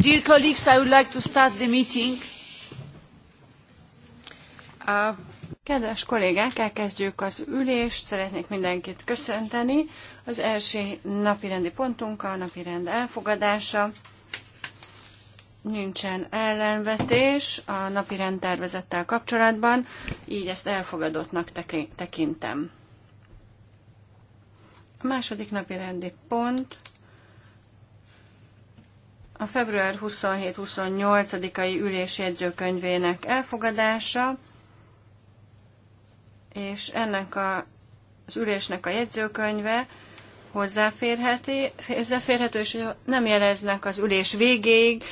Dear colleagues, I would like to start the meeting. Uh, Kedves kollégák, elkezdjük az ülést, szeretnék mindenkit köszönteni. Az első napirendi pontunk a napirend elfogadása. Nincsen ellenvetés a napirend tervezettel kapcsolatban, így ezt elfogadottnak tekintem. A második napirendi pont a február 27-28-ai ülés jegyzőkönyvének elfogadása, és ennek a, az ülésnek a jegyzőkönyve hozzáférhető, és nem jeleznek az ülés végéig,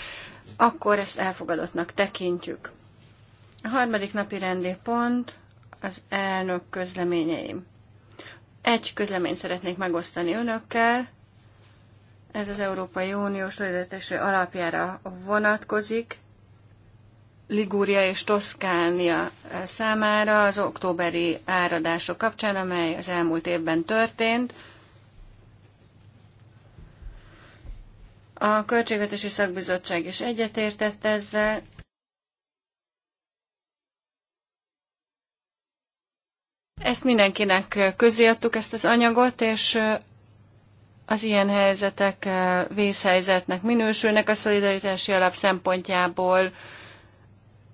akkor ezt elfogadottnak tekintjük. A harmadik napi rendi pont az elnök közleményeim. Egy közleményt szeretnék megosztani önökkel, ez az Európai Unió szolidaritásra alapjára vonatkozik. Ligúria és Toszkánia számára az októberi áradások kapcsán, amely az elmúlt évben történt. A Költségvetési Szakbizottság is egyetértett ezzel, Ezt mindenkinek közéadtuk, ezt az anyagot, és az ilyen helyzetek eh, vészhelyzetnek minősülnek a szolidaritási alap szempontjából,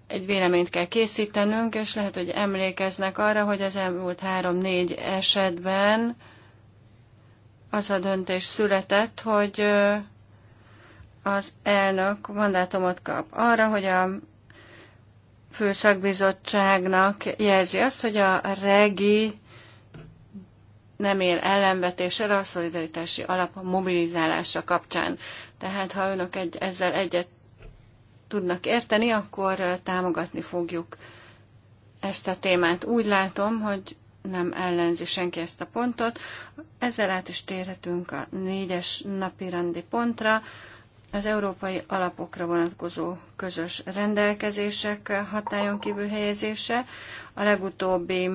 egy véleményt kell készítenünk, és lehet, hogy emlékeznek arra, hogy az elmúlt három-négy esetben az a döntés született, hogy eh, az elnök mandátumot kap arra, hogy a főszakbizottságnak jelzi azt, hogy a regi nem ér ellenvetéssel a szolidaritási alap mobilizálása kapcsán. Tehát ha önök egy, ezzel egyet tudnak érteni, akkor támogatni fogjuk ezt a témát. Úgy látom, hogy nem ellenzi senki ezt a pontot. Ezzel át is térhetünk a négyes napi rendi pontra, az európai alapokra vonatkozó közös rendelkezések hatályon kívül helyezése. A legutóbbi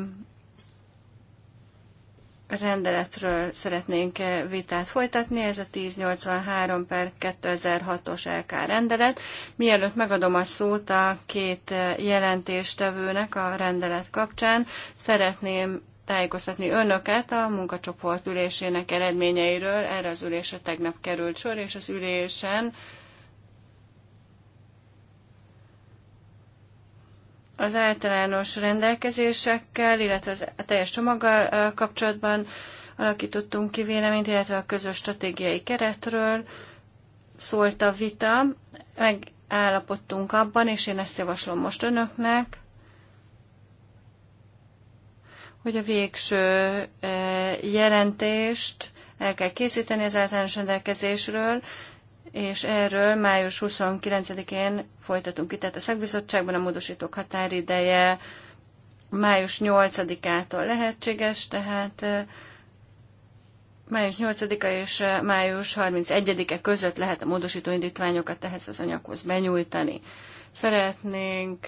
rendeletről szeretnénk e vitát folytatni, ez a 1083 per 2006-os LK rendelet. Mielőtt megadom a szót a két jelentéstevőnek a rendelet kapcsán, szeretném tájékoztatni önöket a munkacsoport ülésének eredményeiről. Erre az ülésre tegnap került sor, és az ülésen az általános rendelkezésekkel, illetve az, a teljes csomaggal kapcsolatban alakítottunk ki véleményt, illetve a közös stratégiai keretről szólt a vita, megállapodtunk abban, és én ezt javaslom most önöknek, hogy a végső jelentést el kell készíteni az általános rendelkezésről, és erről május 29-én folytatunk itt, tehát a szakbizottságban a módosítók határideje május 8-ától lehetséges, tehát május 8-a és május 31-e között lehet a módosító indítványokat ehhez az anyaghoz benyújtani. Szeretnénk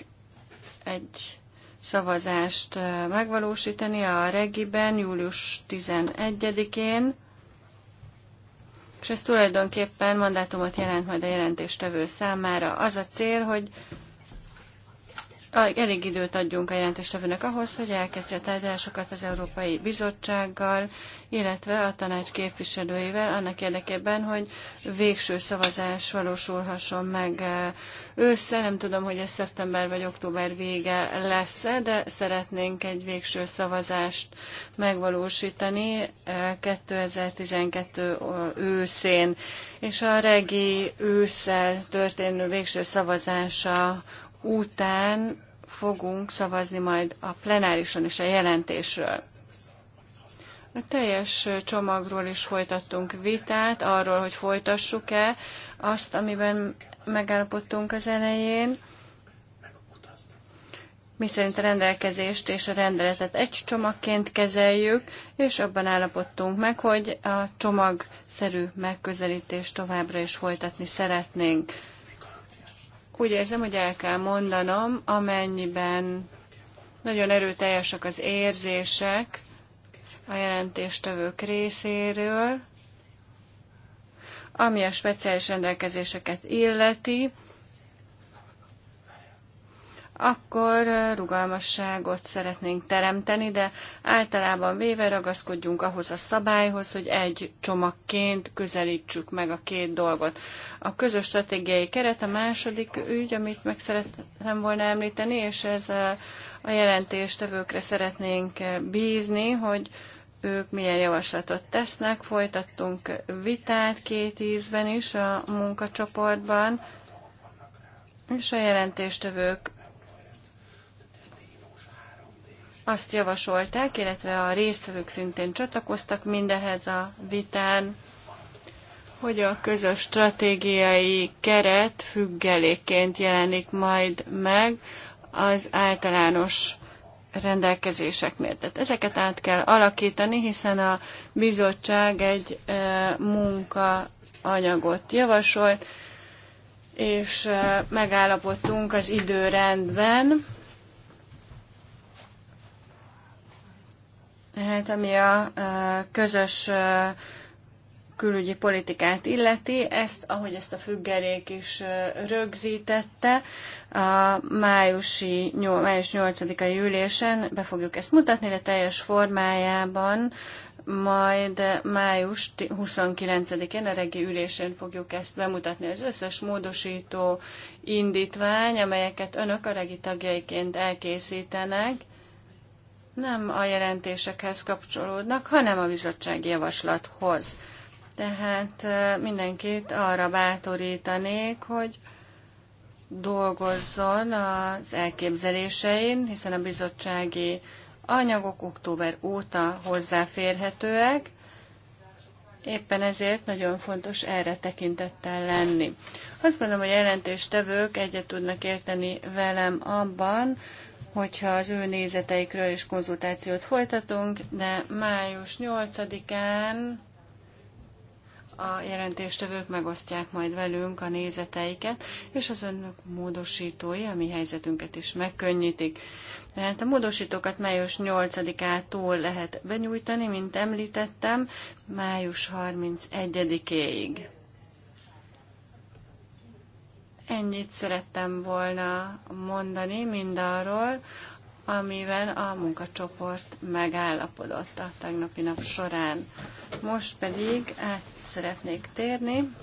egy szavazást megvalósítani a regiben július 11-én és ez tulajdonképpen mandátumot jelent majd a jelentéstevő számára. Az a cél, hogy elég időt adjunk a jelentéstevőnek ahhoz, hogy elkezdje a tárgyalásokat az Európai Bizottsággal, illetve a tanács képviselőivel annak érdekében, hogy végső szavazás valósulhasson meg ősszel. Nem tudom, hogy ez szeptember vagy október vége lesz -e, de szeretnénk egy végső szavazást megvalósítani 2012 eh, őszén, és a regi ősszel történő végső szavazása után fogunk szavazni majd a plenárison és a jelentésről. A teljes csomagról is folytattunk vitát, arról, hogy folytassuk-e azt, amiben megállapodtunk az elején, mi szerint a rendelkezést és a rendeletet egy csomagként kezeljük, és abban állapodtunk meg, hogy a csomagszerű megközelítést továbbra is folytatni szeretnénk úgy érzem, hogy el kell mondanom, amennyiben nagyon erőteljesek az érzések a jelentéstevők részéről, ami a speciális rendelkezéseket illeti, akkor rugalmasságot szeretnénk teremteni, de általában véve ragaszkodjunk ahhoz a szabályhoz, hogy egy csomagként közelítsük meg a két dolgot. A közös stratégiai keret a második ügy, amit meg szerettem volna említeni, és ez a, a jelentéstevőkre szeretnénk bízni, hogy ők milyen javaslatot tesznek. Folytattunk vitát két ízben is a munkacsoportban, és a jelentéstevők azt javasolták, illetve a résztvevők szintén csatlakoztak mindehez a vitán, hogy a közös stratégiai keret függeléként jelenik majd meg az általános rendelkezések mértet. Ezeket át kell alakítani, hiszen a bizottság egy e, munkaanyagot javasolt, és e, megállapodtunk az időrendben, Hát ami a közös külügyi politikát illeti, ezt, ahogy ezt a függelék is rögzítette, a májusi, május 8-ai ülésen be fogjuk ezt mutatni, de teljes formájában majd május 29-én a regi ülésén fogjuk ezt bemutatni. Az összes módosító indítvány, amelyeket önök a regi tagjaiként elkészítenek, nem a jelentésekhez kapcsolódnak, hanem a bizottsági javaslathoz. Tehát mindenkit arra bátorítanék, hogy dolgozzon az elképzelésein, hiszen a bizottsági anyagok október óta hozzáférhetőek, éppen ezért nagyon fontos erre tekintettel lenni. Azt gondolom, hogy jelentéstevők egyet tudnak érteni velem abban, hogyha az ő nézeteikről is konzultációt folytatunk, de május 8-án a jelentéstevők megosztják majd velünk a nézeteiket, és az önök módosítói a mi helyzetünket is megkönnyítik. Tehát a módosítókat május 8-ától lehet benyújtani, mint említettem, május 31-éig. Ennyit szerettem volna mondani mindarról, amiben a munkacsoport megállapodott a tegnapi nap során. Most pedig át szeretnék térni.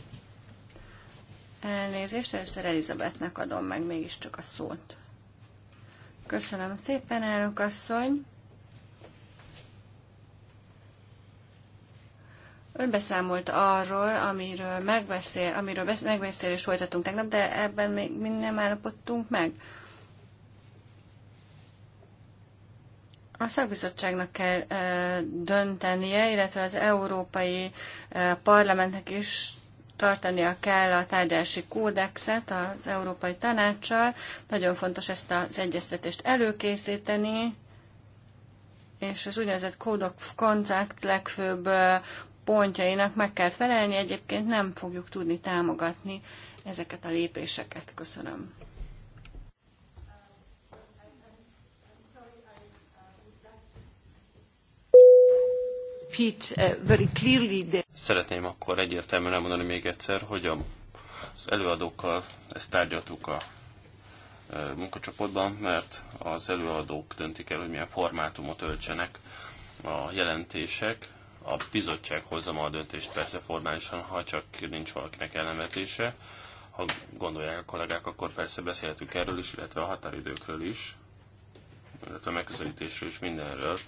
Elnézést, először Elizabethnek adom meg mégiscsak a szót. Köszönöm szépen, elnök asszony! Ön beszámolt arról, amiről, megbeszél, amiről besz, megbeszélést folytatunk tegnap, de ebben még mind nem állapodtunk meg. A szakbizottságnak kell ö, döntenie, illetve az Európai ö, Parlamentnek is tartania kell a tárgyalási kódexet az Európai Tanácssal. Nagyon fontos ezt az egyeztetést előkészíteni, és az úgynevezett Code of Contact legfőbb pontjainak meg kell felelni, egyébként nem fogjuk tudni támogatni ezeket a lépéseket. Köszönöm. Uh, Szeretném akkor egyértelműen elmondani még egyszer, hogy az előadókkal ezt tárgyaltuk a uh, munkacsoportban, mert az előadók döntik el, hogy milyen formátumot öltsenek a jelentések, a bizottság hozza ma a döntést persze formálisan, ha csak nincs valakinek ellenvetése. Ha gondolják a kollégák, akkor persze beszélhetünk erről is, illetve a határidőkről is, illetve a megközelítésről is mindenről,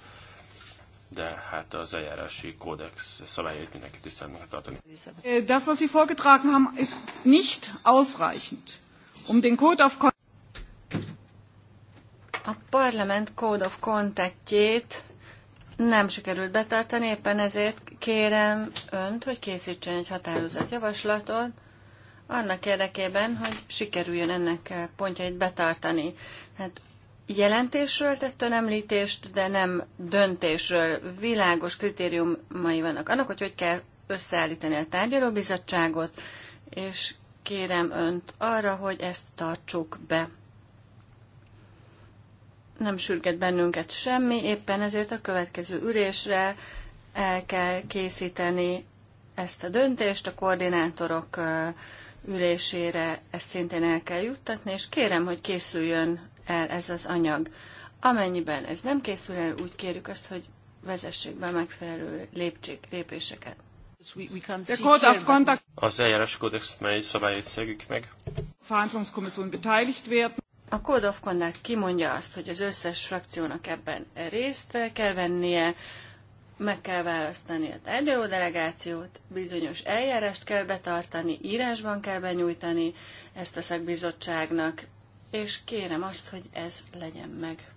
de hát az eljárási kódex szabályait mindenki tisztelni kell tartani. Äh, das, was Sie vorgetragen haben, ist nicht ausreichend. Um den Code of a parlament Code of Contactjét nem sikerült betartani, éppen ezért kérem önt, hogy készítsen egy határozatjavaslatot, annak érdekében, hogy sikerüljön ennek pontjait betartani. Hát jelentésről tett ön említést, de nem döntésről. Világos kritériumai vannak annak, hogy hogy kell összeállítani a tárgyalóbizottságot, és kérem önt arra, hogy ezt tartsuk be nem sürget bennünket semmi, éppen ezért a következő ülésre el kell készíteni ezt a döntést, a koordinátorok ülésére ezt szintén el kell juttatni, és kérem, hogy készüljön el ez az anyag. Amennyiben ez nem készül el, úgy kérjük azt, hogy vezessék be megfelelő lépcsék, lépéseket. Az eljárás kódex mely szabályait szegjük meg. A Code of Conduct kimondja azt, hogy az összes frakciónak ebben részt kell vennie, meg kell választani a tárgyaló delegációt, bizonyos eljárást kell betartani, írásban kell benyújtani ezt a szakbizottságnak, és kérem azt, hogy ez legyen meg.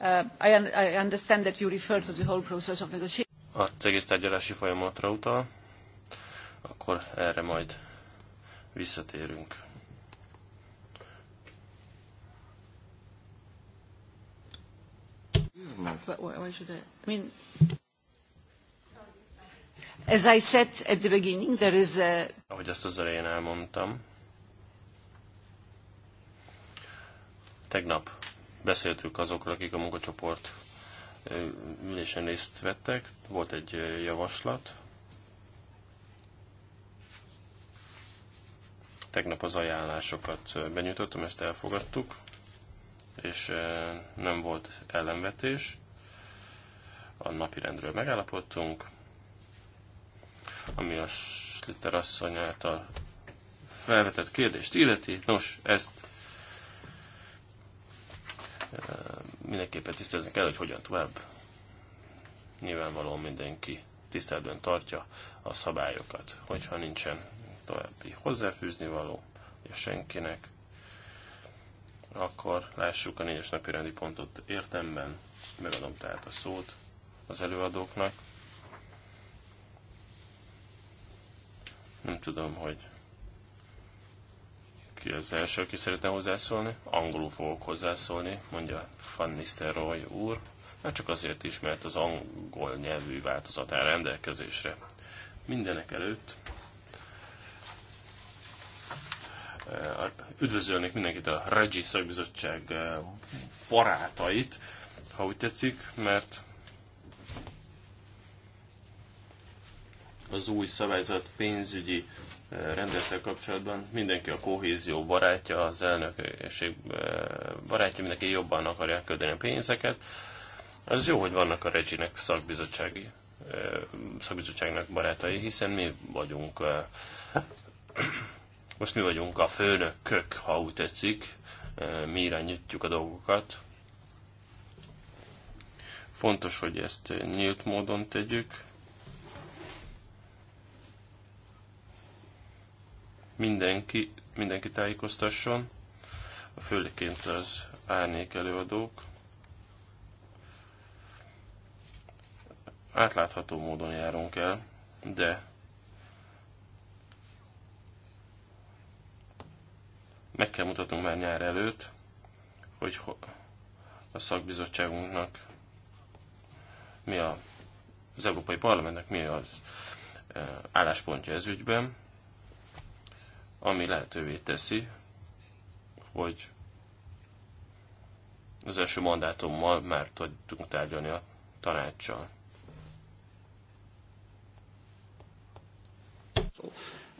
Uh, I, understand that you refer to the whole process of A egész tárgyalási folyamatra utal, akkor erre majd visszatérünk. Why, should I? I mean, as I said at the beginning, there is a... Ahogy azt az elején elmondtam, tegnap beszéltük azokról, akik a munkacsoport ülésen részt vettek. Volt egy javaslat. Tegnap az ajánlásokat benyújtottam, ezt elfogadtuk és nem volt ellenvetés. A napi rendről megállapodtunk, ami a Slitter asszony által felvetett kérdést illeti. Nos, ezt mindenképpen tisztázni kell, hogy hogyan tovább. Nyilvánvalóan mindenki tiszteletben tartja a szabályokat, hogyha nincsen további hozzáfűzni való, és senkinek, akkor lássuk a négyes napi rendi pontot értemben. Megadom tehát a szót az előadóknak. Nem tudom, hogy ki az első, aki szeretne hozzászólni. Angolul fogok hozzászólni, mondja fannister Roy úr. Már hát csak azért is, mert az angol nyelvű változatán rendelkezésre. Mindenek előtt Üdvözölnék mindenkit a Regi Szakbizottság eh, barátait, ha úgy tetszik, mert az új szabályzat pénzügyi eh, rendelettel kapcsolatban mindenki a kohézió barátja, az elnökség eh, barátja, mindenki jobban akarja ködeni a pénzeket. Az jó, hogy vannak a Reginek szakbizottsági szakbizottságnak barátai, hiszen mi vagyunk most mi vagyunk a főnökök, ha úgy tetszik, mi irányítjuk a dolgokat. Fontos, hogy ezt nyílt módon tegyük. Mindenki, mindenki tájékoztasson, főleként az árnyék előadók. Átlátható módon járunk el, de Meg kell mutatnunk már nyár előtt, hogy a szakbizottságunknak mi a, az Európai Parlamentnek mi az e, álláspontja ez ügyben, ami lehetővé teszi, hogy az első mandátummal már tudtunk tárgyalni a tanácssal.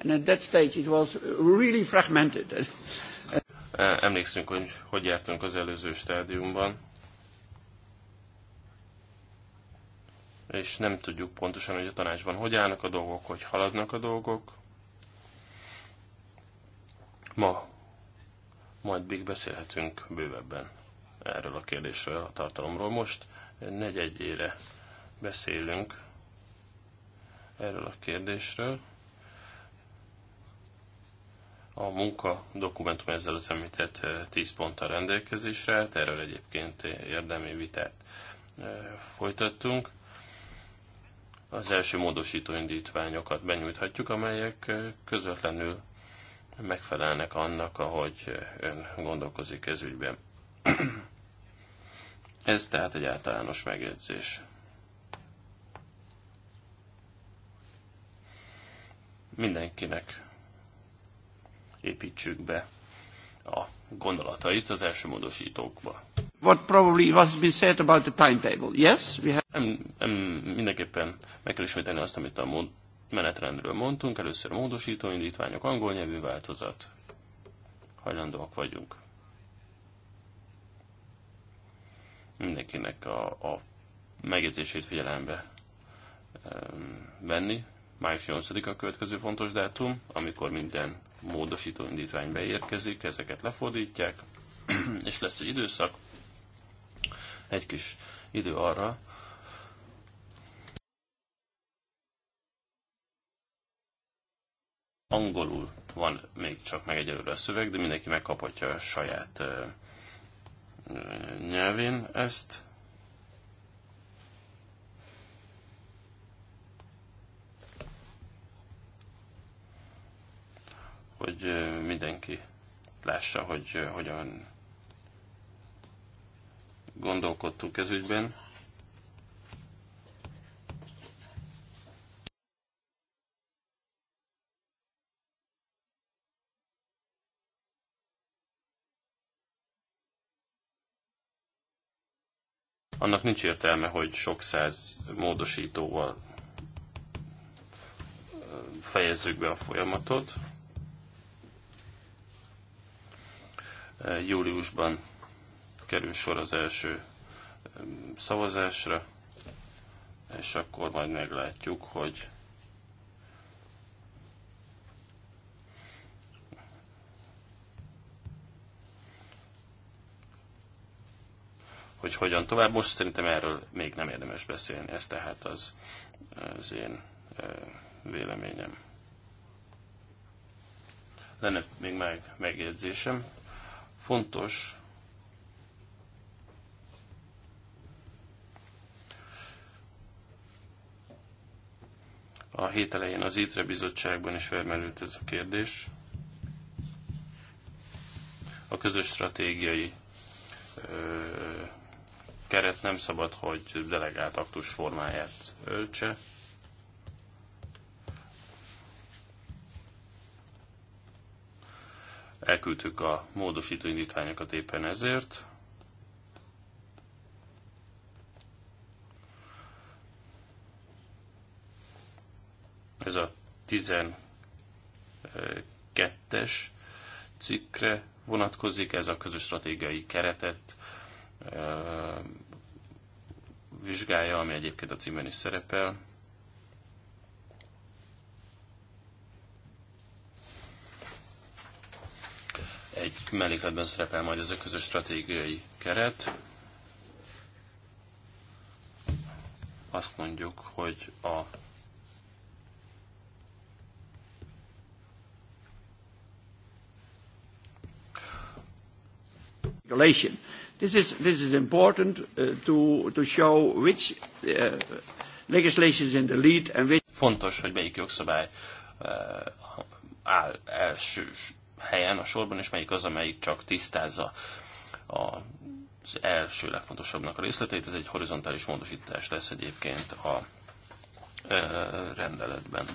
And at that stage it was really fragmented. E, emlékszünk, hogy hogy jártunk az előző stádiumban. És nem tudjuk pontosan, hogy a tanácsban hogy állnak a dolgok, hogy haladnak a dolgok. Ma majd még beszélhetünk bővebben erről a kérdésről, a tartalomról. Most negyedjére beszélünk erről a kérdésről. A munka dokumentum ezzel az említett 10 ponttal rendelkezésre erről egyébként érdemi vitát folytattunk. Az első módosító indítványokat benyújthatjuk, amelyek közvetlenül megfelelnek annak, ahogy ön gondolkozik ez ügyben. Ez tehát egy általános megjegyzés. Mindenkinek építsük be a gondolatait az első módosítókba. What probably was been said about the timetable, yes? We have... nem, nem, mindenképpen meg kell ismételni azt, amit a mód, menetrendről mondtunk. Először a módosító indítványok, angol nyelvű változat. Hajlandóak vagyunk. Mindenkinek a, a megjegyzését figyelembe ehm, venni. Május 8-a a következő fontos dátum, amikor minden módosító indítvány beérkezik, ezeket lefordítják, és lesz egy időszak, egy kis idő arra, angolul van még csak meg egyelőre a szöveg, de mindenki megkaphatja a saját nyelvén ezt. hogy mindenki lássa, hogy hogyan gondolkodtunk ez ügyben. annak nincs értelme, hogy sok száz módosítóval fejezzük be a folyamatot. Júliusban kerül sor az első szavazásra, és akkor majd meglátjuk, hogy hogy hogyan tovább. Most szerintem erről még nem érdemes beszélni, ez tehát az, az én véleményem. Lenne még meg megjegyzésem. Fontos, a hét elején az ITRE bizottságban is felmerült ez a kérdés. A közös stratégiai ö, keret nem szabad, hogy delegált aktus formáját öltse. Elküldtük a módosító indítványokat éppen ezért. Ez a 12-es cikkre vonatkozik, ez a közös stratégiai keretet vizsgálja, ami egyébként a címen is szerepel. egy mellékletben szerepel majd ez a közös stratégiai keret. Azt mondjuk, hogy a regulation. This is, this is important uh, to, to show which uh, legislation is in the lead and which... Fontos, hogy melyik jogszabály uh, áll első helyen a sorban, és melyik az, amelyik csak tisztázza a az első legfontosabbnak a részleteit, ez egy horizontális módosítás lesz egyébként a rendeletben.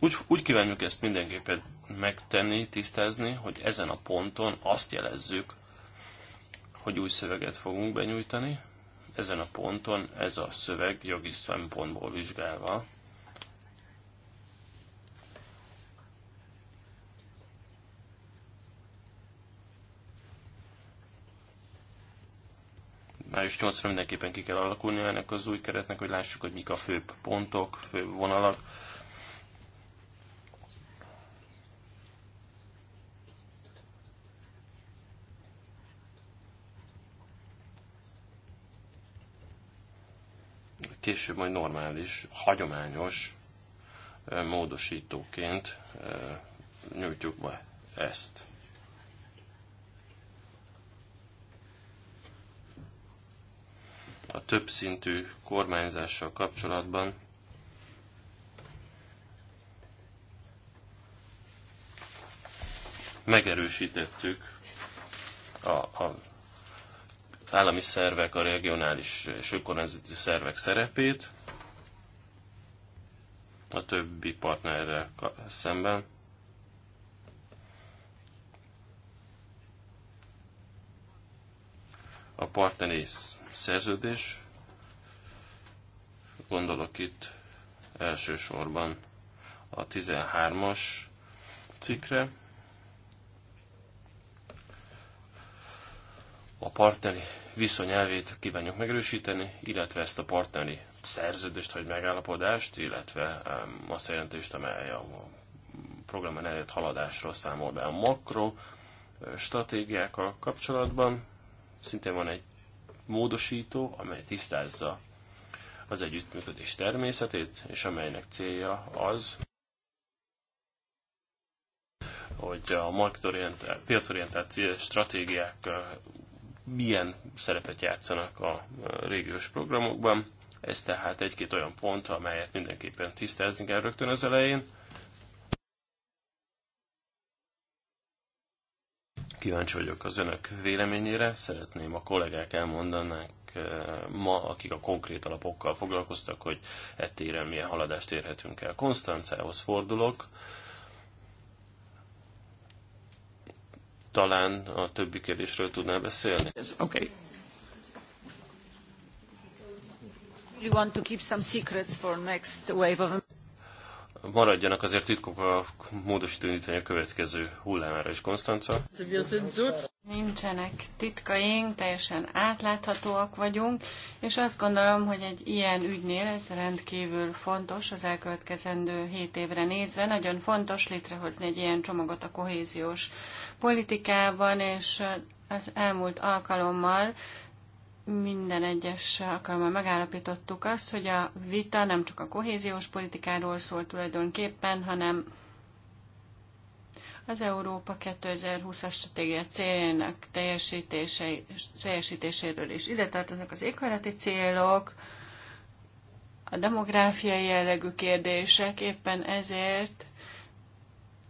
Úgy, úgy kívánjuk ezt mindenképpen megtenni, tisztázni, hogy ezen a ponton azt jelezzük, hogy új szöveget fogunk benyújtani. Ezen a ponton ez a szöveg jogi szempontból vizsgálva május 8-ra mindenképpen ki kell alakulni ennek az új keretnek, hogy lássuk, hogy mik a főbb pontok, főbb vonalak később majd normális, hagyományos módosítóként nyújtjuk be ezt. A többszintű kormányzással kapcsolatban megerősítettük a, a állami szervek, a regionális és önkormányzati szervek szerepét a többi partnerrel szemben. A partneri szerződés, gondolok itt elsősorban a 13-as cikre, a partneri viszonyelvét kívánjuk megerősíteni, illetve ezt a partneri szerződést vagy megállapodást, illetve azt a jelentést, amely a programon elért haladásról számol be a makro stratégiákkal kapcsolatban. Szintén van egy módosító, amely tisztázza az együttműködés természetét, és amelynek célja az, hogy a marketorientált, piacorientált stratégiák milyen szerepet játszanak a régiós programokban. Ez tehát egy-két olyan pont, amelyet mindenképpen tisztázni kell rögtön az elején. Kíváncsi vagyok az önök véleményére. Szeretném a kollégák elmondanák eh, ma, akik a konkrét alapokkal foglalkoztak, hogy ettéren milyen haladást érhetünk el. Konstancához fordulok. talán a többi kérdésről tudnál beszélni. Okay. You want to keep some secrets for next wave of maradjanak azért titkok a módosító indítvány a következő hullámára is, Konstanca. Nincsenek titkaink, teljesen átláthatóak vagyunk, és azt gondolom, hogy egy ilyen ügynél ez rendkívül fontos az elkövetkezendő hét évre nézve. Nagyon fontos létrehozni egy ilyen csomagot a kohéziós politikában, és az elmúlt alkalommal minden egyes alkalommal megállapítottuk azt, hogy a vita nem csak a kohéziós politikáról szól tulajdonképpen, hanem az Európa 2020-as stratégia céljának teljesítéséről is. Ide tartoznak az éghajlati célok, a demográfiai jellegű kérdések, éppen ezért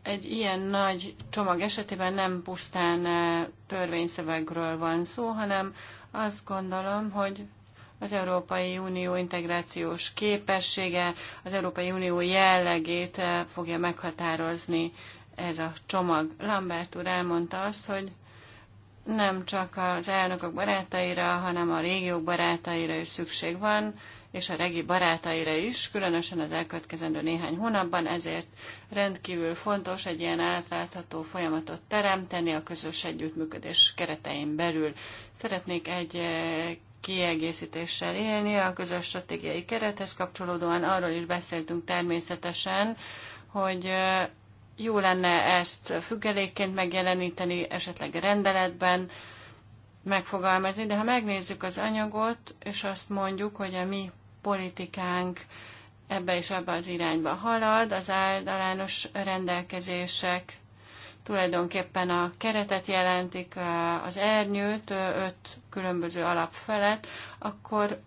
egy ilyen nagy csomag esetében nem pusztán eh, törvényszövegről van szó, hanem azt gondolom, hogy az Európai Unió integrációs képessége, az Európai Unió jellegét eh, fogja meghatározni ez a csomag. Lambert úr elmondta azt, hogy nem csak az elnökök barátaira, hanem a régiók barátaira is szükség van, és a regi barátaira is, különösen az elkövetkezendő néhány hónapban, ezért rendkívül fontos egy ilyen átlátható folyamatot teremteni a közös együttműködés keretein belül. Szeretnék egy eh, kiegészítéssel élni a közös stratégiai kerethez kapcsolódóan. Arról is beszéltünk természetesen, hogy eh, jó lenne ezt függelékként megjeleníteni, esetleg rendeletben megfogalmazni, de ha megnézzük az anyagot, és azt mondjuk, hogy a mi politikánk ebbe és abba az irányba halad, az általános rendelkezések tulajdonképpen a keretet jelentik, az ernyőt, öt különböző alap felett, akkor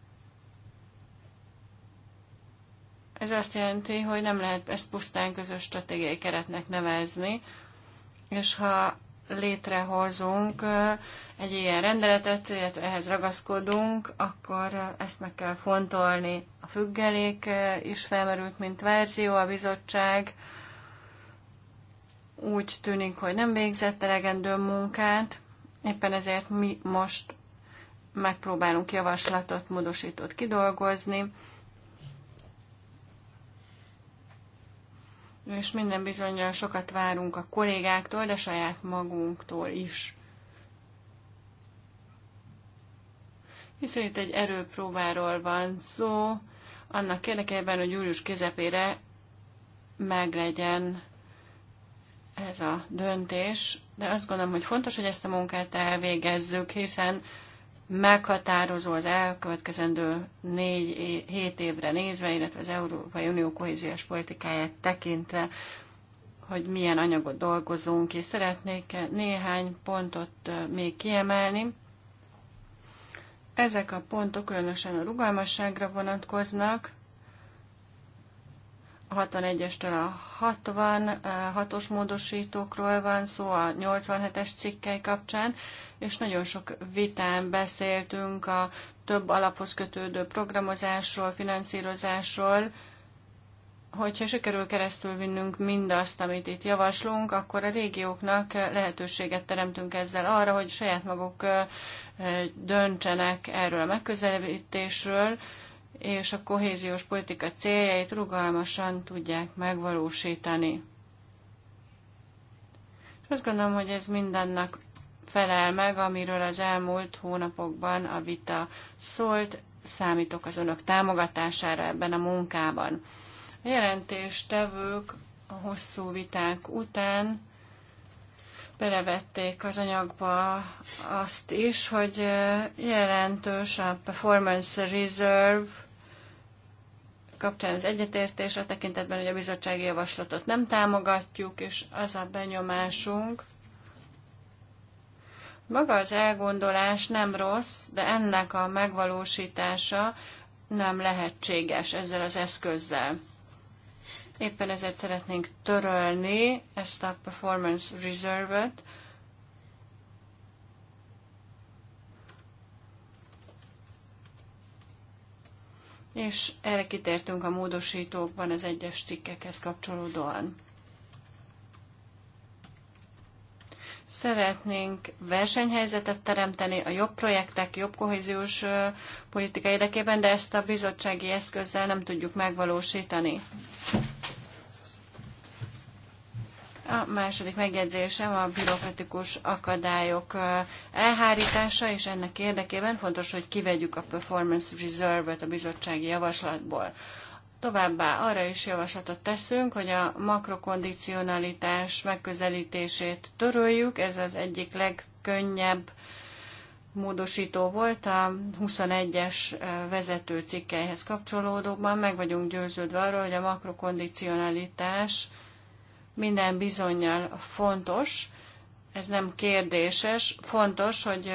ez azt jelenti, hogy nem lehet ezt pusztán közös stratégiai keretnek nevezni, és ha létrehozunk egy ilyen rendeletet, illetve ehhez ragaszkodunk, akkor ezt meg kell fontolni. A függelék is felmerült, mint verzió, a bizottság úgy tűnik, hogy nem végzett elegendő munkát, éppen ezért mi most megpróbálunk javaslatot, módosítót kidolgozni, és minden bizonyal sokat várunk a kollégáktól, de saját magunktól is. Hiszen itt egy erőpróbáról van szó, annak érdekében, hogy július közepére meglegyen ez a döntés, de azt gondolom, hogy fontos, hogy ezt a munkát elvégezzük, hiszen meghatározó az elkövetkezendő négy, hét évre nézve, illetve az Európai Unió kohéziós politikáját tekintve, hogy milyen anyagot dolgozunk, és szeretnék néhány pontot még kiemelni. Ezek a pontok különösen a rugalmasságra vonatkoznak, 61-estől a 66-os módosítókról van szó a 87-es cikkei kapcsán, és nagyon sok vitán beszéltünk a több alaphoz kötődő programozásról, finanszírozásról. Hogyha sikerül keresztül vinnünk mindazt, amit itt javaslunk, akkor a régióknak lehetőséget teremtünk ezzel arra, hogy saját maguk döntsenek erről a megközelítésről, és a kohéziós politika céljait rugalmasan tudják megvalósítani. És azt gondolom, hogy ez mindennek felel meg, amiről az elmúlt hónapokban a vita szólt, számítok az önök támogatására ebben a munkában. A jelentéstevők a hosszú viták után belevették az anyagba azt is, hogy jelentős a performance reserve kapcsán az egyetértés a tekintetben, hogy a bizottsági javaslatot nem támogatjuk, és az a benyomásunk, maga az elgondolás nem rossz, de ennek a megvalósítása nem lehetséges ezzel az eszközzel. Éppen ezért szeretnénk törölni ezt a performance reserve-et, és erre kitértünk a módosítókban az egyes cikkekhez kapcsolódóan. Szeretnénk versenyhelyzetet teremteni a jobb projektek, jobb kohéziós politika érdekében, de ezt a bizottsági eszközzel nem tudjuk megvalósítani. A második megjegyzésem a bürokratikus akadályok elhárítása, és ennek érdekében fontos, hogy kivegyük a performance reserve-et a bizottsági javaslatból. Továbbá arra is javaslatot teszünk, hogy a makrokondicionalitás megközelítését töröljük, ez az egyik legkönnyebb módosító volt a 21-es vezető cikkeihez kapcsolódóban. Meg vagyunk győződve arról, hogy a makrokondicionalitás minden bizonyal fontos, ez nem kérdéses, fontos, hogy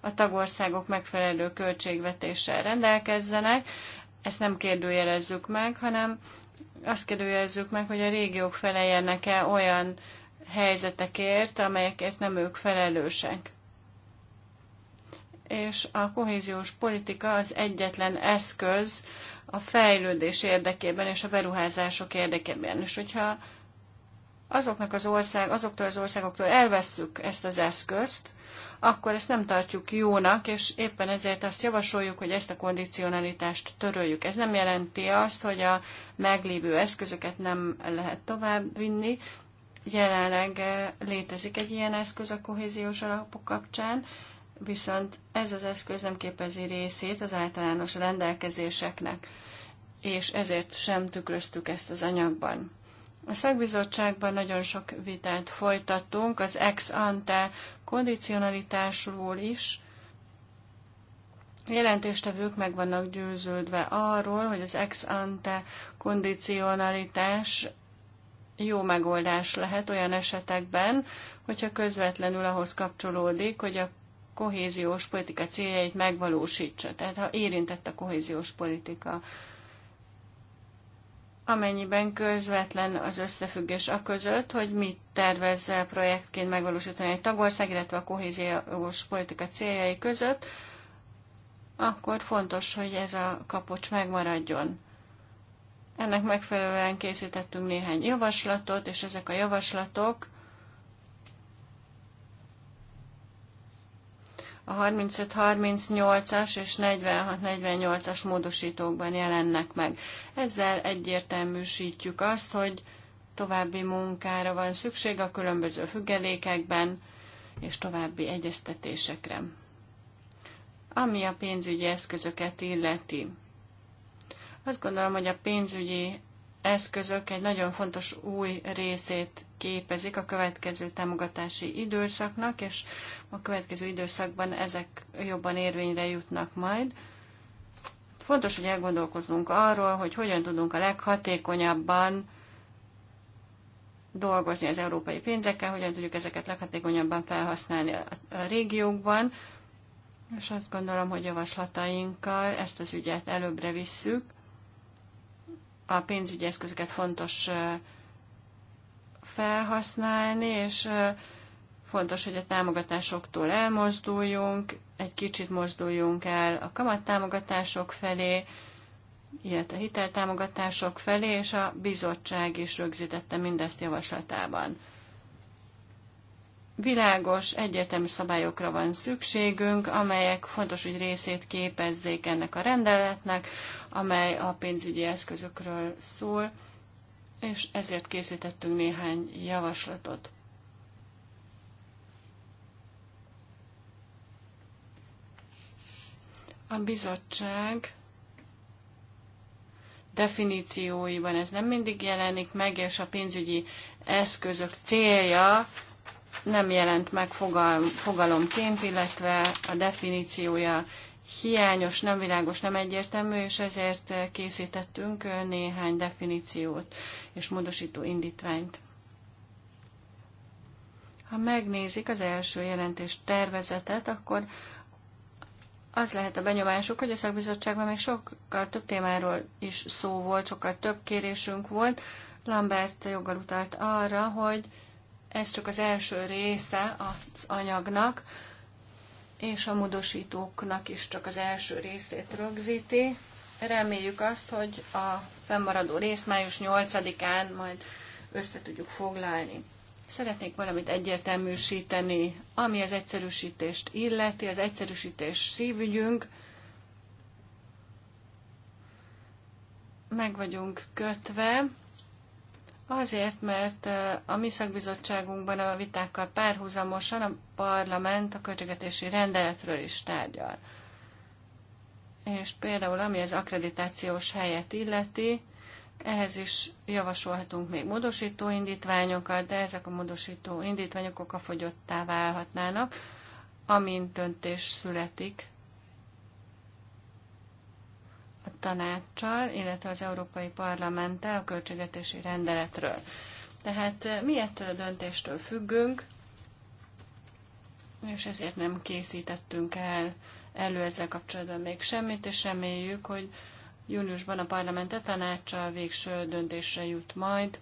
a tagországok megfelelő költségvetéssel rendelkezzenek, ezt nem kérdőjelezzük meg, hanem azt kérdőjelezzük meg, hogy a régiók feleljenek-e olyan helyzetekért, amelyekért nem ők felelősek. És a kohéziós politika az egyetlen eszköz a fejlődés érdekében és a beruházások érdekében. És hogyha azoknak az ország, azoktól az országoktól elvesszük ezt az eszközt, akkor ezt nem tartjuk jónak, és éppen ezért azt javasoljuk, hogy ezt a kondicionalitást töröljük. Ez nem jelenti azt, hogy a meglévő eszközöket nem lehet tovább vinni. Jelenleg eh, létezik egy ilyen eszköz a kohéziós alapok kapcsán, viszont ez az eszköz nem képezi részét az általános rendelkezéseknek, és ezért sem tükröztük ezt az anyagban. A szakbizottságban nagyon sok vitát folytattunk az ex ante kondicionalitásról is. jelentéstevők meg vannak győződve arról, hogy az ex ante kondicionalitás jó megoldás lehet olyan esetekben, hogyha közvetlenül ahhoz kapcsolódik, hogy a kohéziós politika céljait megvalósítsa. Tehát ha érintett a kohéziós politika amennyiben közvetlen az összefüggés a között, hogy mit tervez projektként megvalósítani egy tagország, illetve a kohéziós politika céljai között, akkor fontos, hogy ez a kapocs megmaradjon. Ennek megfelelően készítettünk néhány javaslatot, és ezek a javaslatok a 35-38-as és 46-48-as módosítókban jelennek meg. Ezzel egyértelműsítjük azt, hogy további munkára van szükség a különböző függelékekben és további egyeztetésekre. Ami a pénzügyi eszközöket illeti. Azt gondolom, hogy a pénzügyi eszközök egy nagyon fontos új részét képezik a következő támogatási időszaknak, és a következő időszakban ezek jobban érvényre jutnak majd. Fontos, hogy elgondolkozunk arról, hogy hogyan tudunk a leghatékonyabban dolgozni az európai pénzekkel, hogyan tudjuk ezeket leghatékonyabban felhasználni a régiókban, és azt gondolom, hogy javaslatainkkal ezt az ügyet előbbre visszük, a pénzügyi eszközöket fontos felhasználni, és fontos, hogy a támogatásoktól elmozduljunk, egy kicsit mozduljunk el a kamattámogatások felé, illetve hiteltámogatások felé, és a bizottság is rögzítette mindezt javaslatában. Világos, egyértelmű szabályokra van szükségünk, amelyek fontos, hogy részét képezzék ennek a rendeletnek, amely a pénzügyi eszközökről szól, és ezért készítettünk néhány javaslatot. A bizottság definícióiban ez nem mindig jelenik meg, és a pénzügyi eszközök célja nem jelent meg fogal, fogalomként, illetve a definíciója hiányos, nem világos, nem egyértelmű, és ezért készítettünk néhány definíciót és módosító indítványt. Ha megnézik az első jelentés tervezetet, akkor az lehet a benyomásuk, hogy a szakbizottságban még sokkal több témáról is szó volt, sokkal több kérésünk volt. Lambert joggal utalt arra, hogy ez csak az első része az anyagnak, és a módosítóknak is csak az első részét rögzíti. Reméljük azt, hogy a fennmaradó részt május 8-án majd össze tudjuk foglalni. Szeretnék valamit egyértelműsíteni, ami az egyszerűsítést illeti, az egyszerűsítés szívügyünk. Meg vagyunk kötve Azért, mert eh, a mi szakbizottságunkban a vitákkal párhuzamosan a parlament a költségvetési rendeletről is tárgyal. És például, ami az akkreditációs helyet illeti, ehhez is javasolhatunk még módosító indítványokat, de ezek a módosító indítványok okafogyottá válhatnának, amint döntés születik tanáccsal, illetve az Európai Parlamenttel a költségetési rendeletről. Tehát eh, mi ettől a döntéstől függünk, és ezért nem készítettünk el elő ezzel kapcsolatban még semmit, és reméljük, hogy júniusban a parlamente tanácsa végső döntésre jut majd,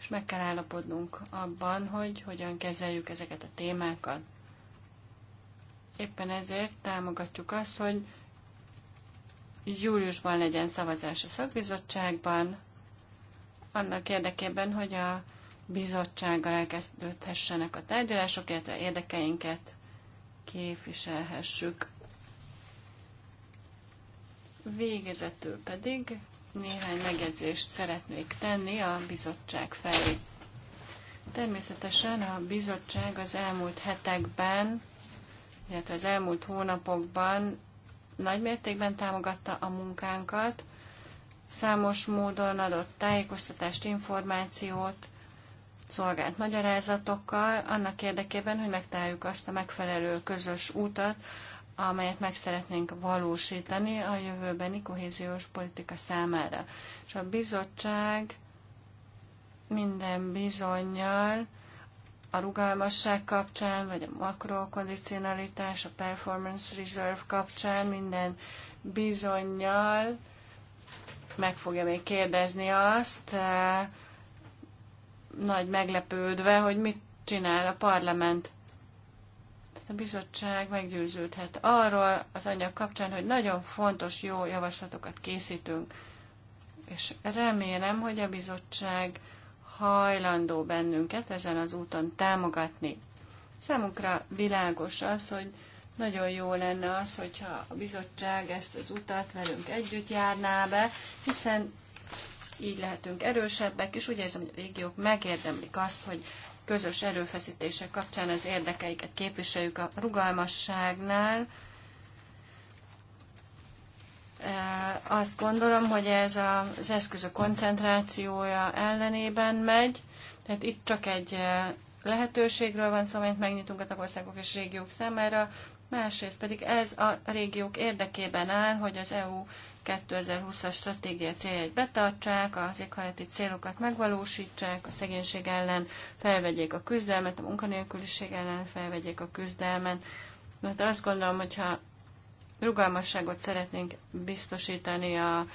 és meg kell állapodnunk abban, hogy hogyan kezeljük ezeket a témákat. Éppen ezért támogatjuk azt, hogy júliusban legyen szavazás a szakbizottságban, annak érdekében, hogy a bizottsággal elkezdődhessenek a tárgyalások, illetve érdekeinket képviselhessük. Végezetül pedig néhány megjegyzést szeretnék tenni a bizottság felé. Természetesen a bizottság az elmúlt hetekben, illetve az elmúlt hónapokban nagy mértékben támogatta a munkánkat, számos módon adott tájékoztatást, információt, szolgált magyarázatokkal, annak érdekében, hogy megtaláljuk azt a megfelelő közös útat, amelyet meg szeretnénk valósítani a jövőbeni kohéziós politika számára. És a bizottság minden bizonyal a rugalmasság kapcsán, vagy a makrokondicionalitás, a performance reserve kapcsán minden bizonyal meg fogja még kérdezni azt, eh, nagy meglepődve, hogy mit csinál a parlament. Tehát a bizottság meggyőződhet arról az anyag kapcsán, hogy nagyon fontos, jó javaslatokat készítünk. És remélem, hogy a bizottság hajlandó bennünket ezen az úton támogatni. Számunkra világos az, hogy nagyon jó lenne az, hogyha a bizottság ezt az utat velünk együtt járná be, hiszen így lehetünk erősebbek, és úgy érzem, hogy a régiók megérdemlik azt, hogy közös erőfeszítések kapcsán az érdekeiket képviseljük a rugalmasságnál, Eh, azt gondolom, hogy ez az eszközök koncentrációja ellenében megy, tehát itt csak egy eh, lehetőségről van szó, amit megnyitunk a tagországok és régiók számára, másrészt pedig ez a régiók érdekében áll, hogy az EU 2020-as stratégia céljait betartsák, az éghajlati célokat megvalósítsák, a szegénység ellen felvegyék a küzdelmet, a munkanélküliség ellen felvegyék a küzdelmet. Mert azt gondolom, hogyha rugalmasságot szeretnénk biztosítani a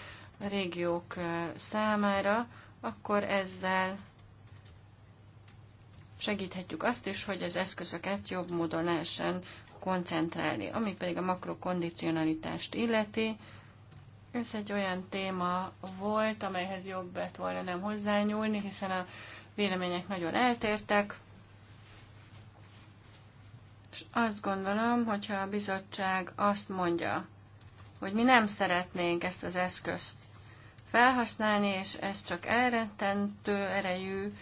régiók számára, akkor ezzel segíthetjük azt is, hogy az eszközöket jobb módon lehessen koncentrálni. Ami pedig a makrokondicionalitást illeti, ez egy olyan téma volt, amelyhez jobb lett volna nem hozzányúlni, hiszen a vélemények nagyon eltértek. És azt gondolom, hogyha a bizottság azt mondja, hogy mi nem szeretnénk ezt az eszközt felhasználni, és ez csak elrettentő erejű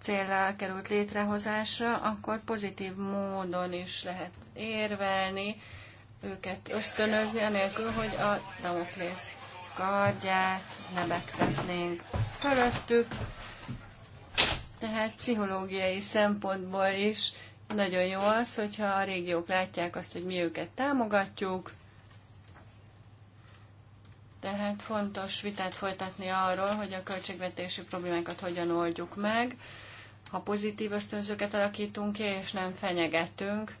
célra került létrehozásra, akkor pozitív módon is lehet érvelni, őket ösztönözni, anélkül, hogy a Damoklész kardját lebegtetnénk fölöttük. Tehát pszichológiai szempontból is nagyon jó az, hogyha a régiók látják azt, hogy mi őket támogatjuk, tehát fontos vitát folytatni arról, hogy a költségvetési problémákat hogyan oldjuk meg, ha pozitív ösztönzőket alakítunk ki, és nem fenyegetünk.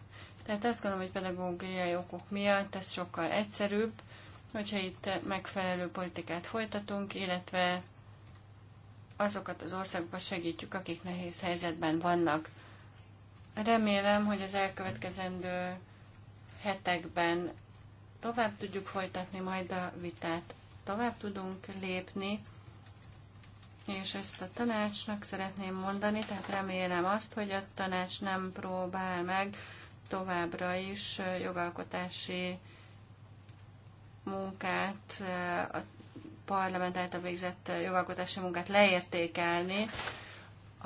Tehát azt gondolom, hogy pedagógiai okok miatt ez sokkal egyszerűbb, hogyha itt megfelelő politikát folytatunk, illetve azokat az országokat segítjük, akik nehéz helyzetben vannak. Remélem, hogy az elkövetkezendő hetekben tovább tudjuk folytatni majd a vitát, tovább tudunk lépni, és ezt a tanácsnak szeretném mondani, tehát remélem azt, hogy a tanács nem próbál meg továbbra is jogalkotási munkát, a parlament által végzett jogalkotási munkát leértékelni,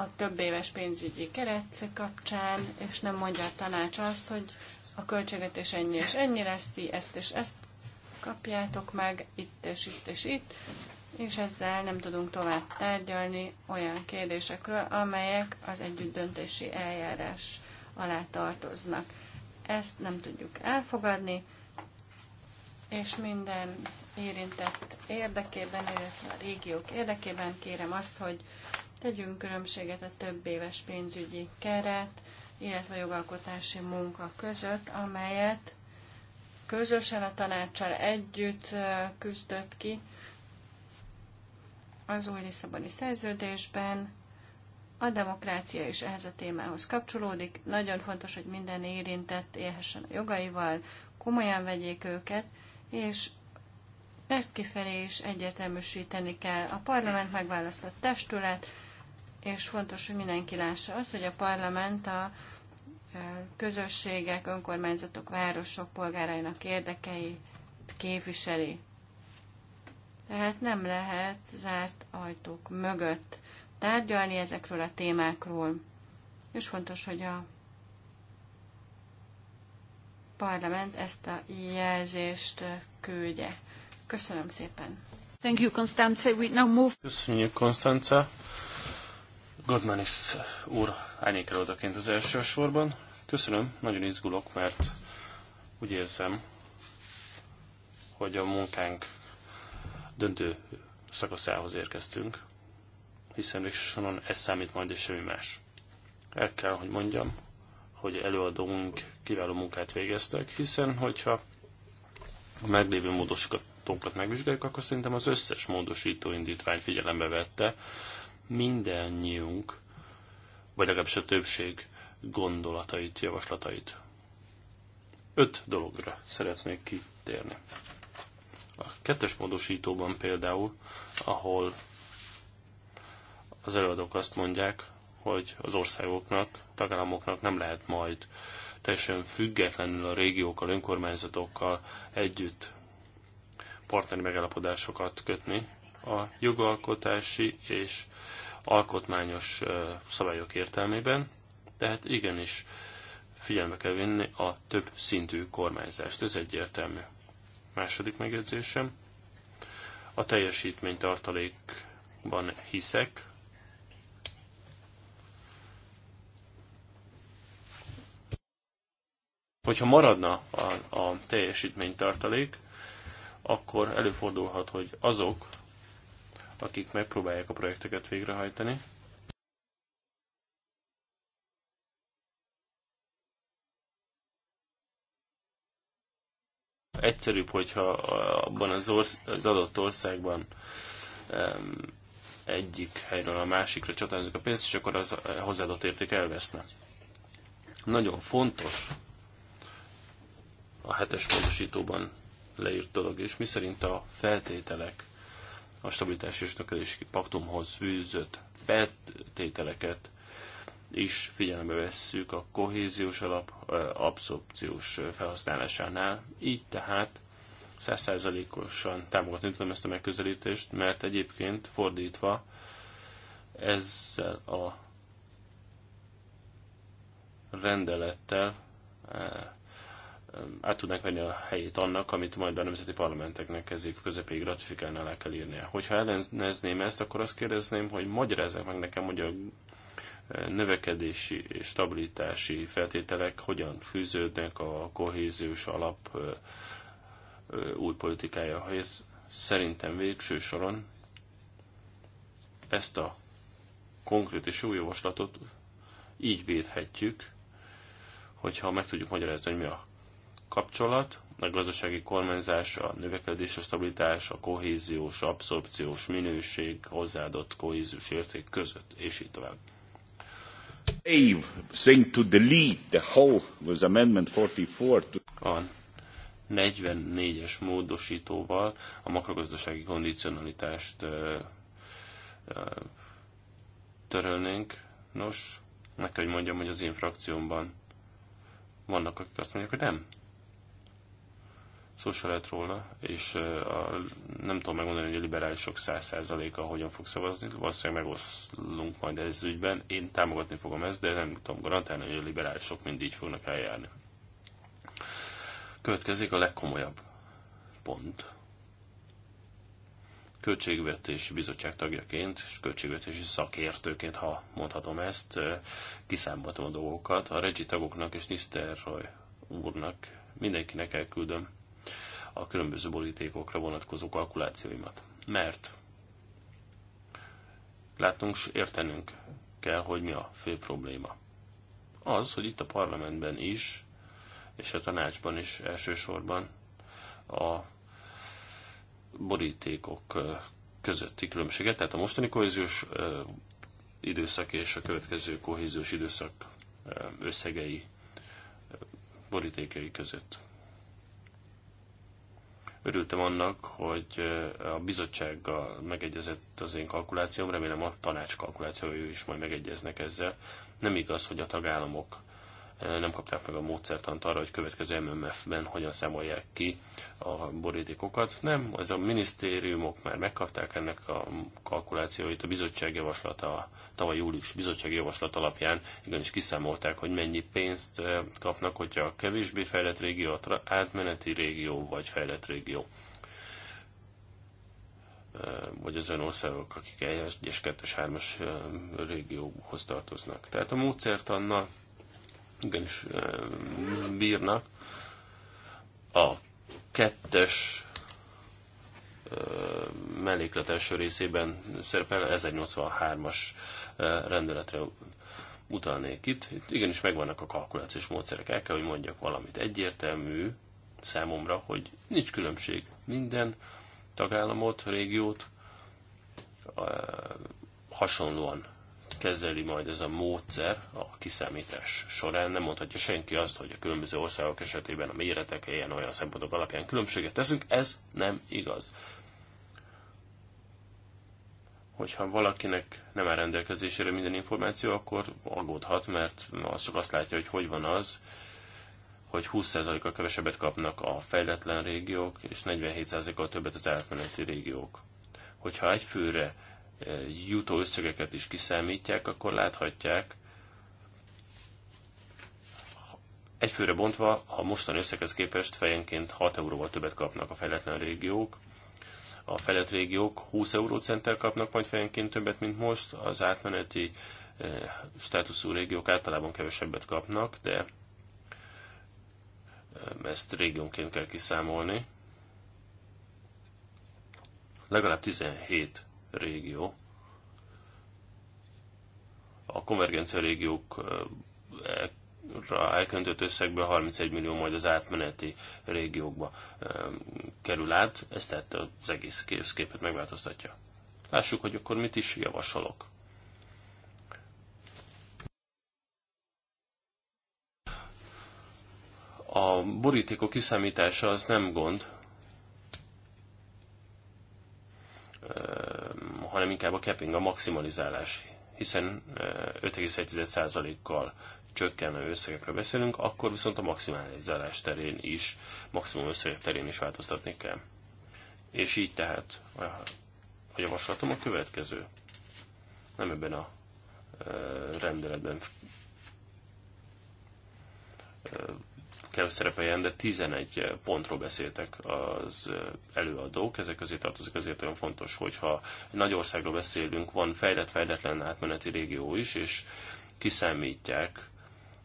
a több éves pénzügyi keret kapcsán, és nem mondja a tanács azt, hogy a költségvetés ennyi és ennyi lesz, ti ezt és ezt kapjátok meg, itt és itt és itt, és ezzel nem tudunk tovább tárgyalni olyan kérdésekről, amelyek az együttdöntési eljárás alá tartoznak. Ezt nem tudjuk elfogadni, és minden érintett érdekében, illetve a régiók érdekében kérem azt, hogy Tegyünk különbséget a több éves pénzügyi keret, illetve jogalkotási munka között, amelyet közösen a tanácssal együtt küzdött ki az új Lisszaboni szerződésben. A demokrácia is ehhez a témához kapcsolódik. Nagyon fontos, hogy minden érintett élhessen a jogaival, komolyan vegyék őket, és ezt kifelé is egyértelműsíteni kell. A parlament megválasztott testület, és fontos, hogy mindenki lássa azt, hogy a parlament a e, közösségek, önkormányzatok, városok polgárainak érdekeit képviseli. Tehát nem lehet zárt ajtók mögött tárgyalni ezekről a témákról. És fontos, hogy a parlament ezt a jelzést küldje. Köszönöm szépen. Thank you, Constance. We now move. Köszönjük, Constance. Godmanis úr árnyékelődaként az első sorban. Köszönöm, nagyon izgulok, mert úgy érzem, hogy a munkánk döntő szakaszához érkeztünk, hiszen végsősoron ez számít majd, és semmi más. El kell, hogy mondjam, hogy előadónk kiváló munkát végeztek, hiszen hogyha a meglévő módosítókat megvizsgáljuk, akkor szerintem az összes módosító indítvány figyelembe vette mindannyiunk, vagy legalábbis a többség gondolatait, javaslatait. Öt dologra szeretnék kitérni. A kettes módosítóban például, ahol az előadók azt mondják, hogy az országoknak, tagállamoknak nem lehet majd teljesen függetlenül a régiókkal, önkormányzatokkal együtt partneri megállapodásokat kötni, a jogalkotási és alkotmányos szabályok értelmében, tehát igenis figyelme kell venni a több szintű kormányzást, ez egyértelmű. Második megjegyzésem, a teljesítmény tartalékban hiszek, Hogyha maradna a, a tartalék, akkor előfordulhat, hogy azok, akik megpróbálják a projekteket végrehajtani. Egyszerűbb, hogyha abban az, orsz- az adott országban um, egyik helyről a másikra csatornázunk a pénzt, és akkor az eh, hozzáadott érték elveszne. Nagyon fontos a hetes módosítóban leírt dolog is, szerint a feltételek a stabilitás és növekedési paktumhoz fűzött feltételeket is figyelembe vesszük a kohéziós alap abszorpciós felhasználásánál. Így tehát 100%-osan támogatni tudom ezt a megközelítést, mert egyébként fordítva ezzel a rendelettel át tudnák venni a helyét annak, amit majd a nemzeti parlamenteknek ez év közepéig ratifikálni alá kell írnia. Hogyha ellenezném ezt, akkor azt kérdezném, hogy magyarázzák meg nekem, hogy a e, növekedési és stabilitási feltételek hogyan fűződnek a kohéziós alap e, e, új politikája. Ez szerintem végső soron ezt a konkrét és új javaslatot így védhetjük, hogyha meg tudjuk magyarázni, hogy mi a kapcsolat, a gazdasági kormányzás, a növekedés, a stabilitás, a kohéziós, abszorpciós minőség, hozzáadott kohéziós érték között, és így tovább. Dave saying to delete the whole was amendment 44 to... A 44-es módosítóval a makrogazdasági kondicionalitást törölnénk. Nos, meg kell, hogy mondjam, hogy az én frakciómban vannak, akik azt mondják, hogy nem, szó se lehet róla, és a, nem tudom megmondani, hogy a liberálisok száz százaléka hogyan fog szavazni, valószínűleg megoszlunk majd ez ügyben. Én támogatni fogom ezt, de nem tudom garantálni, hogy a liberálisok mind így fognak eljárni. Következik a legkomolyabb pont. Költségvetési bizottság tagjaként és költségvetési szakértőként, ha mondhatom ezt, kiszámoltam a dolgokat. A regi tagoknak és Nisztelroj úrnak mindenkinek elküldöm a különböző borítékokra vonatkozó kalkulációimat. Mert látnunk és értenünk kell, hogy mi a fő probléma. Az, hogy itt a parlamentben is, és a tanácsban is elsősorban a borítékok közötti különbséget, tehát a mostani kohéziós időszak és a következő kohéziós időszak összegei borítékei között. Örültem annak, hogy a bizottsággal megegyezett az én kalkulációm, remélem a tanács kalkulációja is majd megegyeznek ezzel. Nem igaz, hogy a tagállamok nem kapták meg a módszertant arra, hogy következő MMF-ben hogyan számolják ki a borítékokat. Nem, ez a minisztériumok már megkapták ennek a kalkulációit, a bizottság javaslata, tavaly július bizottság javaslat alapján igenis kiszámolták, hogy mennyi pénzt kapnak, hogyha a kevésbé fejlett régió, a átmeneti régió vagy fejlett régió vagy az olyan országok, akik 1-es, 2-es, 3-as régióhoz tartoznak. Tehát a módszertannal igenis bírnak. A kettes melléklet első részében szerepel 1083-as rendeletre utalnék itt. itt. Igenis megvannak a kalkulációs módszerek. El kell, hogy mondjak valamit. Egyértelmű számomra, hogy nincs különbség. Minden tagállamot, régiót hasonlóan kezeli majd ez a módszer a kiszámítás során. Nem mondhatja senki azt, hogy a különböző országok esetében a méretek ilyen olyan szempontok alapján különbséget teszünk. Ez nem igaz. Hogyha valakinek nem áll rendelkezésére minden információ, akkor aggódhat, mert az csak azt látja, hogy hogy van az, hogy 20 a kevesebbet kapnak a fejletlen régiók, és 47 a többet az átmeneti régiók. Hogyha egy főre jutó összegeket is kiszámítják, akkor láthatják, egyfőre bontva a mostani összeghez képest fejenként 6 euróval többet kapnak a fejletlen régiók, a fejlett régiók 20 eurócenttel kapnak majd fejenként többet, mint most, az átmeneti eh, státuszú régiók általában kevesebbet kapnak, de eh, ezt régiónként kell kiszámolni. Legalább 17 régió. A konvergencia régiókra e, elköntött összegből 31 millió majd az átmeneti régiókba kerül át, ez tehát az egész képet megváltoztatja. Lássuk, hogy akkor mit is javasolok. a borítékok kiszámítása az nem gond, hanem inkább a capping, a maximalizálás, hiszen 5,1%-kal csökkenő összegekről beszélünk, akkor viszont a maximalizálás terén is, maximum összegek terén is változtatni kell. És így tehát a javaslatom a következő. Nem ebben a rendeletben kell szerepeljen, de 11 pontról beszéltek az előadók, ezek közé tartozik azért olyan fontos, hogyha nagy országról beszélünk, van fejlett-fejletlen átmeneti régió is, és kiszámítják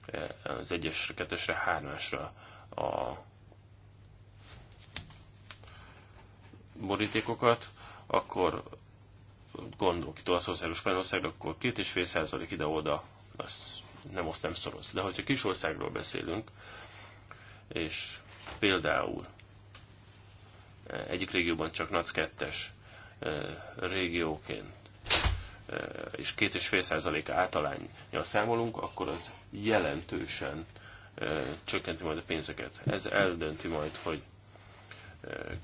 eh, az egyesre, kettesre, hármasra a borítékokat, akkor gondolok itt Olaszországra, Spanyolországra, akkor két és fél százalék ide-oda, azt nem azt nem szoroz. De hogyha kis országról beszélünk, és például eh, egyik régióban csak NAC 2 eh, régióként eh, és két és fél százalék általányjal számolunk, akkor az jelentősen csökkenti majd a pénzeket. Ez eldönti majd, hogy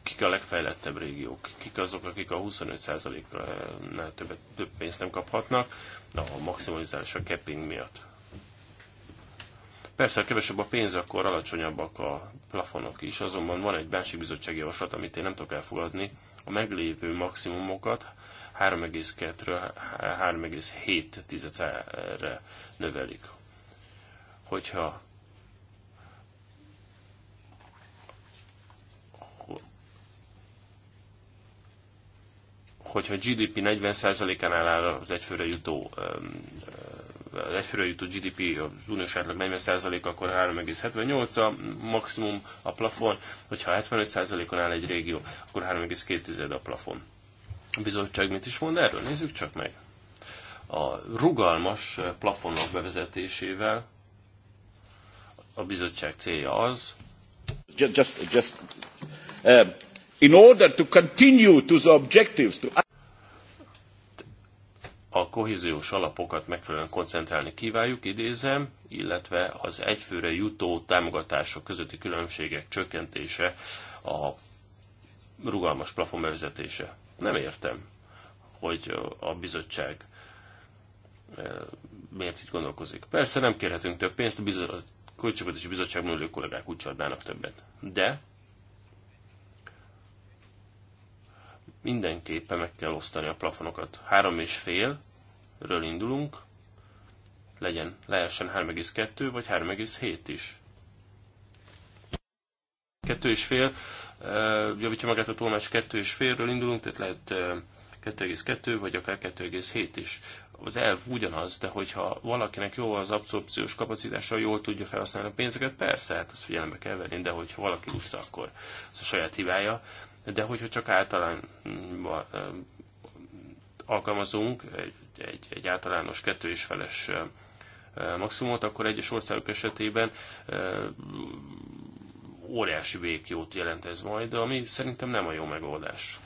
kik a legfejlettebb régiók, kik azok, akik a 25%-nál több pénzt nem kaphatnak a maximalizálás a capping miatt. Persze, ha kevesebb a pénz, akkor alacsonyabbak a plafonok is, azonban van egy másik bizottsági javaslat, amit én nem tudok elfogadni. A meglévő maximumokat 3,2-ről 3,7-re növelik. Hogyha hogyha GDP 40%-án áll az egyfőre jutó az egyfőre jutó GDP az uniós átlag 40%-a, akkor 3,78 a maximum a plafon, hogyha 75%-on áll egy régió, akkor 3,2 a plafon. A bizottság mit is mond erről? Nézzük csak meg. A rugalmas plafonok bevezetésével a bizottság célja az, just, just, just, uh, in order to continue to the objectives to a kohéziós alapokat megfelelően koncentrálni kívánjuk, idézem, illetve az egyfőre jutó támogatások közötti különbségek csökkentése, a rugalmas plafon bevezetése. Nem értem, hogy a bizottság eh, miért így gondolkozik. Persze nem kérhetünk több pénzt, a bizottság, költségvetési bizottság ülő kollégák úgy többet. De mindenképpen meg kell osztani a plafonokat. 3,5-ről indulunk, legyen, lehessen 3,2 vagy 3,7 is. 2,5, javítja magát a tolmács 2,5-ről indulunk, tehát lehet 2,2 vagy akár 2,7 is. Az elv ugyanaz, de hogyha valakinek jó az abszorpciós kapacitása, jól tudja felhasználni a pénzeket, persze, hát azt figyelembe kell venni, de hogyha valaki lusta, akkor ez a saját hibája de hogyha csak általán alkalmazunk egy, egy, egy általános kettő és feles maximumot, akkor egyes országok esetében óriási végjót jelent ez majd, ami szerintem nem a jó megoldás.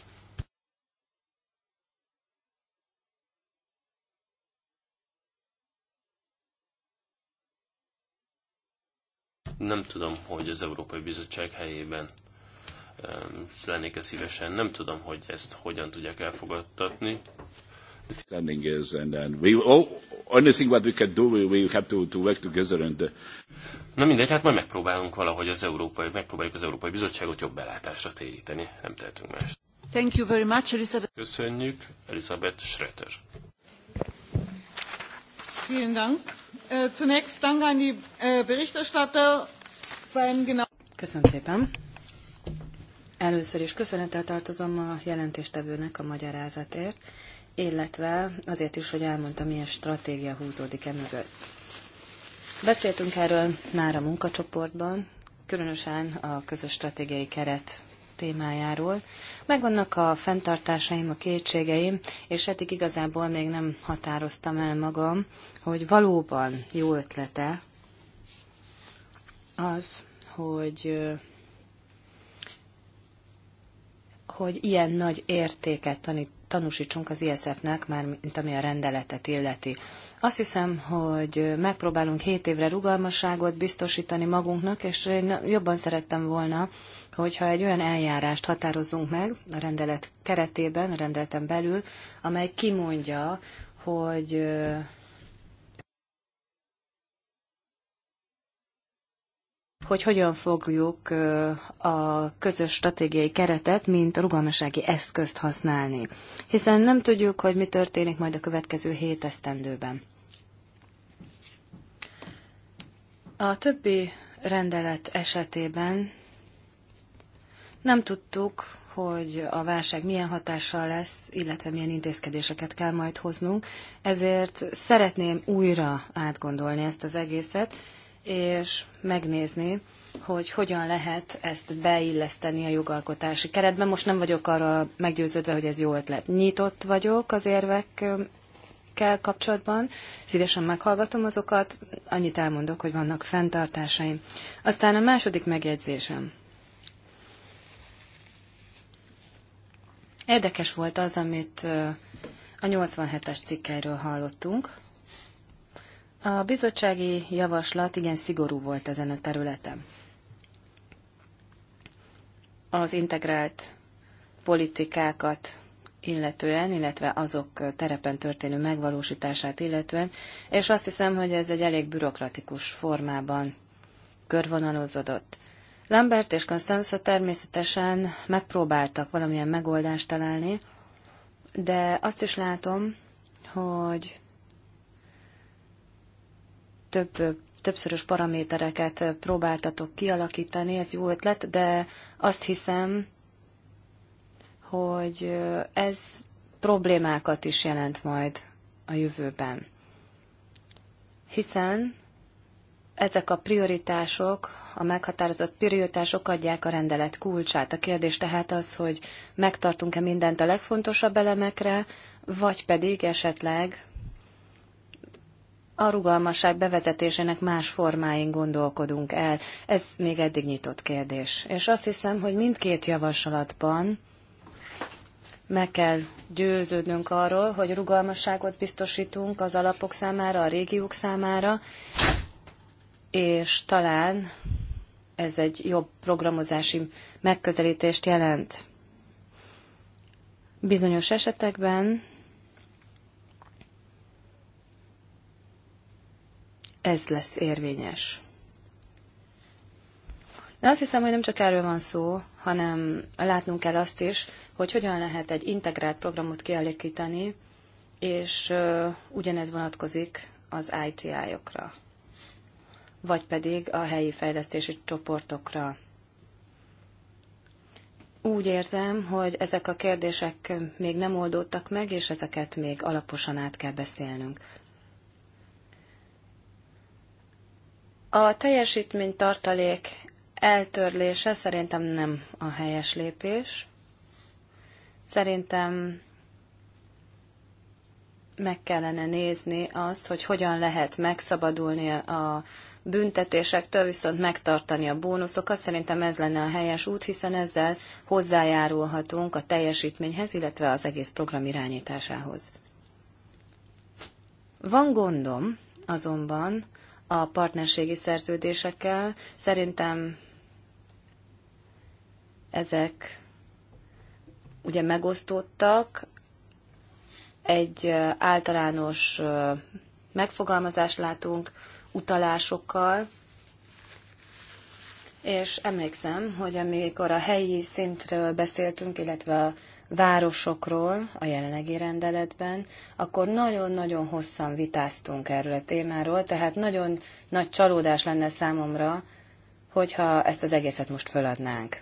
Nem tudom, hogy az Európai Bizottság helyében lennék-e szívesen. Nem tudom, hogy ezt hogyan tudják elfogadtatni. Oh, only thing what we can do, we have to, work together and uh, Na mindegy, hát majd megpróbálunk valahogy az európai, megpróbáljuk az Európai Bizottságot jobb belátásra téríteni, nem tehetünk más. Thank you very much, Elizabeth. Köszönjük, Elizabeth Schröter. Vielen Dank. Äh, zunächst Dank an die äh, Berichterstatter beim genau. Köszönöm szépen. Először is köszönettel tartozom a jelentéstevőnek a magyarázatért, illetve azért is, hogy elmondta, milyen stratégia húzódik e mögött. Beszéltünk erről már a munkacsoportban, különösen a közös stratégiai keret témájáról. Megvannak a fenntartásaim, a kétségeim, és eddig igazából még nem határoztam el magam, hogy valóban jó ötlete az, hogy hogy ilyen nagy értéket tanít, tanúsítsunk az ISF-nek, már mint ami a rendeletet illeti. Azt hiszem, hogy megpróbálunk 7 évre rugalmasságot biztosítani magunknak, és én jobban szerettem volna, hogyha egy olyan eljárást határozzunk meg a rendelet keretében, a rendeleten belül, amely kimondja, hogy hogy hogyan fogjuk a közös stratégiai keretet, mint rugalmasági eszközt használni. Hiszen nem tudjuk, hogy mi történik majd a következő hét esztendőben. A többi rendelet esetében nem tudtuk, hogy a válság milyen hatással lesz, illetve milyen intézkedéseket kell majd hoznunk, ezért szeretném újra átgondolni ezt az egészet, és megnézni, hogy hogyan lehet ezt beilleszteni a jogalkotási keretbe. Most nem vagyok arra meggyőződve, hogy ez jó ötlet. Nyitott vagyok az érvekkel kapcsolatban, szívesen meghallgatom azokat, annyit elmondok, hogy vannak fenntartásaim. Aztán a második megjegyzésem. Érdekes volt az, amit a 87-es cikkeiről hallottunk. A bizottsági javaslat igen szigorú volt ezen a területen. Az integrált politikákat illetően, illetve azok terepen történő megvalósítását illetően, és azt hiszem, hogy ez egy elég bürokratikus formában körvonalozódott. Lambert és Constanza természetesen megpróbáltak valamilyen megoldást találni, de azt is látom, hogy több többszörös paramétereket próbáltatok kialakítani, ez jó ötlet, de azt hiszem, hogy ez problémákat is jelent majd a jövőben. Hiszen ezek a prioritások, a meghatározott prioritások adják a rendelet kulcsát. A kérdés tehát az, hogy megtartunk-e mindent a legfontosabb elemekre, vagy pedig esetleg a rugalmasság bevezetésének más formáin gondolkodunk el. Ez még eddig nyitott kérdés. És azt hiszem, hogy mindkét javaslatban meg kell győződnünk arról, hogy rugalmasságot biztosítunk az alapok számára, a régiók számára, és talán ez egy jobb programozási megközelítést jelent. Bizonyos esetekben ez lesz érvényes. De azt hiszem, hogy nem csak erről van szó, hanem látnunk kell azt is, hogy hogyan lehet egy integrált programot kialakítani, és ugyanez vonatkozik az ITI-okra, vagy pedig a helyi fejlesztési csoportokra. Úgy érzem, hogy ezek a kérdések még nem oldódtak meg, és ezeket még alaposan át kell beszélnünk. A teljesítménytartalék eltörlése szerintem nem a helyes lépés. Szerintem meg kellene nézni azt, hogy hogyan lehet megszabadulni a büntetésektől, viszont megtartani a bónuszokat. Szerintem ez lenne a helyes út, hiszen ezzel hozzájárulhatunk a teljesítményhez, illetve az egész program irányításához. Van gondom azonban a partnerségi szerződésekkel. Szerintem ezek ugye megosztottak, egy általános megfogalmazást látunk utalásokkal, és emlékszem, hogy amikor a helyi szintről beszéltünk, illetve városokról a jelenlegi rendeletben, akkor nagyon-nagyon hosszan vitáztunk erről a témáról, tehát nagyon nagy csalódás lenne számomra, hogyha ezt az egészet most föladnánk.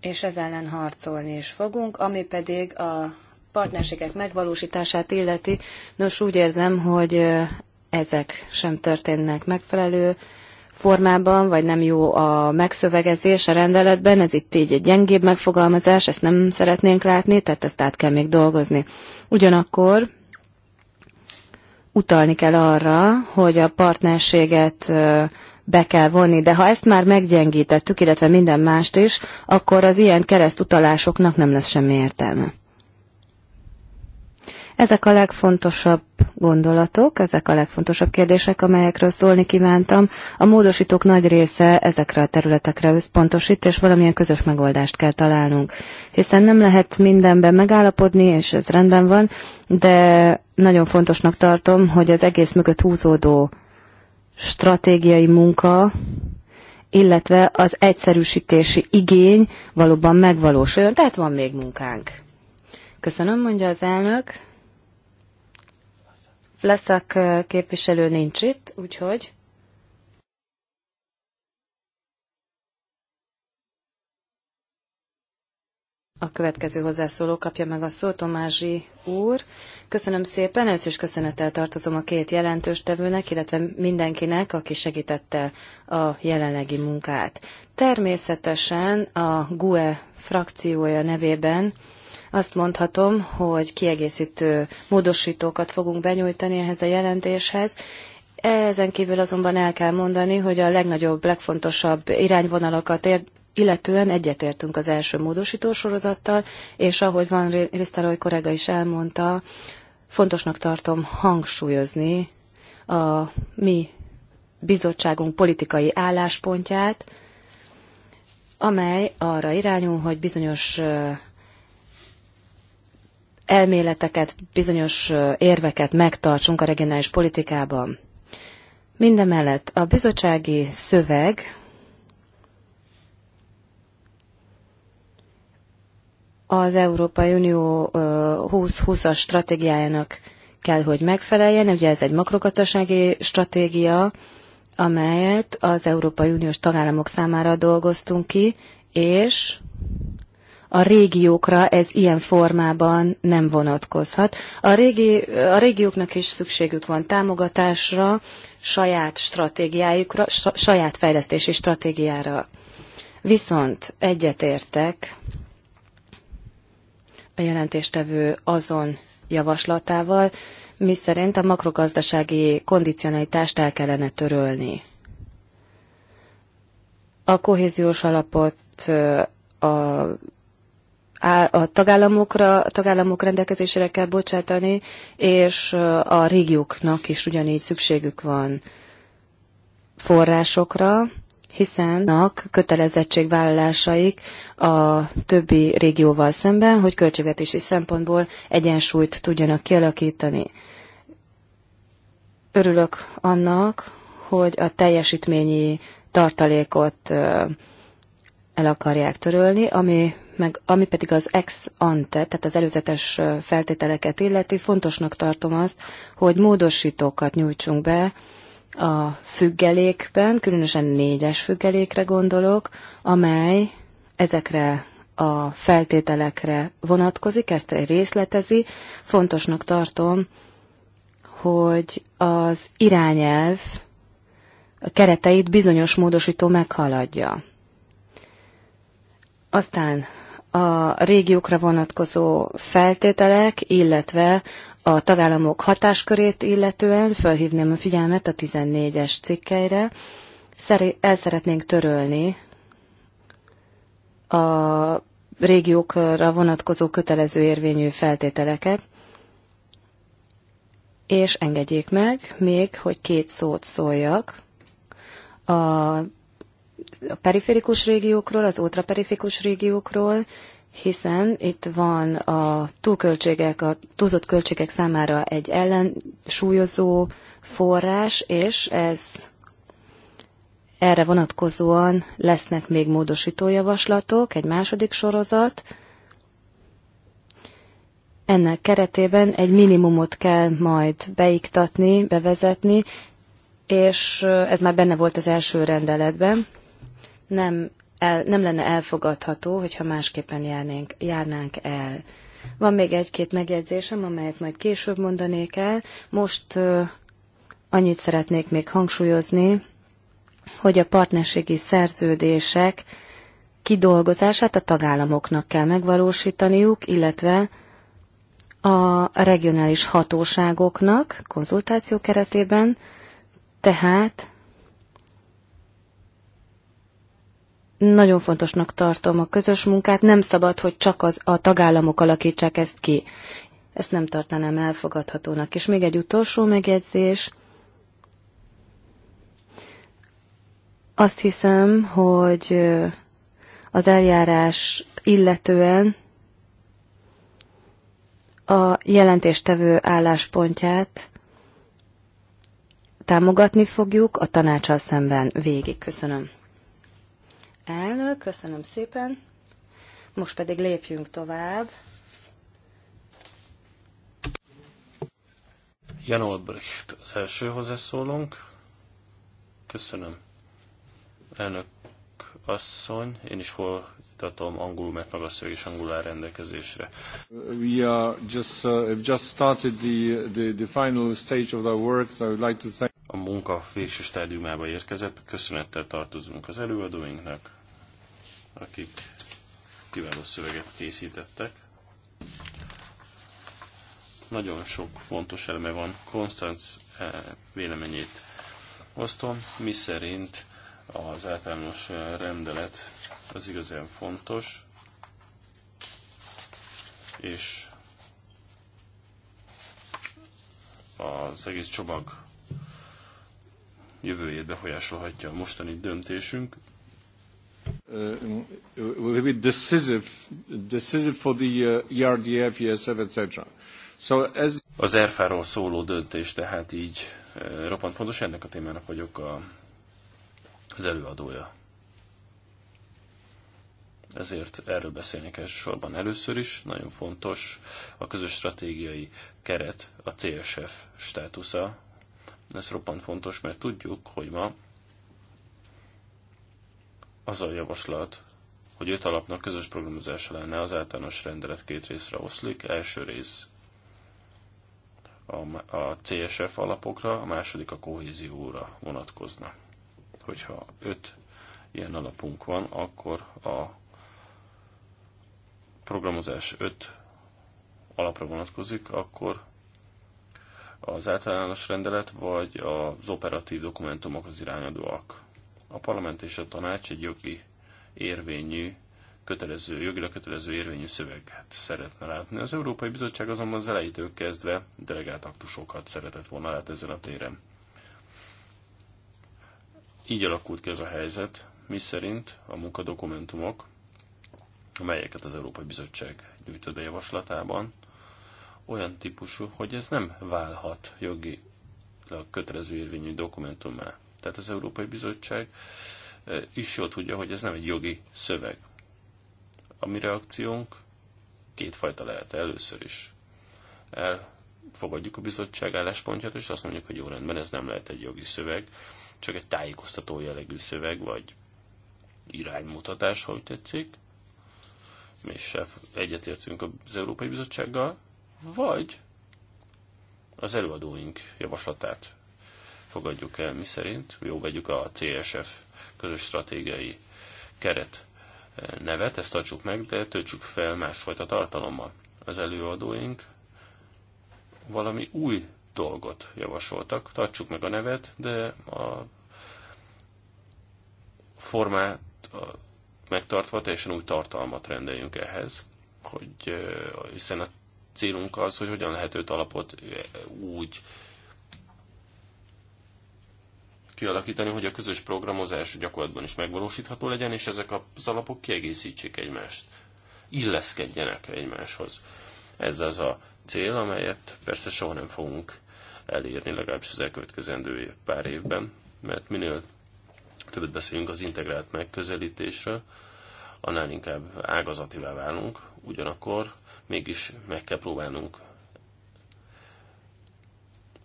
És ez ellen harcolni is fogunk, ami pedig a partnerségek megvalósítását illeti. Nos, úgy érzem, hogy ezek sem történnek megfelelő formában, vagy nem jó a megszövegezés a rendeletben, ez itt így egy gyengébb megfogalmazás, ezt nem szeretnénk látni, tehát ezt át kell még dolgozni. Ugyanakkor utalni kell arra, hogy a partnerséget be kell vonni, de ha ezt már meggyengítettük, illetve minden mást is, akkor az ilyen keresztutalásoknak nem lesz semmi értelme. Ezek a legfontosabb gondolatok, ezek a legfontosabb kérdések, amelyekről szólni kívántam. A módosítók nagy része ezekre a területekre összpontosít, és valamilyen közös megoldást kell találnunk. Hiszen nem lehet mindenben megállapodni, és ez rendben van, de nagyon fontosnak tartom, hogy az egész mögött húzódó stratégiai munka, illetve az egyszerűsítési igény valóban megvalósuljon. Tehát van még munkánk. Köszönöm, mondja az elnök. Leszak képviselő nincs itt, úgyhogy... A következő hozzászóló kapja meg a szót, Tomázsi úr. Köszönöm szépen, először is köszönettel tartozom a két jelentős tevőnek, illetve mindenkinek, aki segítette a jelenlegi munkát. Természetesen a GUE frakciója nevében azt mondhatom, hogy kiegészítő módosítókat fogunk benyújtani ehhez a jelentéshez, ezen kívül azonban el kell mondani, hogy a legnagyobb, legfontosabb irányvonalakat ér, illetően egyetértünk az első módosítósorozattal, és ahogy van Risztaroly korega is elmondta, fontosnak tartom hangsúlyozni a mi bizottságunk politikai álláspontját, amely arra irányul, hogy bizonyos elméleteket, bizonyos érveket megtartsunk a regionális politikában. Mindemellett a bizottsági szöveg az Európai Unió 2020-as stratégiájának kell, hogy megfeleljen. Ugye ez egy makrogazdasági stratégia, amelyet az Európai Uniós tagállamok számára dolgoztunk ki, és a régiókra ez ilyen formában nem vonatkozhat. A, régi, a régióknak is szükségük van támogatásra, saját stratégiájukra, saját fejlesztési stratégiára. Viszont egyetértek a jelentéstevő azon javaslatával, miszerint a makrogazdasági kondicionalitást el kellene törölni. A kohéziós alapot a a tagállamokra, a tagállamok rendelkezésére kell bocsátani, és a régióknak is ugyanígy szükségük van forrásokra, hiszen kötelezettségvállalásaik a többi régióval szemben, hogy költségvetési szempontból egyensúlyt tudjanak kialakítani. Örülök annak, hogy a teljesítményi tartalékot el akarják törölni, ami meg ami pedig az ex ante, tehát az előzetes feltételeket illeti, fontosnak tartom azt, hogy módosítókat nyújtsunk be a függelékben, különösen négyes függelékre gondolok, amely ezekre a feltételekre vonatkozik, ezt részletezi. Fontosnak tartom, hogy az irányelv a kereteit bizonyos módosító meghaladja. Aztán a régiókra vonatkozó feltételek, illetve a tagállamok hatáskörét illetően felhívném a figyelmet a 14-es cikkeire. El szeretnénk törölni a régiókra vonatkozó kötelező érvényű feltételeket, és engedjék meg még, hogy két szót szóljak a a periférikus régiókról, az ultraperiférikus régiókról, hiszen itt van a túlköltségek, a túlzott költségek számára egy ellensúlyozó forrás, és ez erre vonatkozóan lesznek még módosító javaslatok, egy második sorozat. Ennek keretében egy minimumot kell majd beiktatni, bevezetni, és ez már benne volt az első rendeletben nem, el, nem lenne elfogadható, hogyha másképpen járnénk, járnánk el. Van még egy-két megjegyzésem, amelyet majd később mondanék el. Most uh, annyit szeretnék még hangsúlyozni, hogy a partnerségi szerződések kidolgozását a tagállamoknak kell megvalósítaniuk, illetve a regionális hatóságoknak konzultáció keretében, tehát Nagyon fontosnak tartom a közös munkát, nem szabad, hogy csak az, a tagállamok alakítsák ezt ki. Ezt nem tartanám elfogadhatónak. És még egy utolsó megjegyzés. Azt hiszem, hogy az eljárás illetően a jelentéstevő álláspontját támogatni fogjuk a tanácsal szemben végig. Köszönöm. Elnök, köszönöm szépen. Most pedig lépjünk tovább. Jan Olbricht az első hozzászólónk. Köszönöm. Elnök asszony, én is fordítatom angolul, mert maga szöveg is angolul áll rendelkezésre. We are just, uh, just started the, the, the final stage of the work, so I would like to thank a munka végső stádiumába érkezett, köszönettel tartozunk az előadóinknak, akik kiváló szöveget készítettek. Nagyon sok fontos eleme van. Konstanz eh, véleményét osztom, mi szerint az általános eh, rendelet az igazán fontos, és az egész csomag jövőjét befolyásolhatja a mostani döntésünk. Uh, will be decisive, decisive for the uh, ERDF, ESF, etc. So as... Az erfáról szóló döntés tehát így uh, roppant fontos, ennek a témának vagyok a, az előadója. Ezért erről beszélnék elsősorban először is. Nagyon fontos a közös stratégiai keret, a CSF státusza. Ez roppant fontos, mert tudjuk, hogy ma az a javaslat, hogy öt alapnak közös programozása lenne, az általános rendelet két részre oszlik. Első rész a, a CSF alapokra, a második a kohézióra vonatkozna. Hogyha öt ilyen alapunk van, akkor a programozás öt alapra vonatkozik, akkor az általános rendelet vagy az operatív dokumentumok az irányadóak a parlament és a tanács egy jogi érvényű, kötelező, jogilag kötelező érvényű szöveget szeretne látni. Az Európai Bizottság azonban az elejétől kezdve delegált aktusokat szeretett volna látni ezen a téren. Így alakult ki ez a helyzet, mi szerint a munkadokumentumok, amelyeket az Európai Bizottság gyűjtött be javaslatában, olyan típusú, hogy ez nem válhat jogi kötelező érvényű dokumentummal tehát az Európai Bizottság eh, is jól tudja, hogy ez nem egy jogi szöveg. A mi reakciónk kétfajta lehet először is. Elfogadjuk a bizottság álláspontját, és azt mondjuk, hogy jó rendben, ez nem lehet egy jogi szöveg, csak egy tájékoztató jellegű szöveg, vagy iránymutatás, ha úgy tetszik, és egyetértünk az Európai Bizottsággal, vagy az előadóink javaslatát fogadjuk el, mi szerint jó vegyük a CSF közös stratégiai keret eh, nevet, ezt tartsuk meg, de töltsük fel másfajta tartalommal. Az előadóink valami új dolgot javasoltak. Tartsuk meg a nevet, de a formát megtartva teljesen új tartalmat rendeljünk ehhez, hogy eh, hiszen a célunk az, hogy hogyan lehet őt alapot eh, úgy kialakítani, hogy a közös programozás gyakorlatban is megvalósítható legyen, és ezek az alapok kiegészítsék egymást, illeszkedjenek egymáshoz. Ez az a cél, amelyet persze soha nem fogunk elérni, legalábbis az elkövetkezendő pár évben, mert minél többet beszélünk az integrált megközelítésről, annál inkább ágazativá válunk, ugyanakkor mégis meg kell próbálnunk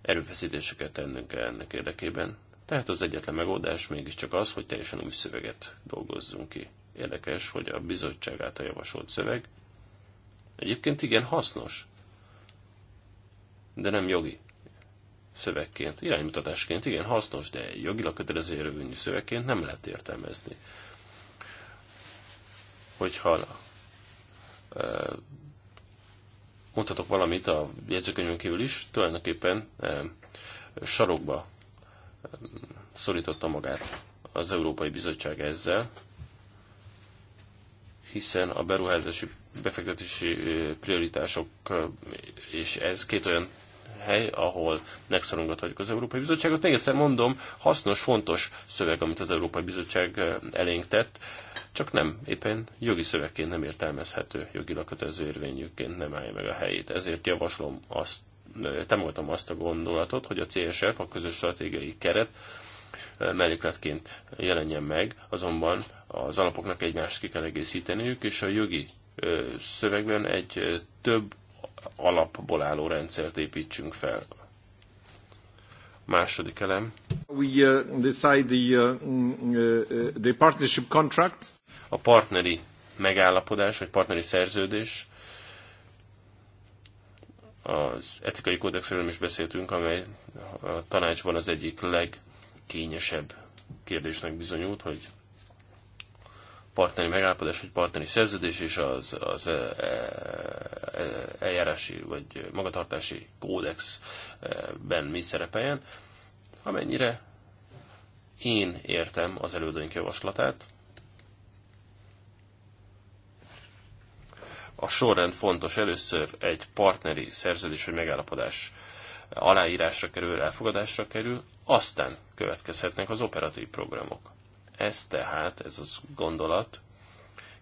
erőfeszítéseket tennünk ennek érdekében. Tehát az egyetlen megoldás mégiscsak az, hogy teljesen új szöveget dolgozzunk ki. Érdekes, hogy a bizottság által javasolt szöveg egyébként igen hasznos, de nem jogi szövegként, iránymutatásként igen hasznos, de jogilag kötelező érvényű szövegként nem lehet értelmezni. Hogyha mondhatok valamit a jegyzőkönyvön kívül is, tulajdonképpen sarokba szorította magát az Európai Bizottság ezzel, hiszen a beruházási befektetési prioritások, és ez két olyan hely, ahol megszorongathatjuk az Európai Bizottságot. Még egyszer mondom, hasznos, fontos szöveg, amit az Európai Bizottság elénk tett, csak nem, éppen jogi szövegként nem értelmezhető, jogilag kötelező érvényükként nem állja meg a helyét. Ezért javaslom azt támogatom azt a gondolatot, hogy a CSF, a közös stratégiai keret eh, mellékletként jelenjen meg, azonban az alapoknak egymást ki kell egészíteniük, és a jogi eh, szövegben egy eh, több alapból álló rendszert építsünk fel. Második elem. We decide the, mm, the partnership contract. A partneri megállapodás, vagy partneri szerződés az etikai kódexről is beszéltünk, amely a tanácsban az egyik legkényesebb kérdésnek bizonyult, hogy partneri megállapodás, vagy partneri szerződés és az, az e, e, e, eljárási vagy magatartási kódexben mi szerepeljen. Amennyire én értem az elődőink javaslatát, A sorrend fontos. Először egy partneri szerződés vagy megállapodás aláírásra kerül, elfogadásra kerül, aztán következhetnek az operatív programok. Ez tehát, ez az gondolat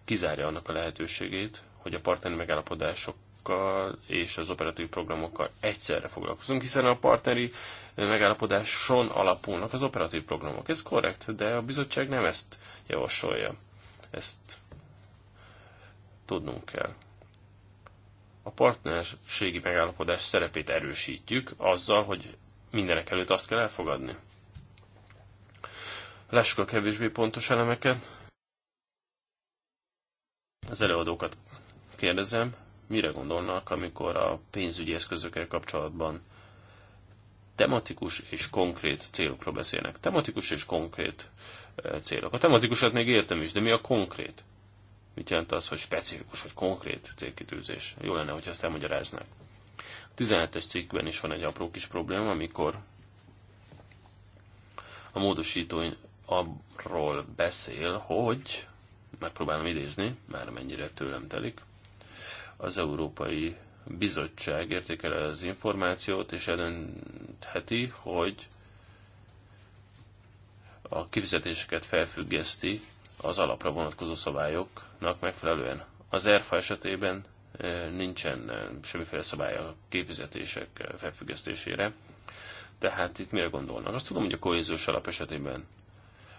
kizárja annak a lehetőségét, hogy a partneri megállapodásokkal és az operatív programokkal egyszerre foglalkozunk, hiszen a partneri megállapodáson alapulnak az operatív programok. Ez korrekt, de a bizottság nem ezt javasolja. Ezt tudnunk kell a partnerségi megállapodás szerepét erősítjük azzal, hogy mindenek előtt azt kell elfogadni. Lássuk a kevésbé pontos elemeket. Az előadókat kérdezem, mire gondolnak, amikor a pénzügyi eszközökkel kapcsolatban tematikus és konkrét célokról beszélnek. Tematikus és konkrét eh, célok. A tematikusat még értem is, de mi a konkrét? Mit jelent az, hogy specifikus vagy konkrét célkitűzés? Jó lenne, hogy ezt elmagyaráznák. A 17-es cikkben is van egy apró kis probléma, amikor a módosító arról beszél, hogy megpróbálom idézni, már mennyire tőlem telik, az Európai Bizottság értékel az információt, és eldöntheti, hogy a kifizetéseket felfüggeszti az alapra vonatkozó szabályoknak megfelelően. Az ERFA esetében nincsen semmiféle szabály a képfizetések felfüggesztésére. Tehát itt mire gondolnak? Azt tudom, hogy a kohéziós alap esetében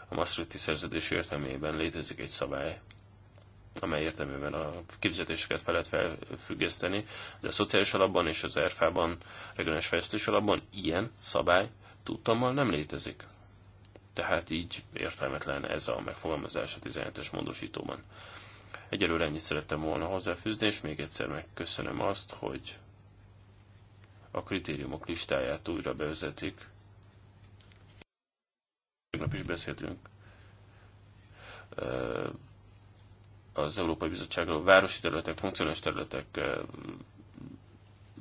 a Maastrichti szerződés értelmében létezik egy szabály, amely értelmében a képzetéseket fel lehet felfüggeszteni, de a szociális alapban és az ERFA-ban, regionális fejlesztés alapban ilyen szabály tudtammal nem létezik tehát így értelmetlen ez a megfogalmazás a 17-es módosítóban. Egyelőre ennyit szerettem volna hozzáfűzni, és még egyszer megköszönöm azt, hogy a kritériumok listáját újra bevezetik. Tegnap is beszéltünk az Európai Bizottságról városi területek, funkcionális területek,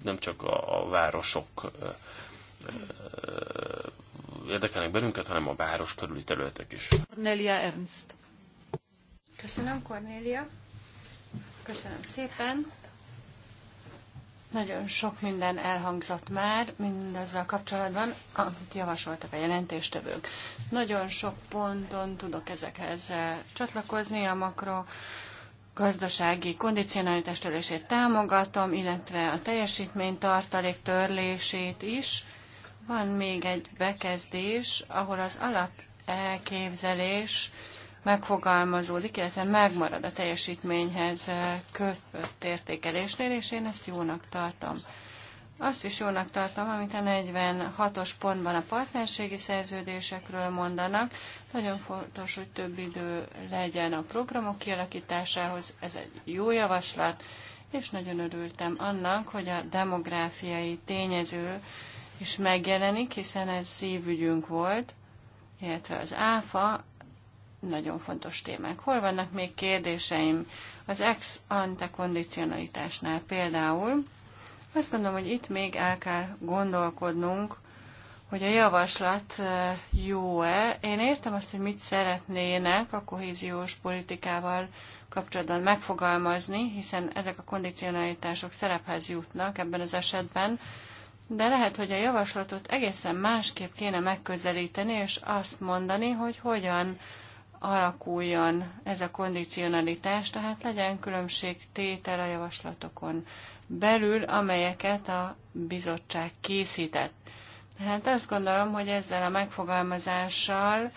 nem csak a, a városok érdekelnek bennünket, hanem a város körüli területek is. Cornelia Ernst. Köszönöm, Cornelia. Köszönöm szépen. Nagyon sok minden elhangzott már mindezzel kapcsolatban, amit javasoltak a jelentéstevők. Nagyon sok ponton tudok ezekhez eh, csatlakozni, a makro gazdasági kondicionalitást törlését támogatom, illetve a teljesítmény tartalék törlését is. Van még egy bekezdés, ahol az alap elképzelés megfogalmazódik, illetve megmarad a teljesítményhez eh, kötött értékelésnél, és én ezt jónak tartom. Azt is jónak tartom, amit a 46-os pontban a partnerségi szerződésekről mondanak. Nagyon fontos, hogy több idő legyen a programok kialakításához. Ez egy jó javaslat, és nagyon örültem annak, hogy a demográfiai tényező is megjelenik, hiszen ez szívügyünk volt, illetve az áfa nagyon fontos témák. Hol vannak még kérdéseim? Az ex ante kondicionalitásnál például. Azt gondolom, hogy itt még el kell gondolkodnunk, hogy a javaslat eh, jó-e. Én értem azt, hogy mit szeretnének a kohéziós politikával kapcsolatban megfogalmazni, hiszen ezek a kondicionalitások szerephez jutnak ebben az esetben, de lehet, hogy a javaslatot egészen másképp kéne megközelíteni, és azt mondani, hogy hogyan alakuljon ez a kondicionalitás, tehát legyen különbség tétel a javaslatokon belül, amelyeket a bizottság készített. Tehát azt gondolom, hogy ezzel a megfogalmazással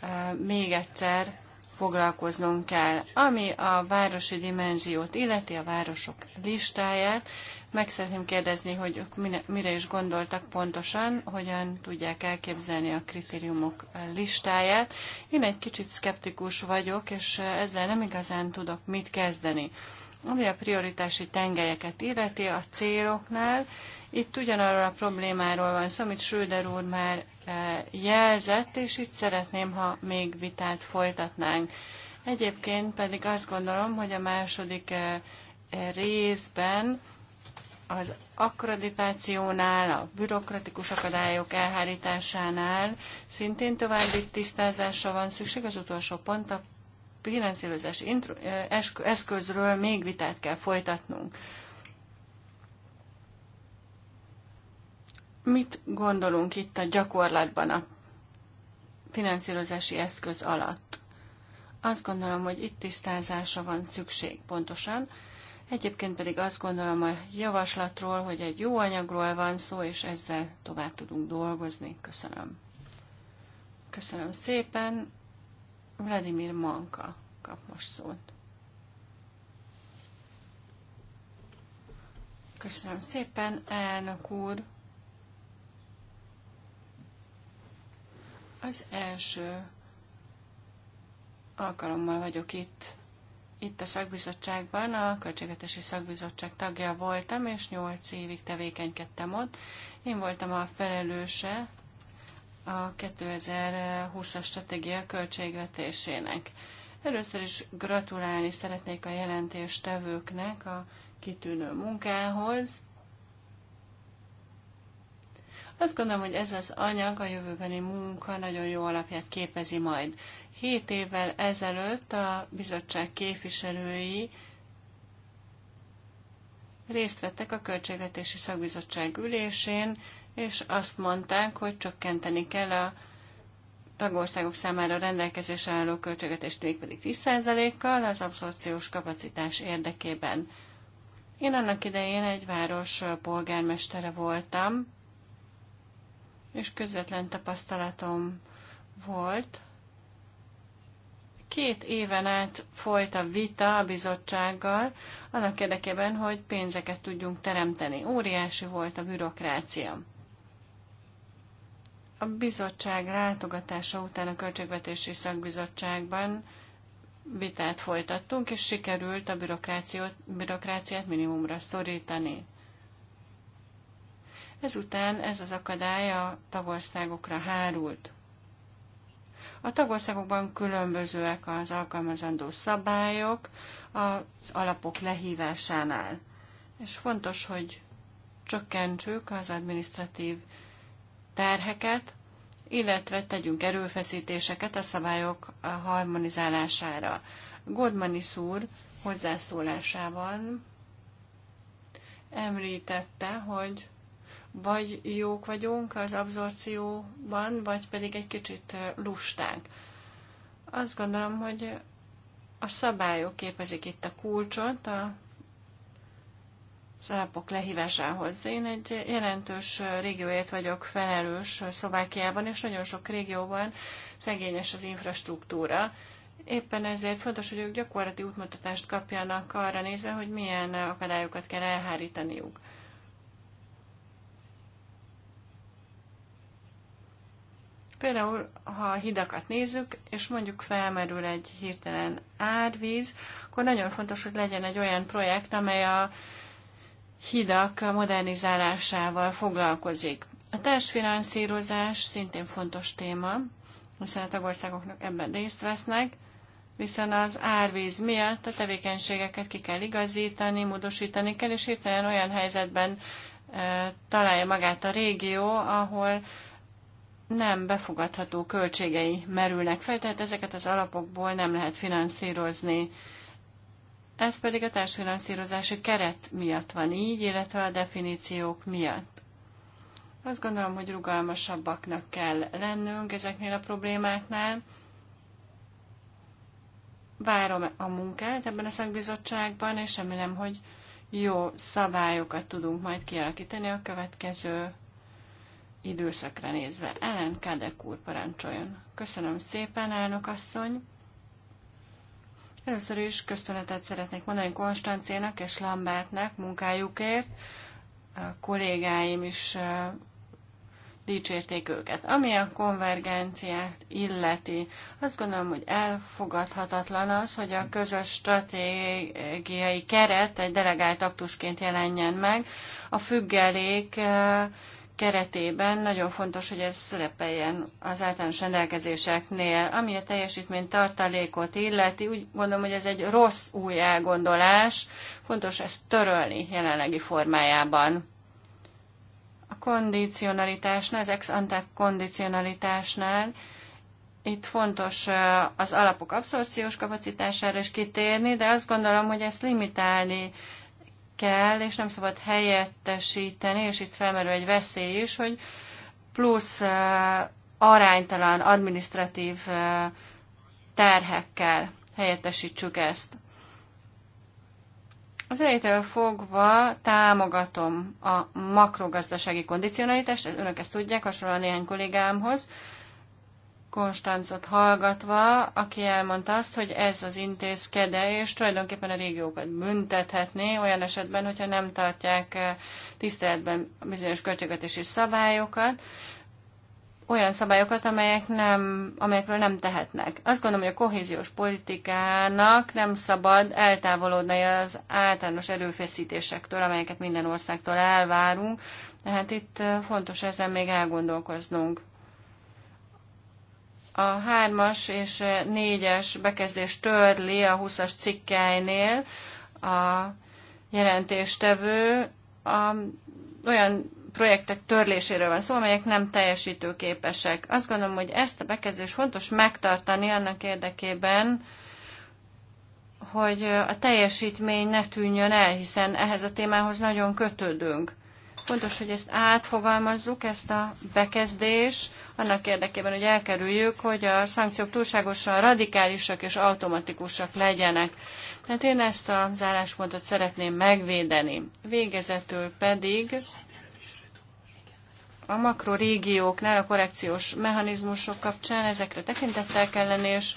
eh, még egyszer foglalkoznunk kell. Ami a városi dimenziót illeti, a városok listáját, meg szeretném kérdezni, hogy mire is gondoltak pontosan, hogyan tudják elképzelni a kritériumok listáját. Én egy kicsit szkeptikus vagyok, és ezzel nem igazán tudok mit kezdeni. Ami a prioritási tengelyeket illeti a céloknál, itt ugyanarról a problémáról van szó, amit Schröder úr már eh, jelzett, és itt szeretném, ha még vitát folytatnánk. Egyébként pedig azt gondolom, hogy a második eh, részben az akkreditációnál, a bürokratikus akadályok elhárításánál szintén további tisztázásra van szükség. Az utolsó pont a finanszírozás eh, eszközről még vitát kell folytatnunk. Mit gondolunk itt a gyakorlatban a finanszírozási eszköz alatt? Azt gondolom, hogy itt tisztázása van szükség pontosan. Egyébként pedig azt gondolom a javaslatról, hogy egy jó anyagról van szó, és ezzel tovább tudunk dolgozni. Köszönöm. Köszönöm szépen. Vladimir Manka kap most szót. Köszönöm szépen, elnök úr. Az első alkalommal vagyok itt, itt a szakbizottságban, a Költségvetési Szakbizottság tagja voltam, és nyolc évig tevékenykedtem ott. Én voltam a felelőse a 2020-as stratégia költségvetésének. Először is gratulálni szeretnék a jelentéstevőknek a kitűnő munkához, azt gondolom, hogy ez az anyag a jövőbeni munka nagyon jó alapját képezi majd. Hét évvel ezelőtt a bizottság képviselői részt vettek a Költségvetési Szakbizottság ülésén, és azt mondták, hogy csökkenteni kell a tagországok számára rendelkezésre álló költségvetést mégpedig 10%-kal az abszorciós kapacitás érdekében. Én annak idején egy város polgármestere voltam, és közvetlen tapasztalatom volt. Két éven át folyt a vita a bizottsággal, annak érdekében, hogy pénzeket tudjunk teremteni. Óriási volt a bürokrácia. A bizottság látogatása után a Költségvetési Szakbizottságban vitát folytattunk, és sikerült a bürokráciát minimumra szorítani. Ezután ez az akadály a tagországokra hárult. A tagországokban különbözőek az alkalmazandó szabályok az alapok lehívásánál. És fontos, hogy csökkentsük az administratív terheket, illetve tegyünk erőfeszítéseket a szabályok harmonizálására. Godmani úr hozzászólásában említette, hogy vagy jók vagyunk az abszorcióban, vagy pedig egy kicsit lusták. Azt gondolom, hogy a szabályok képezik itt a kulcsot a az alapok lehívásához. Én egy jelentős régióért vagyok felelős Szlovákiában, és nagyon sok régióban szegényes az infrastruktúra. Éppen ezért fontos, hogy ők gyakorlati útmutatást kapjanak arra nézve, hogy milyen akadályokat kell elhárítaniuk. Például, ha a hidakat nézzük, és mondjuk felmerül egy hirtelen árvíz, akkor nagyon fontos, hogy legyen egy olyan projekt, amely a hidak modernizálásával foglalkozik. A társfinanszírozás szintén fontos téma, hiszen a tagországoknak ebben részt vesznek, viszont az árvíz miatt a tevékenységeket ki kell igazítani, módosítani kell, és hirtelen olyan helyzetben e, találja magát a régió, ahol nem befogadható költségei merülnek fel, tehát ezeket az alapokból nem lehet finanszírozni. Ez pedig a társfinanszírozási keret miatt van így, illetve a definíciók miatt. Azt gondolom, hogy rugalmasabbaknak kell lennünk ezeknél a problémáknál. Várom a munkát ebben a szakbizottságban, és remélem, hogy jó szabályokat tudunk majd kialakítani a következő időszakra nézve. Ellen Kadek úr parancsoljon. Köszönöm szépen, elnök asszony. Először is köszönetet szeretnék mondani Konstancénak és Lambertnek munkájukért. A kollégáim is dicsérték őket. Ami a konvergenciát illeti, azt gondolom, hogy elfogadhatatlan az, hogy a közös stratégiai keret egy delegált aktusként jelenjen meg. A függelék keretében nagyon fontos, hogy ez szerepeljen az általános rendelkezéseknél. Ami a teljesítmény tartalékot illeti, úgy gondolom, hogy ez egy rossz új elgondolás, fontos ezt törölni jelenlegi formájában. A kondicionalitásnál, az ex ante kondicionalitásnál itt fontos az alapok abszorciós kapacitására is kitérni, de azt gondolom, hogy ezt limitálni kell, és nem szabad helyettesíteni, és itt felmerül egy veszély is, hogy plusz uh, aránytalan administratív uh, terhekkel helyettesítsük ezt. Az elejétől fogva támogatom a makrogazdasági kondicionalitást, önök ezt tudják, hasonlóan néhány kollégámhoz, uh, Konstancot hallgatva, aki elmondta azt, hogy ez az és tulajdonképpen a régiókat büntethetné olyan esetben, hogyha nem tartják eh, tiszteletben bizonyos költségvetési szabályokat, olyan szabályokat, amelyek nem, amelyekről nem tehetnek. Azt gondolom, hogy a kohéziós politikának nem szabad eltávolodni az általános erőfeszítésektől, amelyeket minden országtól elvárunk, tehát itt eh, fontos ezen még elgondolkoznunk a hármas és négyes bekezdés törli a 20-as cikkeinél a jelentéstevő a, olyan projektek törléséről van szó, amelyek nem teljesítőképesek. Azt gondolom, hogy ezt a bekezdést fontos megtartani annak érdekében, hogy a teljesítmény ne tűnjön el, hiszen ehhez a témához nagyon kötődünk. Fontos, hogy ezt átfogalmazzuk, ezt a bekezdés, annak érdekében, hogy elkerüljük, hogy a szankciók túlságosan radikálisak és automatikusak legyenek. Tehát én ezt a álláspontot szeretném megvédeni. Végezetül pedig a makrorégióknál a korrekciós mechanizmusok kapcsán ezekre tekintettel kell lenni, és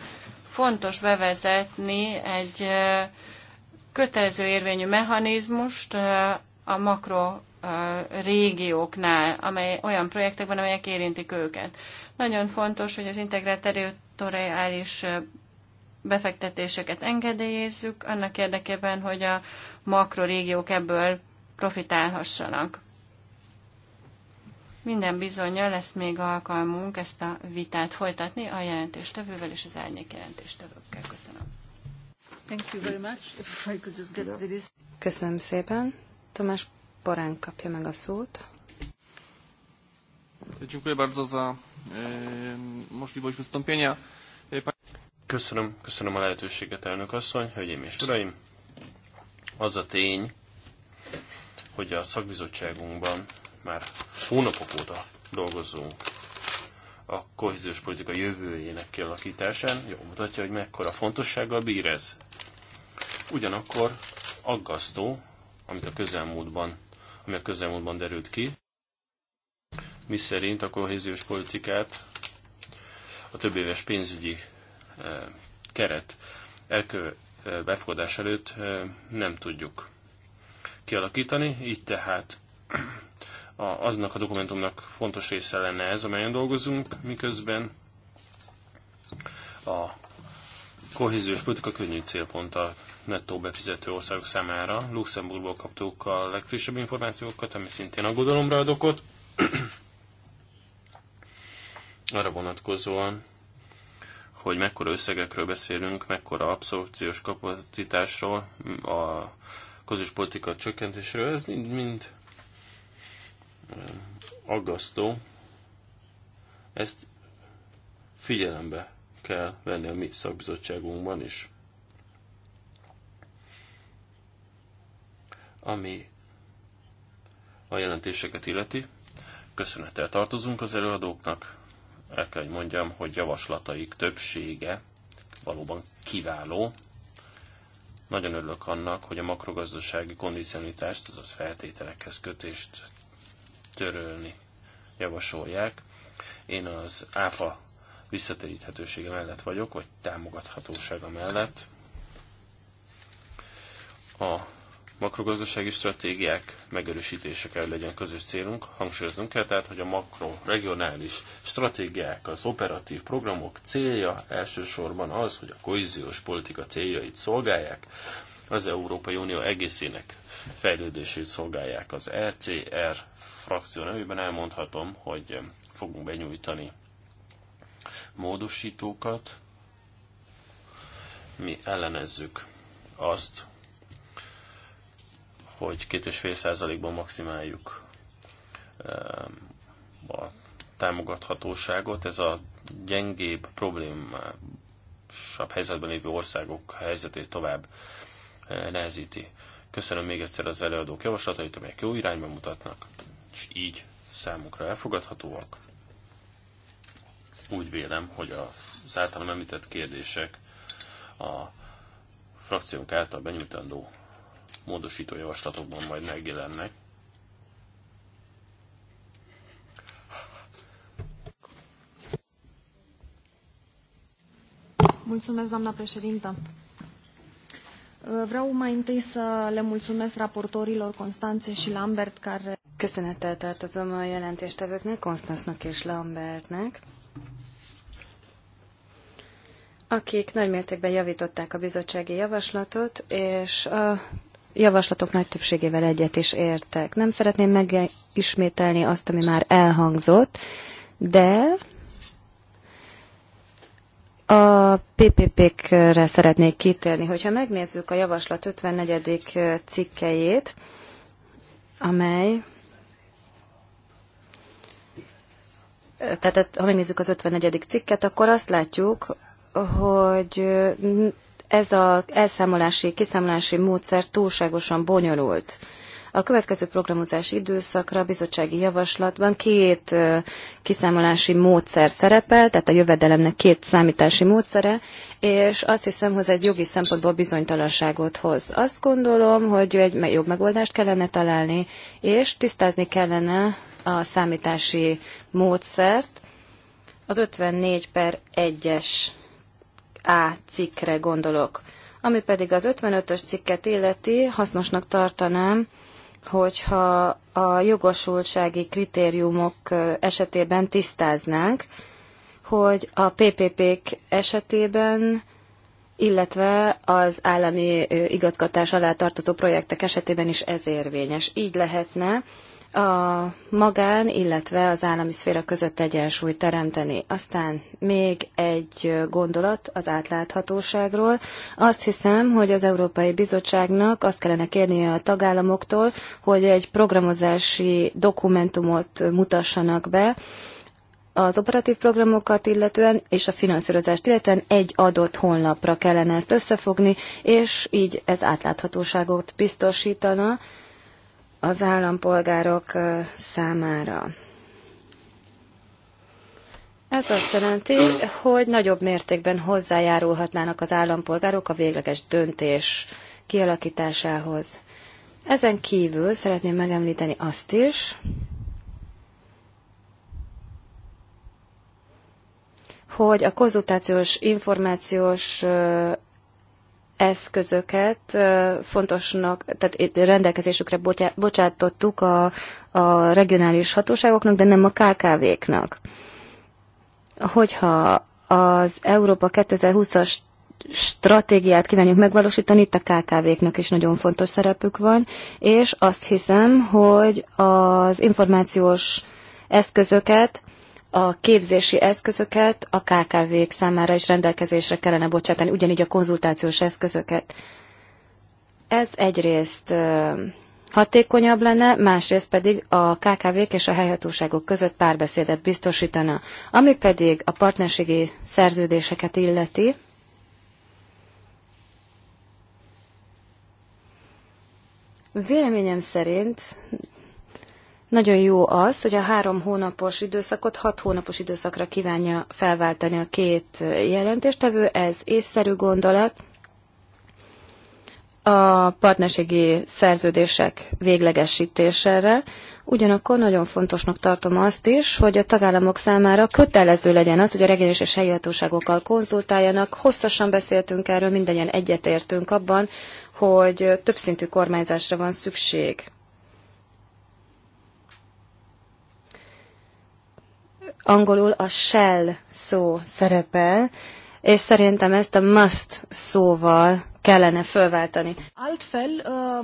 fontos bevezetni egy eh, kötelező érvényű mechanizmust eh, a makro régióknál, amely olyan projektekben, amelyek érintik őket. Nagyon fontos, hogy az integrált territoriális befektetéseket engedélyezzük, annak érdekében, hogy a makrorégiók ebből profitálhassanak. Minden bizonyja lesz még alkalmunk ezt a vitát folytatni a jelentéstevővel és az árnyék jelentéstevőkkel. Köszönöm. Thank you very much. If I could just get the list. Köszönöm szépen. Tomás Porán kapja meg a szót. Dziękuję bardzo za e, możliwość wystąpienia. E, köszönöm, köszönöm a lehetőséget, elnök asszony, hölgyeim és uraim. Az a tény, hogy a szakbizottságunkban már hónapok óta dolgozunk a kohéziós politika jövőjének kialakításán, jól mutatja, hogy mekkora fontossággal bír ez. Ugyanakkor aggasztó, amit a közelmúltban ami a közelmúltban derült ki, miszerint a kohéziós politikát a több éves pénzügyi eh, keret elkö, eh, befogadás előtt eh, nem tudjuk kialakítani, így tehát a, aznak a dokumentumnak fontos része lenne ez, amelyen dolgozunk, miközben a kohéziós politika könnyű célponttal nettó befizető országok számára. Luxemburgból kaptuk a legfrissebb információkat, ami szintén aggodalomra ad okot. Arra vonatkozóan, hogy mekkora összegekről beszélünk, mekkora abszorpciós kapacitásról, a közös politika csökkentésről, ez mind-mind aggasztó. Ezt figyelembe kell venni a mi szakbizottságunkban is. ami a jelentéseket illeti. Köszönettel tartozunk az előadóknak. El kell, hogy mondjam, hogy javaslataik többsége valóban kiváló. Nagyon örülök annak, hogy a makrogazdasági kondicionitást, azaz feltételekhez kötést törölni javasolják. Én az ÁFA visszatéríthetősége mellett vagyok, vagy támogathatósága mellett. A makrogazdasági stratégiák megerősítése kell legyen közös célunk. Hangsúlyoznunk kell tehát, hogy a makroregionális stratégiák, az operatív programok célja elsősorban az, hogy a kohéziós politika céljait szolgálják, az Európai Unió egészének fejlődését szolgálják. Az ECR frakció nevében elmondhatom, hogy fogunk benyújtani módosítókat. Mi ellenezzük azt, hogy 25 százalékban maximáljuk ehm, a támogathatóságot. Ez a gyengébb, problémásabb helyzetben lévő országok helyzetét tovább e, nehezíti. Köszönöm még egyszer az előadók javaslatait, amelyek jó irányba mutatnak, és így számunkra elfogadhatóak. Úgy vélem, hogy az általam említett kérdések a frakciónk által benyújtandó módosító javaslatokban majd megjelennek. Mulțumesc, doamna președintă. Vreau mai întâi să le mulțumesc raportorilor Constanțe și Lambert care... Köszönettel tartozom a jelentéstevőknek, Konstanznak és Lambertnek, akik nagymértékben javították a bizottsági javaslatot, és a javaslatok nagy többségével egyet is értek. Nem szeretném megismételni azt, ami már elhangzott, de a PPP-kre szeretnék kitérni. Hogyha megnézzük a javaslat 54. cikkejét, amely tehát ha megnézzük az 54. cikket, akkor azt látjuk, hogy ez az elszámolási, kiszámolási módszer túlságosan bonyolult. A következő programozási időszakra a bizottsági javaslatban két kiszámolási módszer szerepel, tehát a jövedelemnek két számítási módszere, és azt hiszem, hogy egy jogi szempontból bizonytalanságot hoz. Azt gondolom, hogy egy jobb megoldást kellene találni, és tisztázni kellene a számítási módszert, az 54 per 1-es a cikkre gondolok. Ami pedig az 55-ös cikket illeti, hasznosnak tartanám, hogyha a jogosultsági kritériumok esetében tisztáznánk, hogy a PPP-k esetében, illetve az állami igazgatás alá tartozó projektek esetében is ez érvényes. Így lehetne a magán, illetve az állami szféra között egyensúlyt teremteni. Aztán még egy gondolat az átláthatóságról. Azt hiszem, hogy az Európai Bizottságnak azt kellene kérnie a tagállamoktól, hogy egy programozási dokumentumot mutassanak be, az operatív programokat illetően és a finanszírozást illetően egy adott honlapra kellene ezt összefogni, és így ez átláthatóságot biztosítana, az állampolgárok számára. Ez azt jelenti, hogy nagyobb mértékben hozzájárulhatnának az állampolgárok a végleges döntés kialakításához. Ezen kívül szeretném megemlíteni azt is, hogy a konzultációs, információs eszközöket fontosnak, tehát rendelkezésükre bocsátottuk a, a regionális hatóságoknak, de nem a KKV-knak. Hogyha az Európa 2020-as stratégiát kívánjuk megvalósítani, itt a KKV-knak is nagyon fontos szerepük van, és azt hiszem, hogy az információs eszközöket a képzési eszközöket a KKV-k számára is rendelkezésre kellene bocsátani, ugyanígy a konzultációs eszközöket. Ez egyrészt hatékonyabb lenne, másrészt pedig a KKV-k és a helyhatóságok között párbeszédet biztosítana. Ami pedig a partnerségi szerződéseket illeti, Véleményem szerint nagyon jó az, hogy a három hónapos időszakot hat hónapos időszakra kívánja felváltani a két jelentéstevő, ez észszerű gondolat. A partnerségi szerződések véglegesítésére, ugyanakkor nagyon fontosnak tartom azt is, hogy a tagállamok számára kötelező legyen az, hogy a regényes és helyi hatóságokkal konzultáljanak. Hosszasan beszéltünk erről, mindannyian egyetértünk abban, hogy többszintű kormányzásra van szükség angolul a "shall" szó szerepel, és szerintem ezt a must szóval kellene fölváltani. Altfel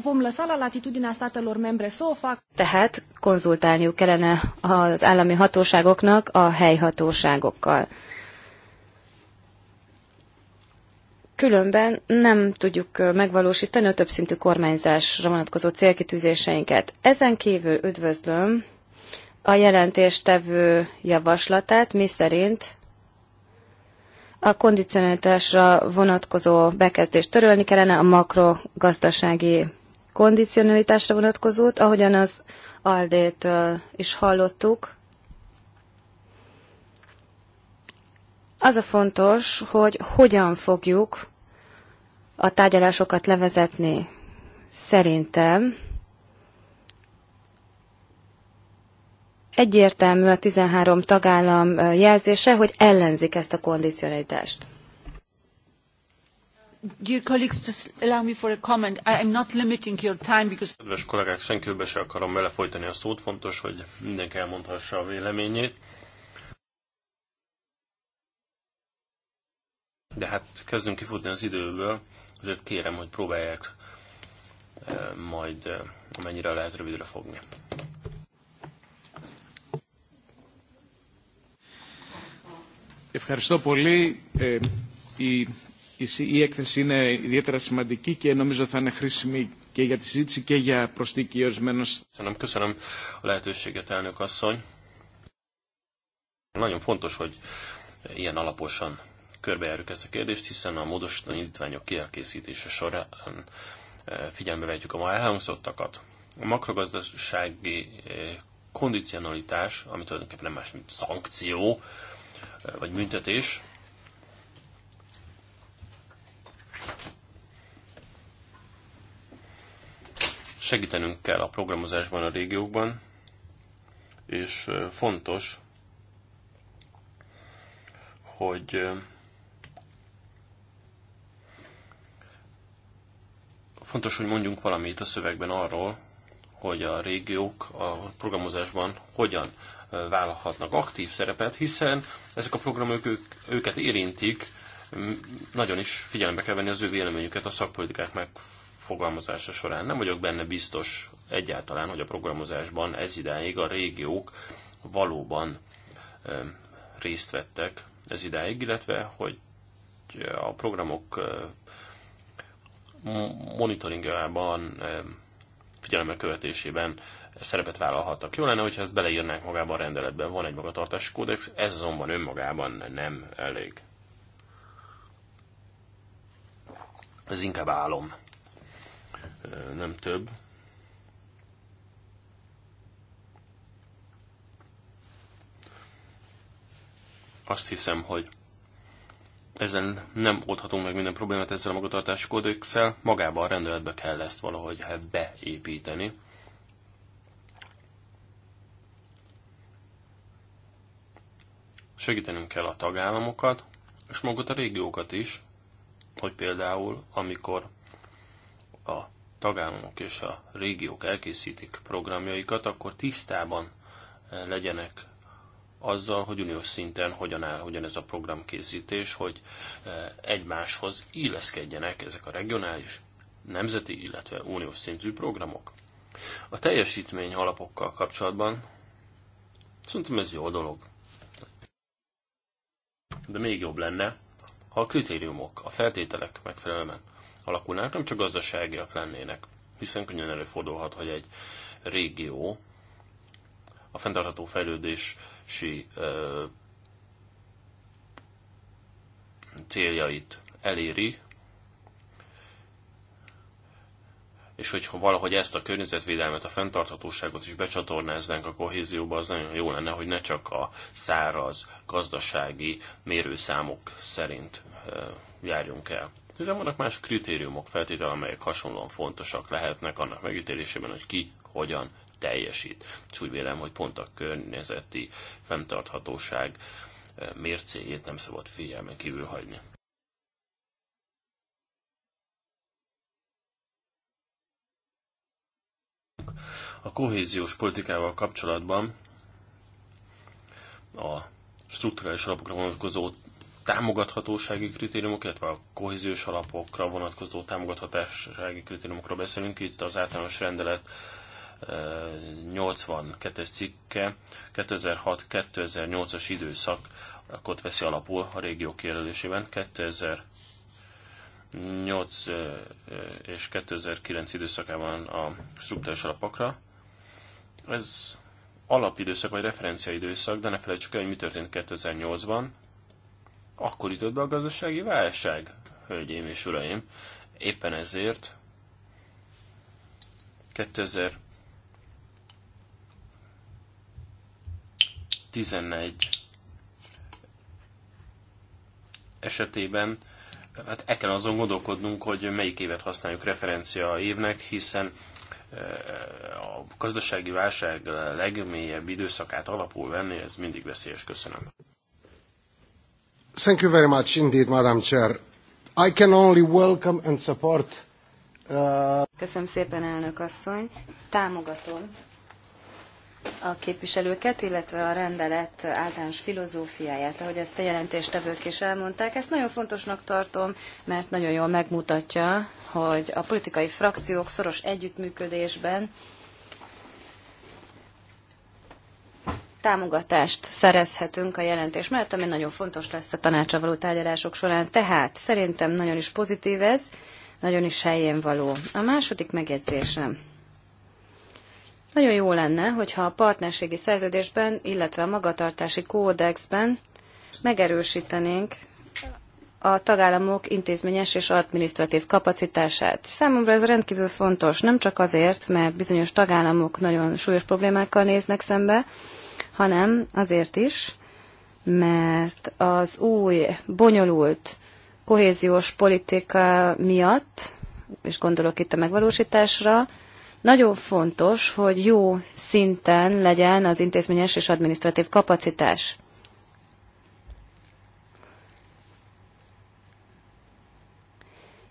vom lăsa la latitudinea statelor membre să o fac. Tehát konzultálniuk kellene az állami hatóságoknak a helyhatóságokkal. Különben nem tudjuk megvalósítani a többszintű kormányzásra vonatkozó célkitűzéseinket. Ezen kívül üdvözlöm a jelentéstevő javaslatát, miszerint a kondicionalitásra vonatkozó bekezdést törölni kellene, a makrogazdasági kondicionalitásra vonatkozót, ahogyan az Aldét is hallottuk. Az a fontos, hogy hogyan fogjuk a tárgyalásokat levezetni. Szerintem Egyértelmű a 13 tagállam jelzése, hogy ellenzik ezt a kondicionalitást. Kedves kollégák, senkőbe se akarom belefolytani a szót, fontos, hogy mindenki elmondhassa a véleményét. De hát kezdünk kifutni az időből, ezért kérem, hogy próbálják majd amennyire lehet rövidre fogni. Ευχαριστώ πολύ. Ε, η, η, η έκθεση είναι ιδιαίτερα σημαντική και νομίζω θα είναι χρήσιμη και για τη συζήτηση και για προστίκη ορισμένων. Köszönöm, köszönöm a Nagyon fontos, hogy ilyen alaposan körbejárjuk ezt a kérdést, hiszen a módosítani indítványok kielkészítése során e, figyelme vetjük a ma elhangzottakat. A makrogazdasági e, kondicionalitás, ami tulajdonképpen nem más, mint szankció, vagy büntetés. Segítenünk kell a programozásban a régiókban, és fontos, hogy fontos, hogy mondjunk valamit a szövegben arról, hogy a régiók a programozásban hogyan vállalhatnak aktív szerepet, hiszen ezek a programok ők, őket érintik, nagyon is figyelembe kell venni az ő véleményüket a szakpolitikák megfogalmazása során. Nem vagyok benne biztos egyáltalán, hogy a programozásban ez idáig a régiók valóban részt vettek ez idáig, illetve hogy a programok monitoringjában, figyelemmel követésében szerepet vállalhatnak. Jó lenne, hogyha ezt beleírnánk magában a rendeletben, van egy magatartási kódex, ez azonban önmagában nem elég. Ez inkább álom. Nem több. Azt hiszem, hogy ezen nem oldhatunk meg minden problémát ezzel a magatartási kódexsel, magában a rendeletbe kell ezt valahogy hát, beépíteni. Segítenünk kell a tagállamokat, és magukat a régiókat is, hogy például, amikor a tagállamok és a régiók elkészítik programjaikat, akkor tisztában eh, legyenek azzal, hogy uniós szinten hogyan áll hogyan ez a programkészítés, hogy eh, egymáshoz illeszkedjenek ezek a regionális, nemzeti, illetve uniós szintű programok. A teljesítmény alapokkal kapcsolatban szerintem ez jó dolog de még jobb lenne, ha a kritériumok, a feltételek megfelelően alakulnának, nem csak gazdaságiak lennének, hiszen könnyen előfordulhat, hogy egy régió a fenntartható fejlődési ö, céljait eléri, és hogyha valahogy ezt a környezetvédelmet, a fenntarthatóságot is becsatornáznánk a kohézióba, az nagyon jó lenne, hogy ne csak a száraz gazdasági mérőszámok szerint járjunk el. Hiszen vannak más kritériumok, feltétel, amelyek hasonlóan fontosak lehetnek annak megítélésében, hogy ki hogyan teljesít. És úgy vélem, hogy pont a környezeti fenntarthatóság mércéjét nem szabad figyelmen kívül hagyni. A kohéziós politikával kapcsolatban a strukturális alapokra vonatkozó támogathatósági kritériumok, illetve a kohéziós alapokra vonatkozó támogathatósági kritériumokra beszélünk. Itt az általános rendelet 82-es eh, cikke 2006-2008-as időszakot veszi alapul a régiók kijelölésében. 2000 8 és 2009 időszakában a struktúrás alapokra. Ez alapidőszak vagy referenciaidőszak, de ne felejtsük el, hogy mi történt 2008-ban. Akkor jutott be a gazdasági válság, hölgyeim és uraim. Éppen ezért 2011 esetében hát el kell azon gondolkodnunk, hogy melyik évet használjuk referencia évnek, hiszen e, a gazdasági válság legmélyebb időszakát alapul venni, ez mindig veszélyes. Köszönöm. Thank you very much indeed, Madam Chair. I can only welcome and support. Uh... Köszönöm szépen, elnök asszony. Támogatom a képviselőket, illetve a rendelet általános filozófiáját, ahogy ezt a jelentéstevők is elmondták. Ezt nagyon fontosnak tartom, mert nagyon jól megmutatja, hogy a politikai frakciók szoros együttműködésben támogatást szerezhetünk a jelentés mellett, ami nagyon fontos lesz a tanácsa való tárgyalások során. Tehát szerintem nagyon is pozitív ez, nagyon is helyén való. A második megjegyzésem. Nagyon jó lenne, hogyha a partnerségi szerződésben, illetve a magatartási kódexben megerősítenénk a tagállamok intézményes és adminisztratív kapacitását. Számomra ez rendkívül fontos, nem csak azért, mert bizonyos tagállamok nagyon súlyos problémákkal néznek szembe, hanem azért is, mert az új, bonyolult kohéziós politika miatt, és gondolok itt a megvalósításra, nagyon fontos, hogy jó szinten legyen az intézményes és administratív kapacitás.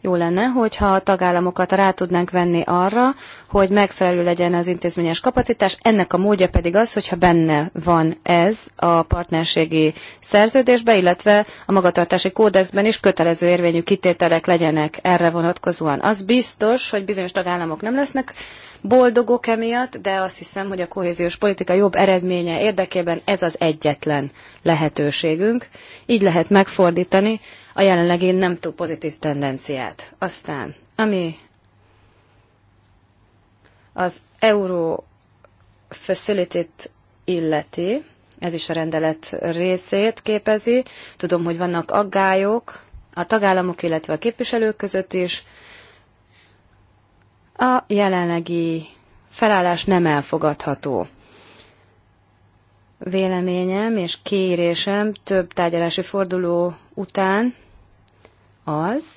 Jó lenne, hogyha a tagállamokat rá tudnánk venni arra, hogy megfelelő legyen az intézményes kapacitás. Ennek a módja pedig az, hogyha benne van ez a partnerségi szerződésbe, illetve a magatartási kódexben is kötelező érvényű kitételek legyenek erre vonatkozóan. Az biztos, hogy bizonyos tagállamok nem lesznek boldogok emiatt, de azt hiszem, hogy a kohéziós politika jobb eredménye érdekében ez az egyetlen lehetőségünk. Így lehet megfordítani a jelenlegi nem túl pozitív tendenciát. Aztán, ami az Euro Facility-t illeti, ez is a rendelet részét képezi. Tudom, hogy vannak aggályok a tagállamok, illetve a képviselők között is, a jelenlegi felállás nem elfogadható. Véleményem és kérésem több tárgyalási forduló után az,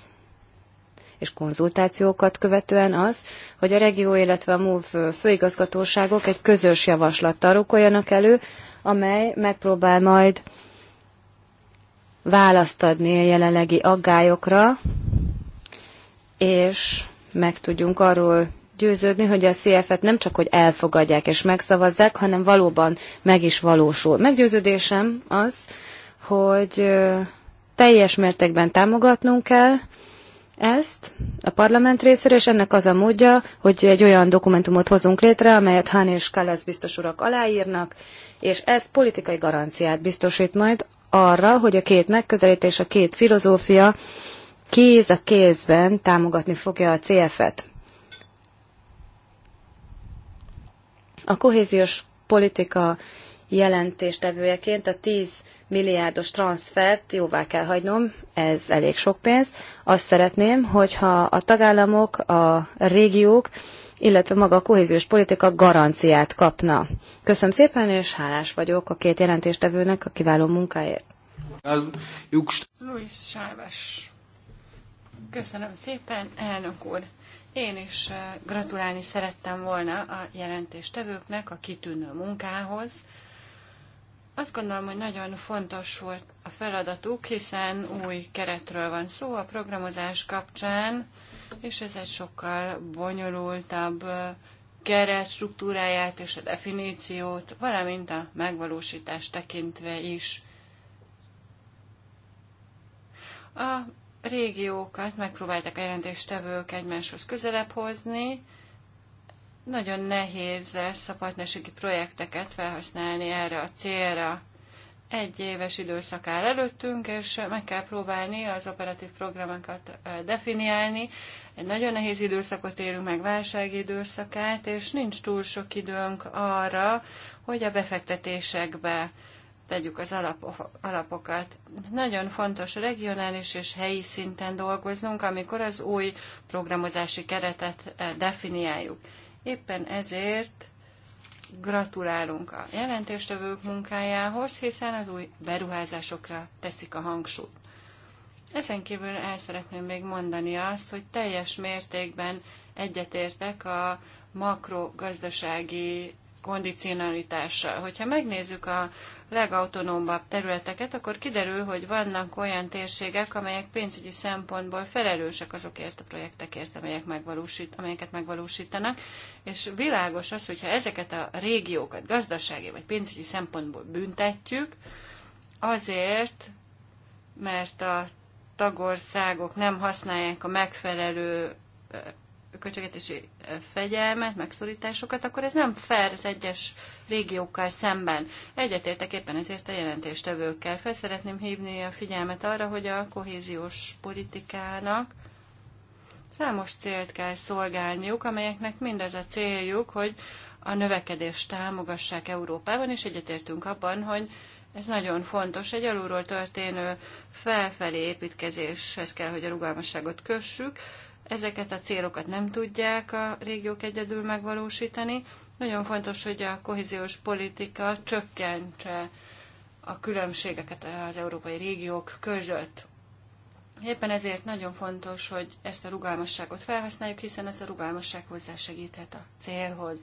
és konzultációkat követően az, hogy a regió, illetve a MOV főigazgatóságok egy közös javaslattal rukoljanak elő, amely megpróbál majd választ adni a jelenlegi aggályokra, és meg tudjunk arról győződni, hogy a CF-et nem csak, hogy elfogadják és megszavazzák, hanem valóban meg is valósul. Meggyőződésem az, hogy teljes mértékben támogatnunk kell ezt a parlament részéről, és ennek az a módja, hogy egy olyan dokumentumot hozunk létre, amelyet Hán és Kallász biztos urak aláírnak, és ez politikai garanciát biztosít majd arra, hogy a két megközelítés, a két filozófia kéz a kézben támogatni fogja a CF-et. A kohéziós politika jelentéstevőjeként a 10 milliárdos transfert jóvá kell hagynom, ez elég sok pénz. Azt szeretném, hogyha a tagállamok, a régiók, illetve maga a kohéziós politika garanciát kapna. Köszönöm szépen, és hálás vagyok a két jelentéstevőnek a kiváló munkáért. Luis Chávez. Köszönöm szépen, elnök úr. Én is eh, gratulálni szerettem volna a jelentéstevőknek a kitűnő munkához. Azt gondolom, hogy nagyon fontos volt a feladatuk, hiszen új keretről van szó a programozás kapcsán, és ez egy sokkal bonyolultabb eh, keret struktúráját és a definíciót, valamint a megvalósítást tekintve is. A régiókat megpróbáltak a jelentéstevők egymáshoz közelebb hozni. Nagyon nehéz lesz a partnerségi projekteket felhasználni erre a célra. Egy éves időszak áll előttünk, és meg kell próbálni az operatív programokat definiálni. Egy nagyon nehéz időszakot élünk meg, válsági időszakát, és nincs túl sok időnk arra, hogy a befektetésekbe tegyük az alap, alapokat. Nagyon fontos regionális és helyi szinten dolgoznunk, amikor az új programozási keretet eh, definiáljuk. Éppen ezért gratulálunk a jelentéstevők munkájához, hiszen az új beruházásokra teszik a hangsúlyt. Ezen kívül el szeretném még mondani azt, hogy teljes mértékben egyetértek a makrogazdasági kondicionalitással. Hogyha megnézzük a legautonómabb területeket, akkor kiderül, hogy vannak olyan térségek, amelyek pénzügyi szempontból felelősek azokért a projektekért, amelyek megvalósít, amelyeket megvalósítanak, és világos az, hogyha ezeket a régiókat gazdasági vagy pénzügyi szempontból büntetjük, azért, mert a tagországok nem használják a megfelelő költségetési fegyelmet, megszorításokat, akkor ez nem fair az egyes régiókkal szemben. Egyetértek éppen ezért a jelentéstevőkkel. Fel szeretném hívni a figyelmet arra, hogy a kohéziós politikának számos célt kell szolgálniuk, amelyeknek mindez a céljuk, hogy a növekedést támogassák Európában, és egyetértünk abban, hogy ez nagyon fontos. Egy alulról történő felfelé építkezéshez kell, hogy a rugalmasságot kössük, Ezeket a célokat nem tudják a régiók egyedül megvalósítani. Nagyon fontos, hogy a kohéziós politika csökkentse a különbségeket az európai régiók között. Éppen ezért nagyon fontos, hogy ezt a rugalmasságot felhasználjuk, hiszen ez a rugalmasság hozzásegíthet a célhoz.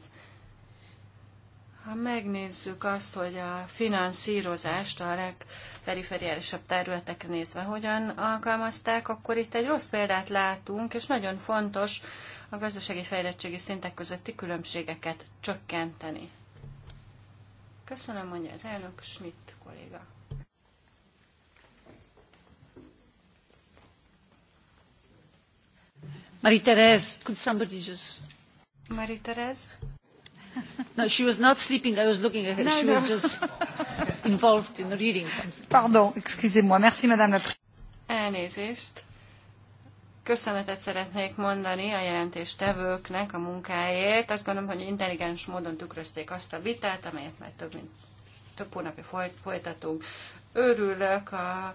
Ha megnézzük azt, hogy a finanszírozást a legperiferiálisabb területekre nézve hogyan alkalmazták, akkor itt egy rossz példát látunk, és nagyon fontos a gazdasági fejlettségi szintek közötti különbségeket csökkenteni. Köszönöm, mondja az elnök Schmidt kolléga. Marie-Thérèse, could somebody just... Marie-Thérèse? No, she was not sleeping. I was looking at her. No, she no. was just involved in reading something. Pardon, excusez-moi. Merci, madame la Elnézést. Köszönetet szeretnék mondani a jelentéstevőknek a munkáért. Azt gondolom, hogy intelligens módon tükrözték azt a vitát, amelyet már több mint több hónapja folytatunk. Örülök a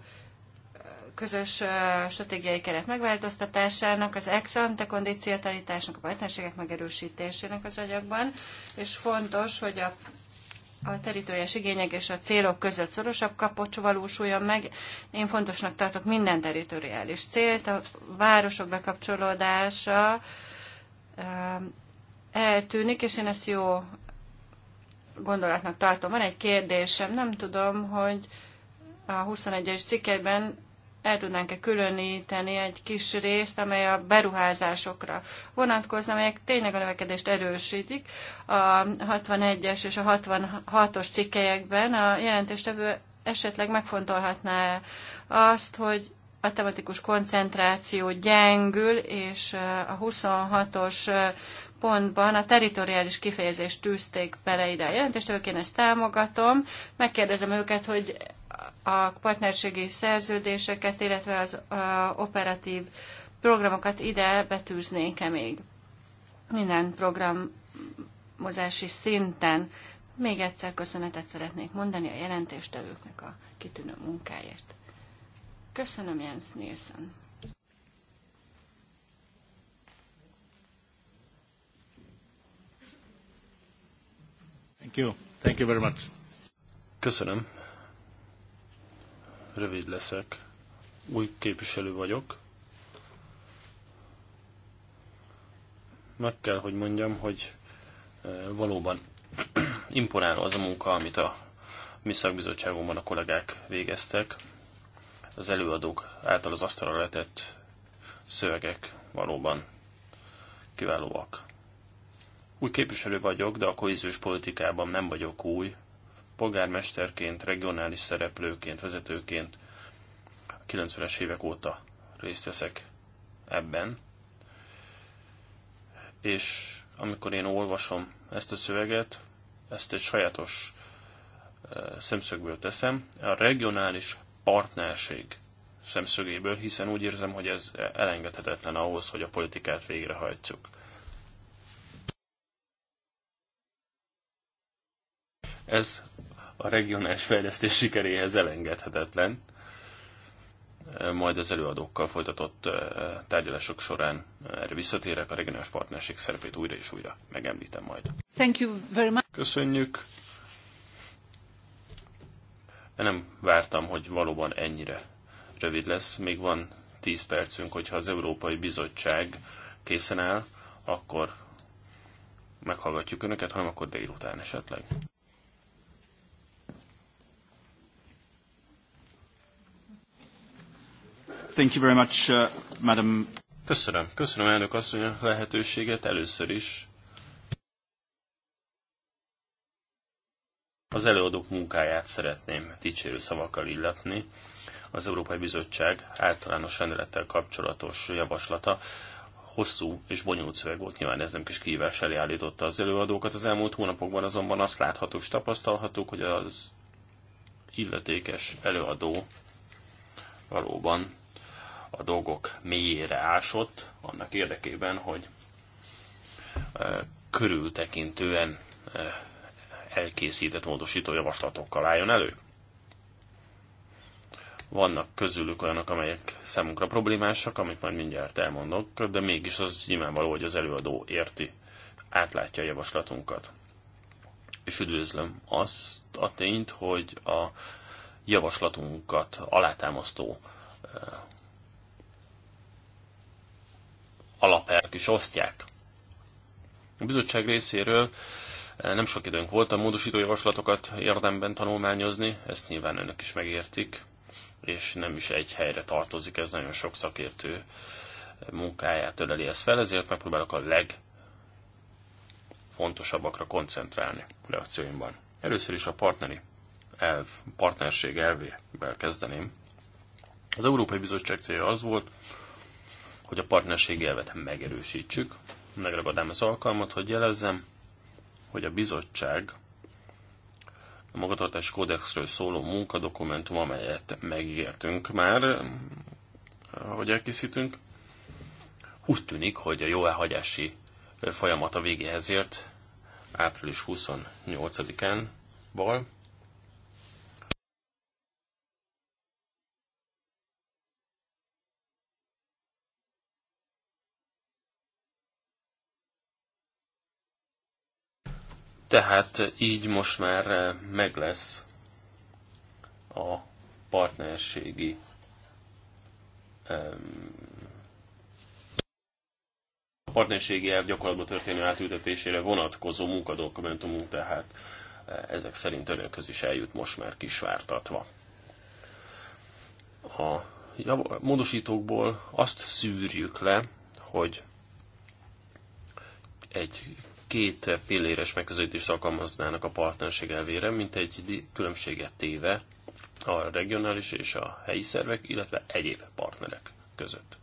közös stratégiai keret megváltoztatásának, az ex ante kondicionalitásnak, a partnerségek megerősítésének az anyagban, és fontos, hogy a a teritoriás igények és a célok között szorosabb kapocs valósuljon meg. Én fontosnak tartok minden teritoriális célt, a városok bekapcsolódása eltűnik, és én ezt jó gondolatnak tartom. Van egy kérdésem, nem tudom, hogy a 21-es cikkeiben el tudnánk-e különíteni egy kis részt, amely a beruházásokra vonatkozna, amelyek tényleg a növekedést erősítik. A 61-es és a 66-os cikkelyekben a jelentéstevő esetleg megfontolhatná azt, hogy a tematikus koncentráció gyengül, és a 26-os pontban a teritoriális kifejezést tűzték bele ide a jelentést, én ezt támogatom. Megkérdezem őket, hogy a partnerségi szerződéseket, illetve az operatív programokat ide betűznék e még minden programozási szinten. Még egyszer köszönetet szeretnék mondani a jelentéstevőknek a kitűnő munkáért. Köszönöm, Jens Nielsen. Thank you. Thank you very much. Köszönöm rövid leszek. Új képviselő vagyok. Meg kell, hogy mondjam, hogy e, valóban imponáló az a munka, amit a mi szakbizottságunkban a kollégák végeztek. Az előadók által az asztalra letett szövegek valóban kiválóak. Új képviselő vagyok, de a kohéziós politikában nem vagyok új, polgármesterként, regionális szereplőként, vezetőként a 90-es évek óta részt veszek ebben. És amikor én olvasom ezt a szöveget, ezt egy sajátos szemszögből teszem, a regionális partnerség szemszögéből, hiszen úgy érzem, hogy ez elengedhetetlen ahhoz, hogy a politikát végrehajtsuk. Ez a regionális fejlesztés sikeréhez elengedhetetlen. Majd az előadókkal folytatott tárgyalások során erre visszatérek, a regionális partnerség szerepét újra és újra megemlítem majd. Thank you very much. Köszönjük. Nem vártam, hogy valóban ennyire rövid lesz. Még van 10 percünk, hogyha az Európai Bizottság készen áll, akkor meghallgatjuk Önöket, hanem akkor délután esetleg. Thank you very much, uh, madam. Köszönöm. Köszönöm elnök asszony a lehetőséget először is. Az előadók munkáját szeretném dicsérő szavakkal illetni. Az Európai Bizottság általános rendelettel kapcsolatos javaslata hosszú és bonyolult szöveg volt, nyilván ez nem kis kihívás elé állította az előadókat. Az elmúlt hónapokban azonban azt látható és tapasztalhatók, hogy az illetékes előadó valóban a dolgok mélyére ásott, annak érdekében, hogy e, körültekintően e, elkészített módosító javaslatokkal álljon elő. Vannak közülük olyanok, amelyek számunkra problémásak, amit majd mindjárt elmondok, de mégis az nyilvánvaló, hogy az előadó érti, átlátja a javaslatunkat. És üdvözlöm azt a tényt, hogy a javaslatunkat alátámasztó e, alapelvek is osztják. A bizottság részéről eh, nem sok időnk volt a módosító javaslatokat érdemben tanulmányozni, ezt nyilván önök is megértik, és nem is egy helyre tartozik, ez nagyon sok szakértő munkáját öleli ezt fel, ezért megpróbálok a legfontosabbakra koncentrálni reakcióimban. Először is a partneri elv, partnerség elvével kezdeném. Az Európai Bizottság célja az volt, hogy a partnerségi elvet megerősítsük. Megragadám az alkalmat, hogy jelezzem, hogy a bizottság a magatartás kódexről szóló munkadokumentum, amelyet megértünk már, hogy elkészítünk, úgy tűnik, hogy a jóváhagyási folyamat a végéhez ért április 28-án, Tehát így most már eh, meg lesz a partnerségi a partnerségi elv gyakorlatba történő átültetésére vonatkozó munkadokumentumunk, tehát eh, ezek szerint önökhöz is eljut most már kisvártatva. A módosítókból azt szűrjük le, hogy egy két pilléres megközelítést alkalmaznának a partnerség elvére, mint egy különbséget téve a regionális és a helyi szervek, illetve egyéb partnerek között.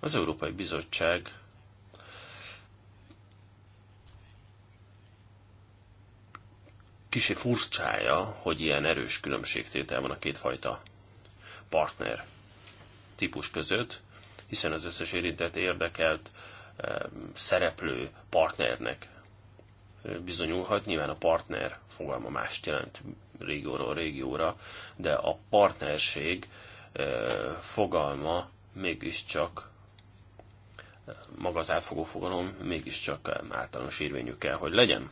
Az Európai Bizottság kicsi furcsája, hogy ilyen erős különbségtétel van a kétfajta partner típus között, hiszen az összes érintett, érdekelt szereplő partnernek bizonyulhat. Nyilván a partner fogalma mást jelent régióról régióra, de a partnerség fogalma mégiscsak maga az átfogó fogalom mégiscsak általános érvényű kell, hogy legyen.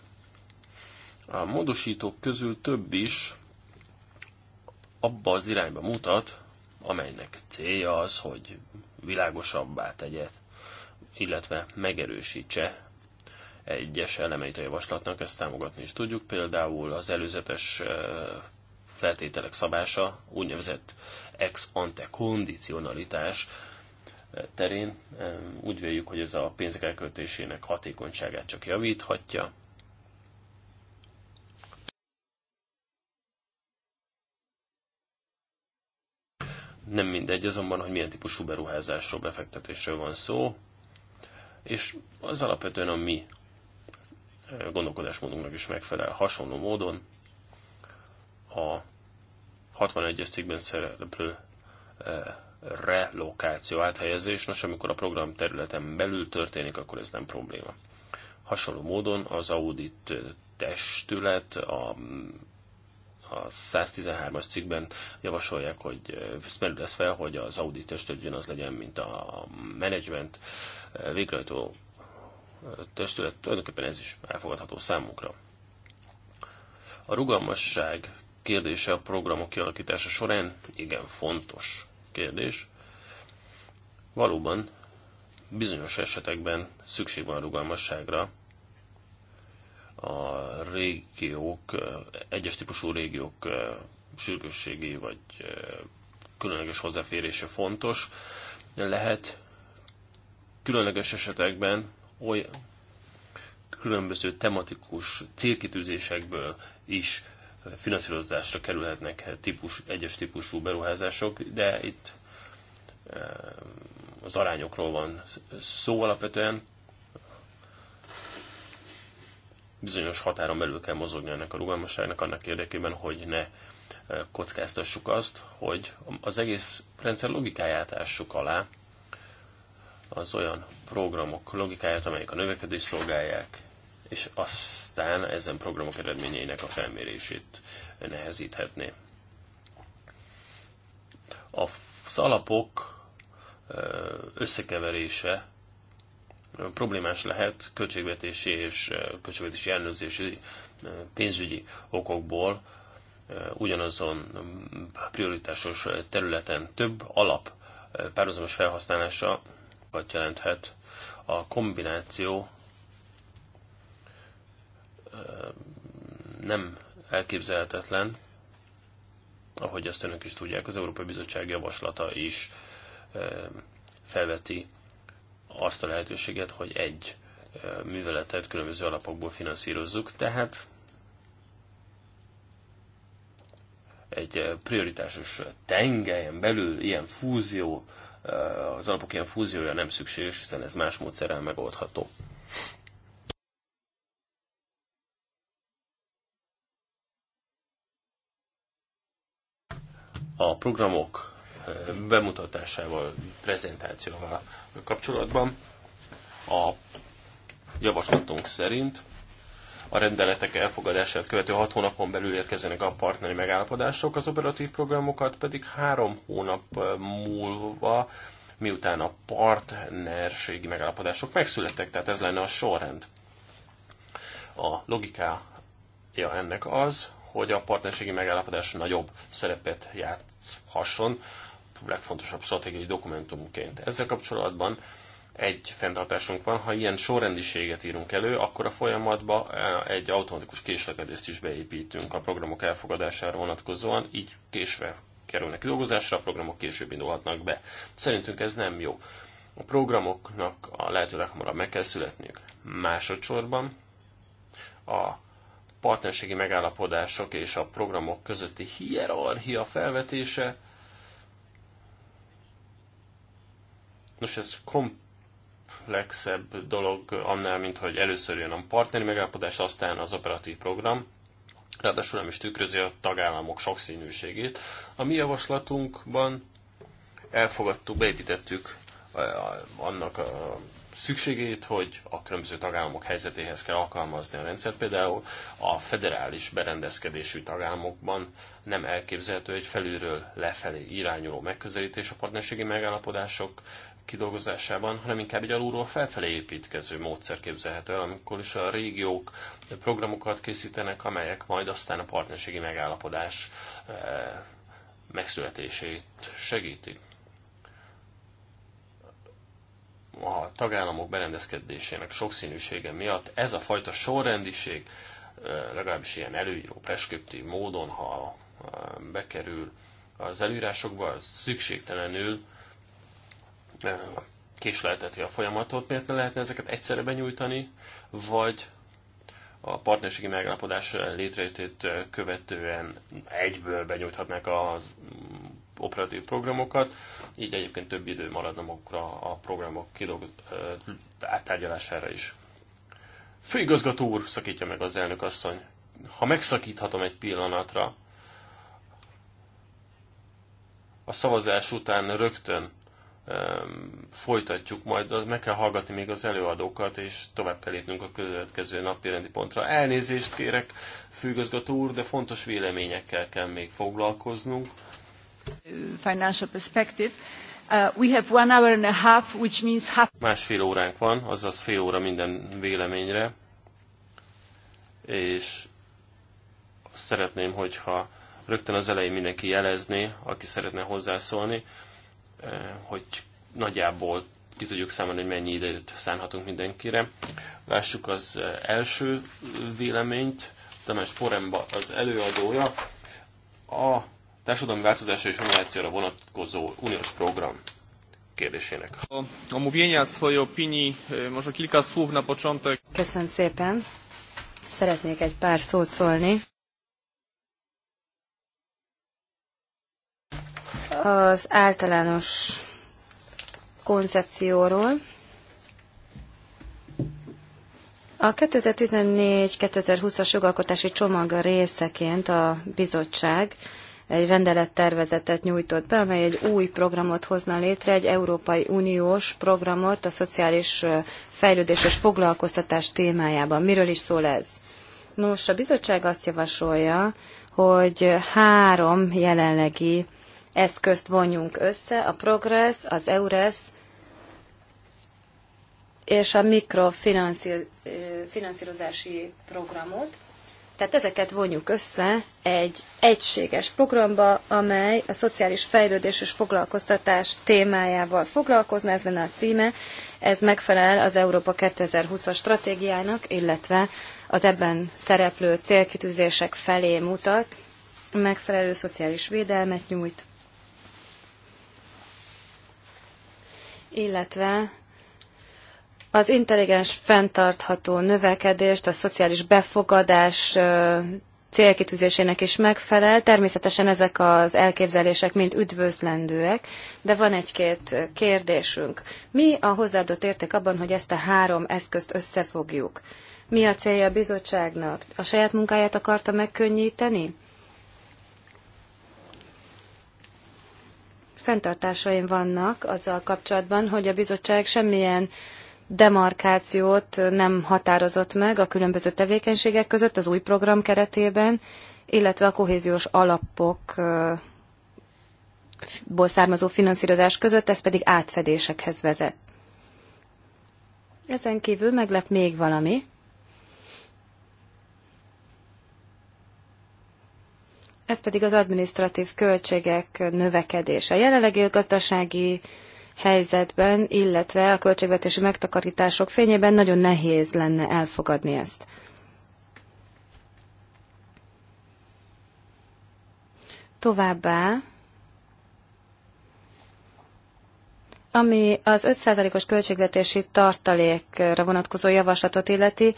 A módosítók közül több is abba az irányba mutat, amelynek célja az, hogy világosabbá tegye illetve megerősítse egyes elemeit a javaslatnak, ezt támogatni is tudjuk. Például az előzetes feltételek szabása, úgynevezett ex ante kondicionalitás terén. Úgy véljük, hogy ez a pénzek elköltésének hatékonyságát csak javíthatja, Nem mindegy azonban, hogy milyen típusú beruházásról, befektetésről van szó és az alapvetően a mi gondolkodásmódunknak is megfelel. Hasonló módon a 61-es cikkben szereplő relokáció, áthelyezés, nos, amikor a program területen belül történik, akkor ez nem probléma. Hasonló módon az audit testület, a a 113-as cikkben javasolják, hogy merül lesz fel, hogy az Audi ösztönzőn az legyen, mint a management végrehajtó testület, tulajdonképpen ez is elfogadható számunkra. A rugalmasság kérdése a programok kialakítása során igen fontos kérdés. Valóban bizonyos esetekben szükség van a rugalmasságra, a régiók, egyes típusú régiók sürgősségi vagy különleges hozzáférése fontos. Lehet különleges esetekben olyan különböző tematikus célkitűzésekből is finanszírozásra kerülhetnek típus, egyes típusú beruházások, de itt az arányokról van szó alapvetően bizonyos határon belül kell mozogni ennek a rugalmasságnak annak érdekében, hogy ne e, kockáztassuk azt, hogy az egész rendszer logikáját ássuk alá, az olyan programok logikáját, amelyek a növekedés szolgálják, és aztán ezen programok eredményeinek a felmérését nehezíthetné. Az alapok e, összekeverése problémás lehet költségvetési és költségvetési ellenőrzési pénzügyi okokból ugyanazon prioritásos területen több alap párhuzamos felhasználása jelenthet a kombináció nem elképzelhetetlen, ahogy azt önök is tudják, az Európai Bizottság javaslata is felveti azt a lehetőséget, hogy egy műveletet különböző alapokból finanszírozzuk, tehát egy prioritásos tengelyen belül ilyen fúzió, az alapok ilyen fúziója nem szükséges, hiszen ez más módszerrel megoldható. A programok bemutatásával, prezentációval kapcsolatban. A javaslatunk szerint a rendeletek elfogadását követő 6 hónapon belül érkezenek a partneri megállapodások, az operatív programokat pedig 3 hónap múlva, miután a partnerségi megállapodások megszülettek, tehát ez lenne a sorrend. A logikája ennek az, hogy a partnerségi megállapodás nagyobb szerepet játszhasson legfontosabb stratégiai dokumentumként. Ezzel kapcsolatban egy fenntartásunk van, ha ilyen sorrendiséget írunk elő, akkor a folyamatba eh, egy automatikus késlekedést is beépítünk a programok elfogadására vonatkozóan, így késve kerülnek dolgozásra, a programok később indulhatnak be. Szerintünk ez nem jó. A programoknak a lehető leghamarabb meg kell születniük. Másodszorban a partnerségi megállapodások és a programok közötti hierarchia felvetése Nos, ez komplexebb dolog annál, mint hogy először jön a partneri megállapodás, aztán az operatív program, ráadásul nem is tükrözi a tagállamok sokszínűségét. A mi javaslatunkban elfogadtuk, beépítettük annak a szükségét, hogy a különböző tagállamok helyzetéhez kell alkalmazni a rendszert. Például a federális berendezkedésű tagállamokban nem elképzelhető egy felülről lefelé irányuló megközelítés a partnerségi megállapodások kidolgozásában, hanem inkább egy alulról felfelé építkező módszer képzelhető el, amikor is a régiók programokat készítenek, amelyek majd aztán a partnerségi megállapodás eh, megszületését segítik. A tagállamok berendezkedésének sokszínűsége miatt ez a fajta sorrendiség eh, legalábbis ilyen előíró, preskriptív módon, ha eh, bekerül az előírásokba, szükségtelenül késlelteti a folyamatot. Miért ne lehetne ezeket egyszerre benyújtani, vagy a partnerségi megállapodás létrejöttét követően egyből benyújthatnák az operatív programokat, így egyébként több idő maradna magukra a programok kidolgoz... áttárgyalására is. Főigazgató úr, szakítja meg az elnök asszony, ha megszakíthatom egy pillanatra, a szavazás után rögtön folytatjuk, majd meg kell hallgatni még az előadókat, és tovább kell lépnünk a következő napi rendi pontra. Elnézést kérek, főgazgató úr, de fontos véleményekkel kell még foglalkoznunk. Financial perspective. Uh, we have one hour and a half, which means half... Másfél óránk van, azaz fél óra minden véleményre, és szeretném, hogyha rögtön az elején mindenki jelezné, aki szeretne hozzászólni, Eh, hogy nagyjából ki tudjuk számolni, hogy mennyi időt szánhatunk mindenkire. Lássuk az eh, első véleményt. Tamás Poremba az előadója. A társadalmi változásra és innovációra vonatkozó uniós program kérdésének. Omówienia swojej opinii, eh, a kilka słów na początek. Köszönöm szépen. Szeretnék egy pár szót szólni. az általános koncepcióról. A 2014-2020-as jogalkotási csomag részeként a bizottság egy rendelettervezetet nyújtott be, amely egy új programot hozna létre, egy Európai Uniós programot a szociális fejlődés és foglalkoztatás témájában. Miről is szól ez? Nos, a bizottság azt javasolja, hogy három jelenlegi eszközt vonjunk össze, a Progress, az EURES és a mikrofinanszírozási programot. Tehát ezeket vonjuk össze egy egységes programba, amely a szociális fejlődés és foglalkoztatás témájával foglalkozna, ez lenne a címe. Ez megfelel az Európa 2020-as stratégiának, illetve az ebben szereplő célkitűzések felé mutat, megfelelő szociális védelmet nyújt, illetve az intelligens fenntartható növekedést, a szociális befogadás célkitűzésének is megfelel. Természetesen ezek az elképzelések mind üdvözlendőek, de van egy-két kérdésünk. Mi a hozzáadott érték abban, hogy ezt a három eszközt összefogjuk? Mi a célja a bizottságnak? A saját munkáját akarta megkönnyíteni? fenntartásaim vannak azzal kapcsolatban, hogy a bizottság semmilyen demarkációt nem határozott meg a különböző tevékenységek között az új program keretében, illetve a kohéziós alapokból származó finanszírozás között, ez pedig átfedésekhez vezet. Ezen kívül meglep még valami. ez pedig az administratív költségek növekedése. A jelenlegi gazdasági helyzetben, illetve a költségvetési megtakarítások fényében nagyon nehéz lenne elfogadni ezt. Továbbá, ami az 5%-os költségvetési tartalékra vonatkozó javaslatot illeti,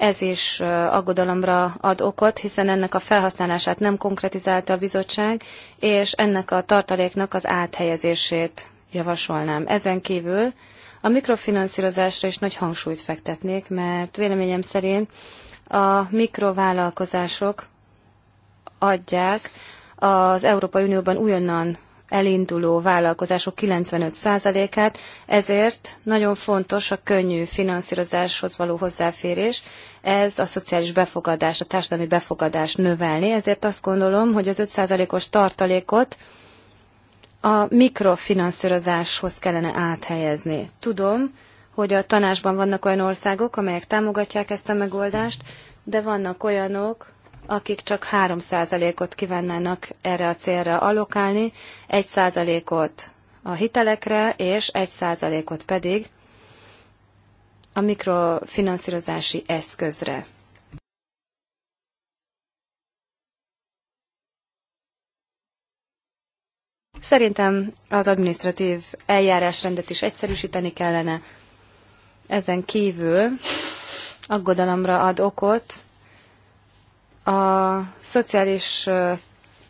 ez is aggodalomra ad okot, hiszen ennek a felhasználását nem konkretizálta a bizottság, és ennek a tartaléknak az áthelyezését javasolnám. Ezen kívül a mikrofinanszírozásra is nagy hangsúlyt fektetnék, mert véleményem szerint a mikrovállalkozások adják az Európai Unióban újonnan elinduló vállalkozások 95%-át, ezért nagyon fontos a könnyű finanszírozáshoz való hozzáférés, ez a szociális befogadás, a társadalmi befogadás növelni, ezért azt gondolom, hogy az 5%-os tartalékot a mikrofinanszírozáshoz kellene áthelyezni. Tudom, hogy a tanásban vannak olyan országok, amelyek támogatják ezt a megoldást, de vannak olyanok, akik csak 3%-ot kívánnának erre a célra allokálni, 1%-ot a hitelekre, és 1%-ot pedig a mikrofinanszírozási eszközre. Szerintem az administratív eljárásrendet is egyszerűsíteni kellene. Ezen kívül aggodalomra ad okot a szociális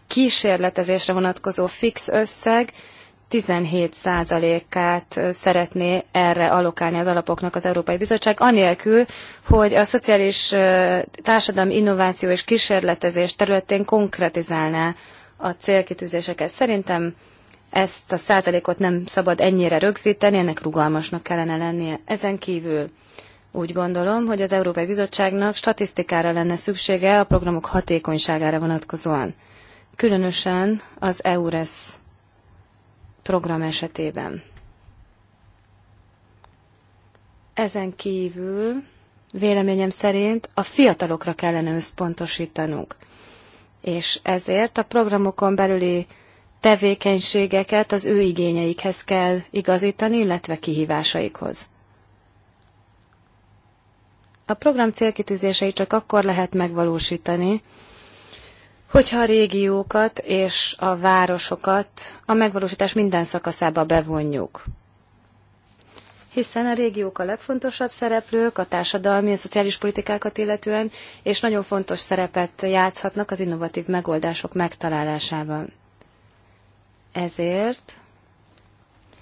kísérletezésre vonatkozó fix összeg 17%-át szeretné erre alokálni az alapoknak az Európai Bizottság, anélkül, hogy a szociális társadalmi innováció és kísérletezés területén konkretizálná a célkitűzéseket. Szerintem ezt a százalékot nem szabad ennyire rögzíteni, ennek rugalmasnak kellene lennie. Ezen kívül úgy gondolom, hogy az Európai Bizottságnak statisztikára lenne szüksége a programok hatékonyságára vonatkozóan, különösen az EURES program esetében. Ezen kívül véleményem szerint a fiatalokra kellene összpontosítanunk, és ezért a programokon belüli tevékenységeket az ő igényeikhez kell igazítani, illetve kihívásaikhoz. A program célkitűzései csak akkor lehet megvalósítani, hogyha a régiókat és a városokat a megvalósítás minden szakaszába bevonjuk. Hiszen a régiók a legfontosabb szereplők a társadalmi, és szociális politikákat illetően, és nagyon fontos szerepet játszhatnak az innovatív megoldások megtalálásában. Ezért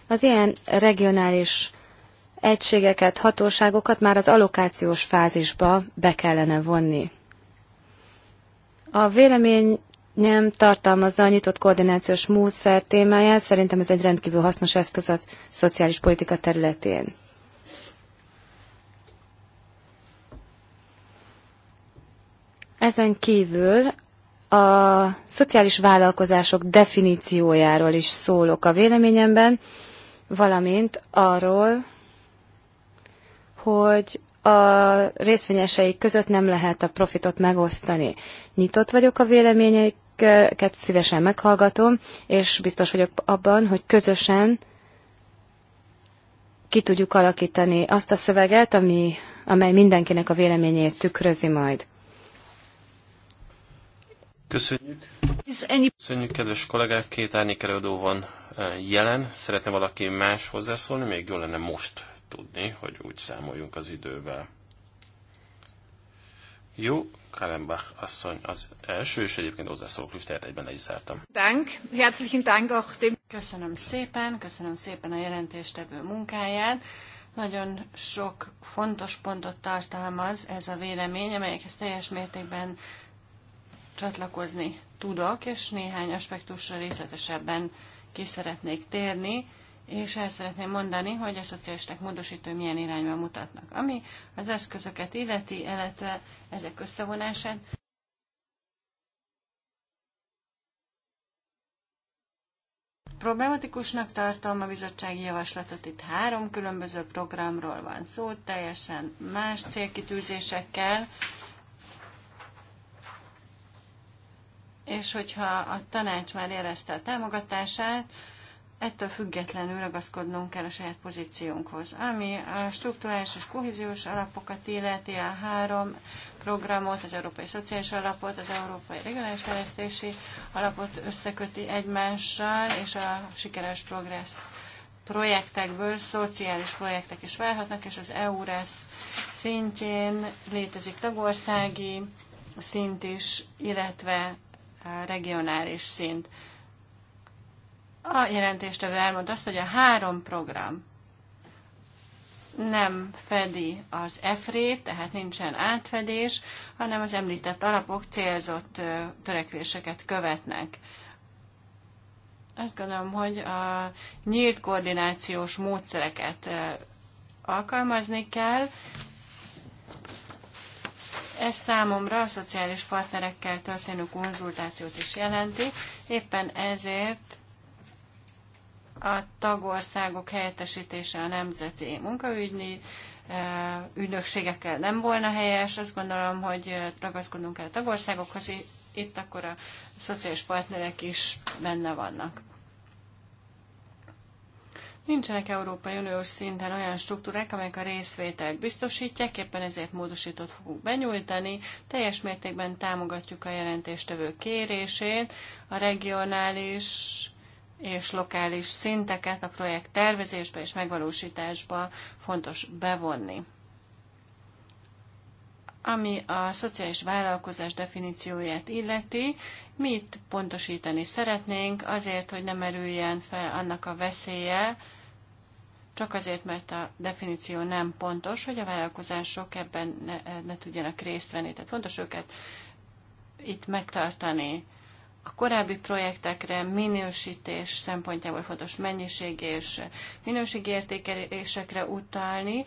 az ilyen regionális egységeket, hatóságokat már az allokációs fázisba be kellene vonni. A vélemény nem tartalmazza a nyitott koordinációs módszer témáját, szerintem ez egy rendkívül hasznos eszköz a szociális politika területén. Ezen kívül a szociális vállalkozások definíciójáról is szólok a véleményemben, valamint arról, hogy a részvényesei között nem lehet a profitot megosztani. Nyitott vagyok a véleményeket, szívesen meghallgatom, és biztos vagyok abban, hogy közösen ki tudjuk alakítani azt a szöveget, ami, amely mindenkinek a véleményét tükrözi majd. Köszönjük. Köszönjük, kedves kollégák, két árnyék előadó van eh, jelen. Szeretne valaki más hozzászólni? Még jó lenne most tudni, hogy úgy számoljunk az idővel. Jó, Kalembach asszony az első, és egyébként is, tehát egyben le is zártam. Dank, herzlichen Dank auch dem. Köszönöm szépen, köszönöm szépen a jelentéstevő munkáját. Nagyon sok fontos pontot tartalmaz ez a vélemény, amelyekhez teljes mértékben csatlakozni tudok, és néhány aspektusra részletesebben ki szeretnék térni és el szeretném mondani, hogy a szocialisták módosító milyen irányba mutatnak. Ami az eszközöket illeti, illetve ezek összevonását, Problematikusnak tartom a bizottsági javaslatot, itt három különböző programról van szó, teljesen más célkitűzésekkel, és hogyha a tanács már érezte a támogatását, ettől függetlenül ragaszkodnunk kell a saját pozíciónkhoz. Ami a strukturális és kohéziós alapokat illeti, a három programot, az Európai Szociális Alapot, az Európai Regionális Fejlesztési Alapot összeköti egymással, és a sikeres progressz projektekből szociális projektek is válhatnak, és az EURES szintjén létezik tagországi szint is, illetve regionális szint. A jelentéstevő elmond azt, hogy a három program nem fedi az EFRÉ-t, tehát nincsen átfedés, hanem az említett alapok célzott törekvéseket követnek. Azt gondolom, hogy a nyílt koordinációs módszereket alkalmazni kell. Ez számomra a szociális partnerekkel történő konzultációt is jelenti, éppen ezért a tagországok helyettesítése a nemzeti munkaügyi eh, ügynökségekkel nem volna helyes. Azt gondolom, hogy eh, ragaszkodunk el a tagországokhoz, itt akkor a szociális partnerek is benne vannak. Nincsenek Európai Uniós szinten olyan struktúrák, amelyek a részvételt biztosítják, éppen ezért módosítót fogunk benyújtani. Teljes mértékben támogatjuk a jelentéstevő kérését, a regionális és lokális szinteket a projekt tervezésbe és megvalósításba fontos bevonni. Ami a szociális vállalkozás definícióját illeti, mit pontosítani szeretnénk azért, hogy ne merüljen fel annak a veszélye, csak azért, mert a definíció nem pontos, hogy a vállalkozások ebben ne, ne tudjanak részt venni. Tehát fontos őket itt megtartani a korábbi projektekre minősítés szempontjából fontos mennyiség és minőségi értékelésekre utalni.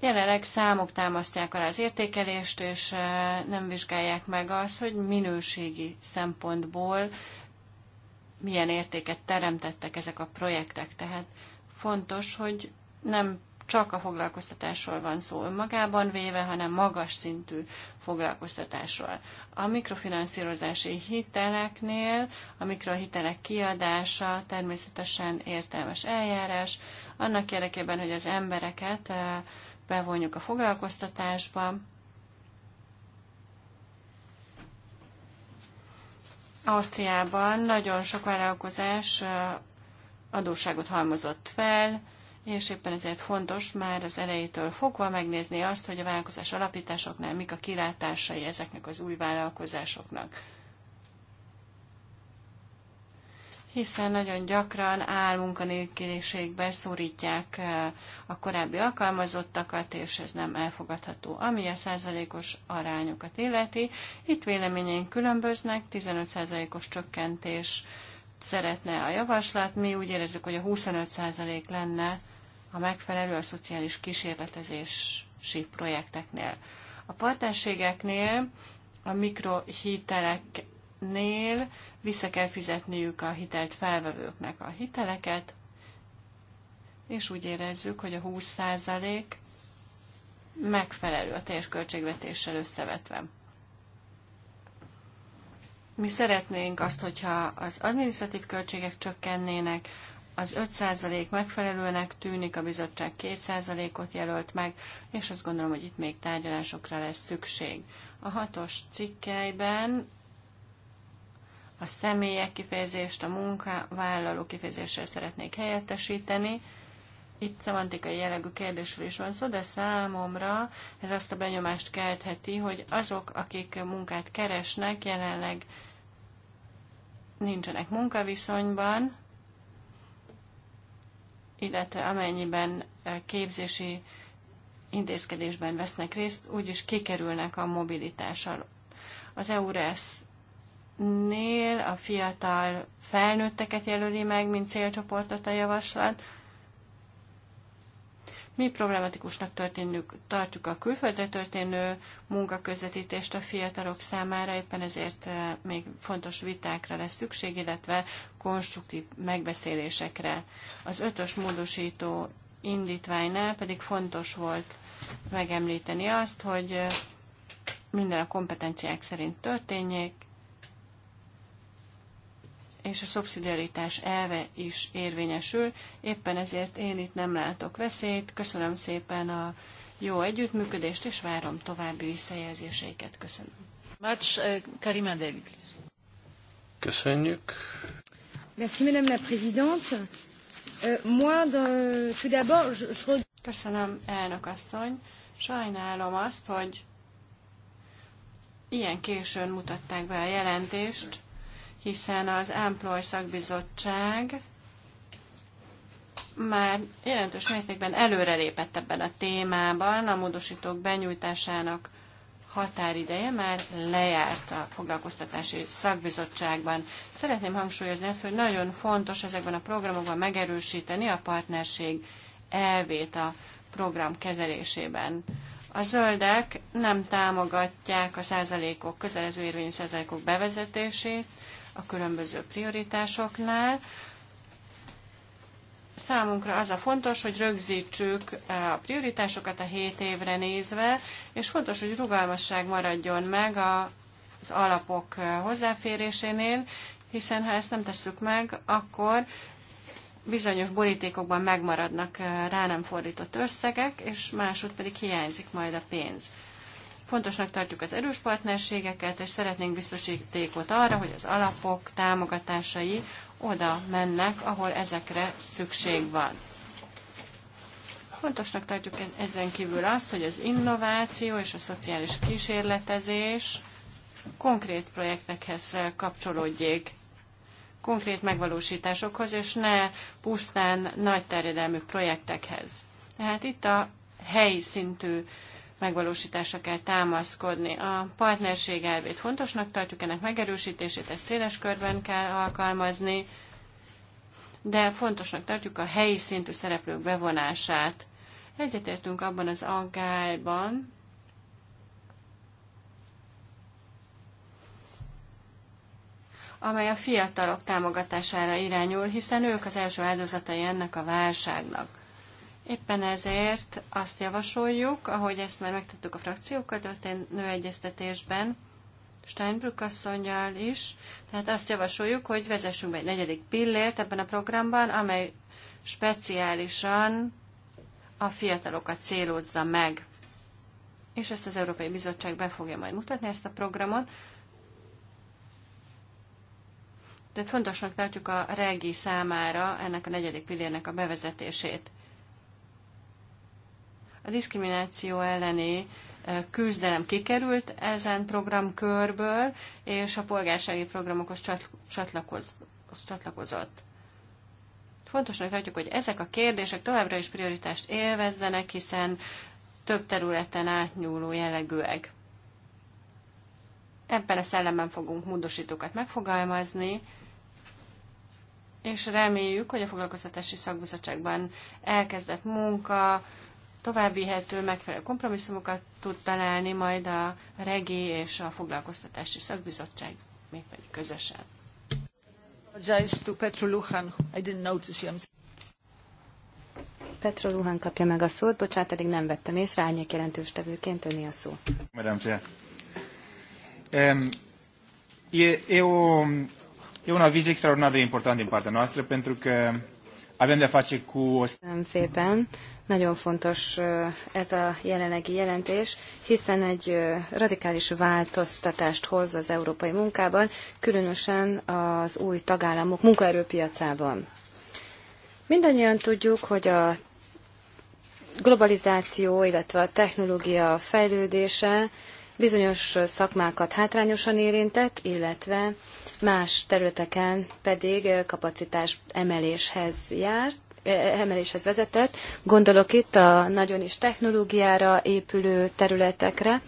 Jelenleg számok támasztják alá az értékelést, és eh, nem vizsgálják meg azt, hogy minőségi szempontból milyen értéket teremtettek ezek a projektek. Tehát fontos, hogy nem csak a foglalkoztatásról van szó önmagában véve, hanem magas szintű foglalkoztatásról. A mikrofinanszírozási hiteleknél a mikrohitelek kiadása természetesen értelmes eljárás, annak érdekében, hogy az embereket eh, bevonjuk a foglalkoztatásba, Ausztriában nagyon sok vállalkozás eh, adósságot halmozott fel, és éppen ezért fontos már az elejétől fogva megnézni azt, hogy a vállalkozás alapításoknál mik a kilátásai ezeknek az új vállalkozásoknak. Hiszen nagyon gyakran álmunkanélküliségbe szorítják eh, a korábbi alkalmazottakat, és ez nem elfogadható. Ami a százalékos arányokat illeti, itt véleményeink különböznek, 15 százalékos csökkentés szeretne a javaslat, mi úgy érezzük, hogy a 25 százalék lenne a megfelelő a szociális kísérletezési projekteknél. A partnerségeknél, a mikrohiteleknél vissza kell fizetniük a hitelt felvevőknek a hiteleket, és úgy érezzük, hogy a 20% megfelelő a teljes költségvetéssel összevetve. Mi szeretnénk azt, hogyha az adminisztratív költségek csökkennének, az 5% megfelelőnek tűnik, a bizottság 2%-ot jelölt meg, és azt gondolom, hogy itt még tárgyalásokra lesz szükség. A hatos cikkelyben a személyek kifejezést a munkavállaló kifejezéssel szeretnék helyettesíteni. Itt szemantikai jellegű kérdésről is van szó, de számomra ez azt a benyomást keltheti, hogy azok, akik munkát keresnek, jelenleg nincsenek munkaviszonyban, illetve amennyiben e, képzési intézkedésben vesznek részt, úgyis kikerülnek a mobilitással. Az EURES nél a fiatal felnőtteket jelöli meg, mint célcsoportot a javaslat, mi problematikusnak történjük, tartjuk a külföldre történő munkaközvetítést a fiatalok számára, éppen ezért eh, még fontos vitákra lesz szükség, illetve konstruktív megbeszélésekre. Az ötös módosító indítványnál pedig fontos volt megemlíteni azt, hogy eh, minden a kompetenciák szerint történjék, és a szubszidiaritás elve is érvényesül. Éppen ezért én itt nem látok veszélyt. Köszönöm szépen a jó együttműködést, és várom további visszajelzéseiket. Köszönöm. Mács uh, Karima Köszönjük. Merci, Madame la Présidente. Euh, moi, tout d'abord, je... Köszönöm, elnök asszony. Sajnálom azt, hogy ilyen későn mutatták be a jelentést hiszen az Employ szakbizottság már jelentős mértékben előrelépett ebben a témában, a módosítók benyújtásának határideje már lejárt a foglalkoztatási szakbizottságban. Szeretném hangsúlyozni ezt, hogy nagyon fontos ezekben a programokban megerősíteni a partnerség elvét a program kezelésében. A zöldek nem támogatják a százalékok, közelező érvényű százalékok bevezetését, a különböző prioritásoknál. Számunkra az a fontos, hogy rögzítsük eh, a prioritásokat a 7 évre nézve, és fontos, hogy rugalmasság maradjon meg az alapok eh, hozzáférésénél, hiszen ha ezt nem tesszük meg, akkor bizonyos borítékokban megmaradnak eh, rá nem fordított összegek, és másod pedig hiányzik majd a pénz. Fontosnak tartjuk az erős partnerségeket, és szeretnénk biztosítékot arra, hogy az alapok támogatásai oda mennek, ahol ezekre szükség van. Fontosnak tartjuk e- ezen kívül azt, hogy az innováció és a szociális kísérletezés konkrét projektekhez kapcsolódjék, konkrét megvalósításokhoz, és ne pusztán nagy terjedelmű projektekhez. Tehát itt a helyi szintű megvalósításra kell támaszkodni. A partnerség elvét fontosnak tartjuk, ennek megerősítését egy széles körben kell alkalmazni, de fontosnak tartjuk a helyi szintű szereplők bevonását. Egyetértünk abban az aggályban, amely a fiatalok támogatására irányul, hiszen ők az első áldozatai ennek a válságnak. Éppen ezért azt javasoljuk, ahogy ezt már megtettük a frakciókkal történő nőegyeztetésben, Steinbrück asszonyjal is, tehát azt javasoljuk, hogy vezessünk be egy negyedik pillért ebben a programban, amely speciálisan a fiatalokat célozza meg. És ezt az Európai Bizottság be fogja majd mutatni, ezt a programot. Tehát fontosnak tartjuk a regi számára ennek a negyedik pillérnek a bevezetését. A diszkrimináció elleni küzdelem kikerült ezen programkörből, és a polgársági programokhoz csatlakoz, csatlakozott. Fontosnak tartjuk, hogy ezek a kérdések továbbra is prioritást élvezzenek, hiszen több területen átnyúló jellegűek. Ebben a szellemben fogunk módosítókat megfogalmazni, és reméljük, hogy a foglalkoztatási szakbizottságban elkezdett munka továbbvihető, megfelelő kompromisszumokat tud találni majd a regi és a foglalkoztatási szakbizottság, mégpedig közösen. Petro Luhan kapja meg a szót, bocsánat, eddig nem vettem észre, árnyék jelentős tevőként öné a szó. Madame Chair. Um, e, e, o, e un aviz extraordinar de importante din partea noastră, pentru că avem de-a face cu o... Köszönöm szépen. Nagyon fontos ez a jelenlegi jelentés, hiszen egy radikális változtatást hoz az európai munkában, különösen az új tagállamok munkaerőpiacában. Mindannyian tudjuk, hogy a globalizáció, illetve a technológia fejlődése bizonyos szakmákat hátrányosan érintett, illetve más területeken pedig kapacitás emeléshez járt emeléshez vezetett. Gondolok itt a nagyon is technológiára épülő területekre,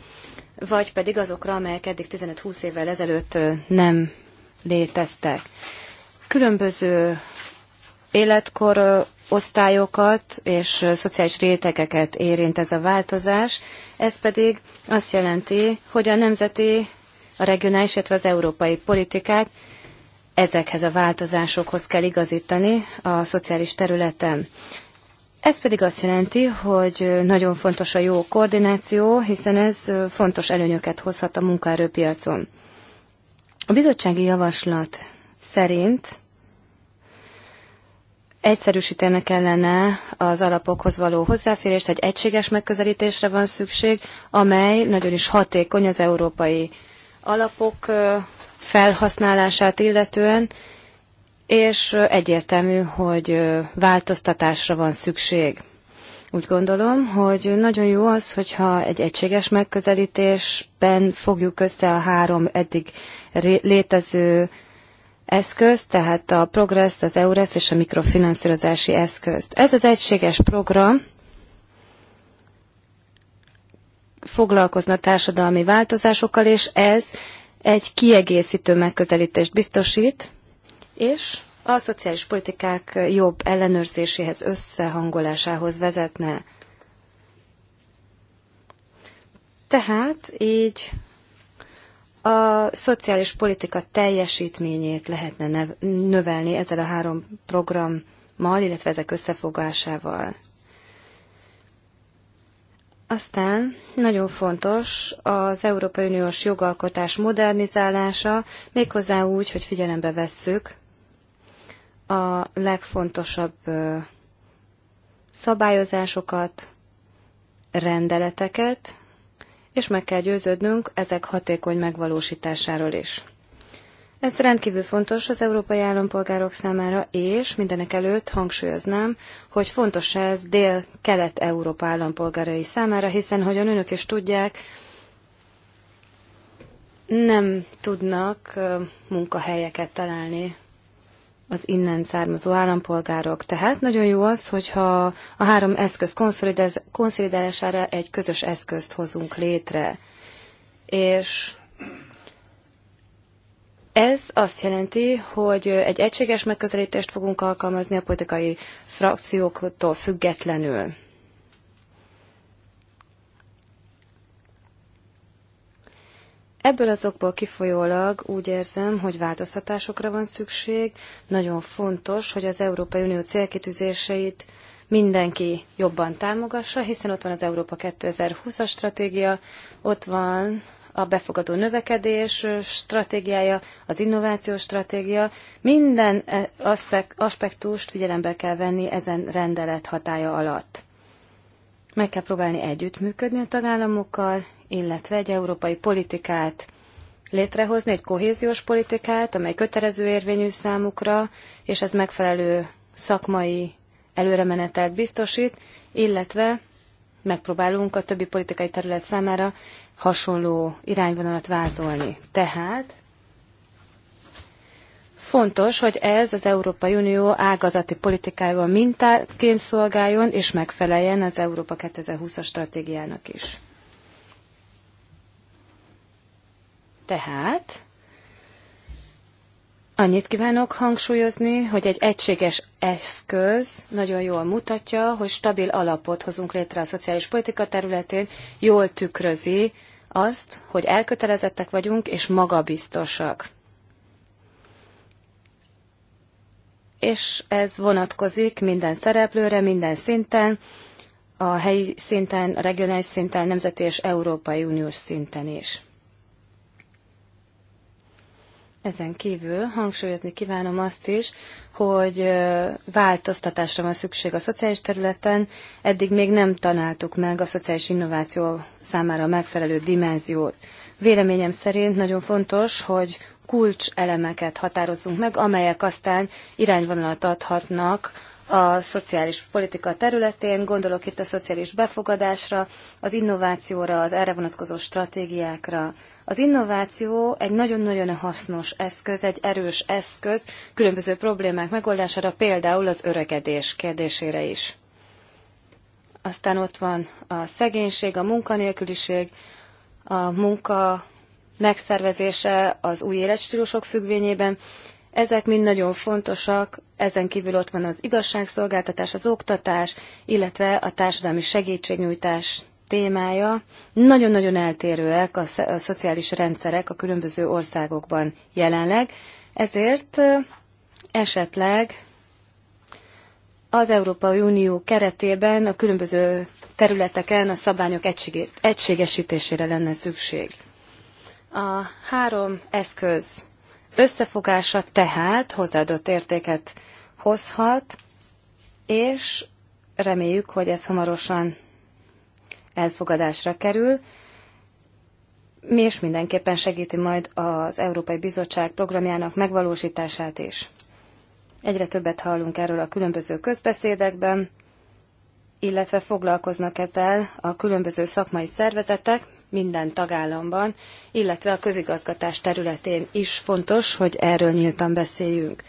vagy pedig azokra, amelyek eddig 15-20 évvel ezelőtt nem léteztek. Különböző életkor osztályokat és szociális rétegeket érint ez a változás. Ez pedig azt jelenti, hogy a nemzeti, a regionális, illetve az európai politikát ezekhez a változásokhoz kell igazítani a szociális területen. Ez pedig azt jelenti, hogy nagyon fontos a jó koordináció, hiszen ez fontos előnyöket hozhat a munkaerőpiacon. A bizottsági javaslat szerint egyszerűsítenek kellene az alapokhoz való hozzáférést, egy egységes megközelítésre van szükség, amely nagyon is hatékony az európai alapok felhasználását illetően, és egyértelmű, hogy változtatásra van szükség. Úgy gondolom, hogy nagyon jó az, hogyha egy egységes megközelítésben fogjuk össze a három eddig létező eszköz, tehát a Progress, az EURES és a mikrofinanszírozási eszközt. Ez az egységes program foglalkozna társadalmi változásokkal, és ez egy kiegészítő megközelítést biztosít, és a szociális politikák jobb ellenőrzéséhez, összehangolásához vezetne. Tehát így a szociális politika teljesítményét lehetne növelni ezzel a három programmal, illetve ezek összefogásával. Aztán nagyon fontos az Európai Uniós jogalkotás modernizálása, méghozzá úgy, hogy figyelembe vesszük a legfontosabb szabályozásokat, rendeleteket, és meg kell győződnünk ezek hatékony megvalósításáról is. Ez rendkívül fontos az európai állampolgárok számára, és mindenek előtt hangsúlyoznám, hogy fontos ez dél-kelet-európa állampolgárai számára, hiszen, hogyan önök is tudják, nem tudnak munkahelyeket találni az innen származó állampolgárok. Tehát nagyon jó az, hogyha a három eszköz konszolidálására egy közös eszközt hozunk létre. És ez azt jelenti, hogy egy egységes megközelítést fogunk alkalmazni a politikai frakcióktól függetlenül. Ebből azokból kifolyólag úgy érzem, hogy változtatásokra van szükség. Nagyon fontos, hogy az Európai Unió célkitűzéseit mindenki jobban támogassa, hiszen ott van az Európa 2020-as stratégia, ott van a befogadó növekedés stratégiája, az innovációs stratégia, minden eh, aspektust figyelembe kell venni ezen rendelet hatája alatt. Meg kell próbálni együttműködni a tagállamokkal, illetve egy európai politikát létrehozni, egy kohéziós politikát, amely kötelező érvényű számukra, és ez megfelelő szakmai előremenetelt biztosít, illetve megpróbálunk a többi politikai terület számára hasonló irányvonalat vázolni. Tehát fontos, hogy ez az Európai Unió ágazati politikájával mintáként szolgáljon, és megfeleljen az Európa 2020-as stratégiának is. Tehát Annyit kívánok hangsúlyozni, hogy egy egységes eszköz nagyon jól mutatja, hogy stabil alapot hozunk létre a szociális politika területén, jól tükrözi azt, hogy elkötelezettek vagyunk és magabiztosak. És ez vonatkozik minden szereplőre, minden szinten, a helyi szinten, a regionális szinten, nemzeti és európai uniós szinten is. Ezen kívül hangsúlyozni kívánom azt is, hogy változtatásra van szükség a szociális területen. Eddig még nem tanáltuk meg a szociális innováció számára megfelelő dimenziót. Véleményem szerint nagyon fontos, hogy kulcselemeket határozzunk meg, amelyek aztán irányvonalat adhatnak a szociális politika területén, gondolok itt a szociális befogadásra, az innovációra, az erre vonatkozó stratégiákra. Az innováció egy nagyon-nagyon hasznos eszköz, egy erős eszköz különböző problémák megoldására, például az öregedés kérdésére is. Aztán ott van a szegénység, a munkanélküliség, a munka megszervezése az új életstílusok függvényében. Ezek mind nagyon fontosak ezen kívül ott van az igazságszolgáltatás, az oktatás, illetve a társadalmi segítségnyújtás témája. Nagyon-nagyon eltérőek a, a szociális rendszerek a különböző országokban jelenleg, ezért esetleg az Európai Unió keretében a különböző területeken a szabályok egységesítésére lenne szükség. A három eszköz összefogása tehát hozzáadott értéket hozhat, és reméljük, hogy ez hamarosan elfogadásra kerül, mi és mindenképpen segíti majd az Európai Bizottság programjának megvalósítását is. Egyre többet hallunk erről a különböző közbeszédekben, illetve foglalkoznak ezzel a különböző szakmai szervezetek, minden tagállamban, illetve a közigazgatás területén is fontos, hogy erről nyíltan beszéljünk.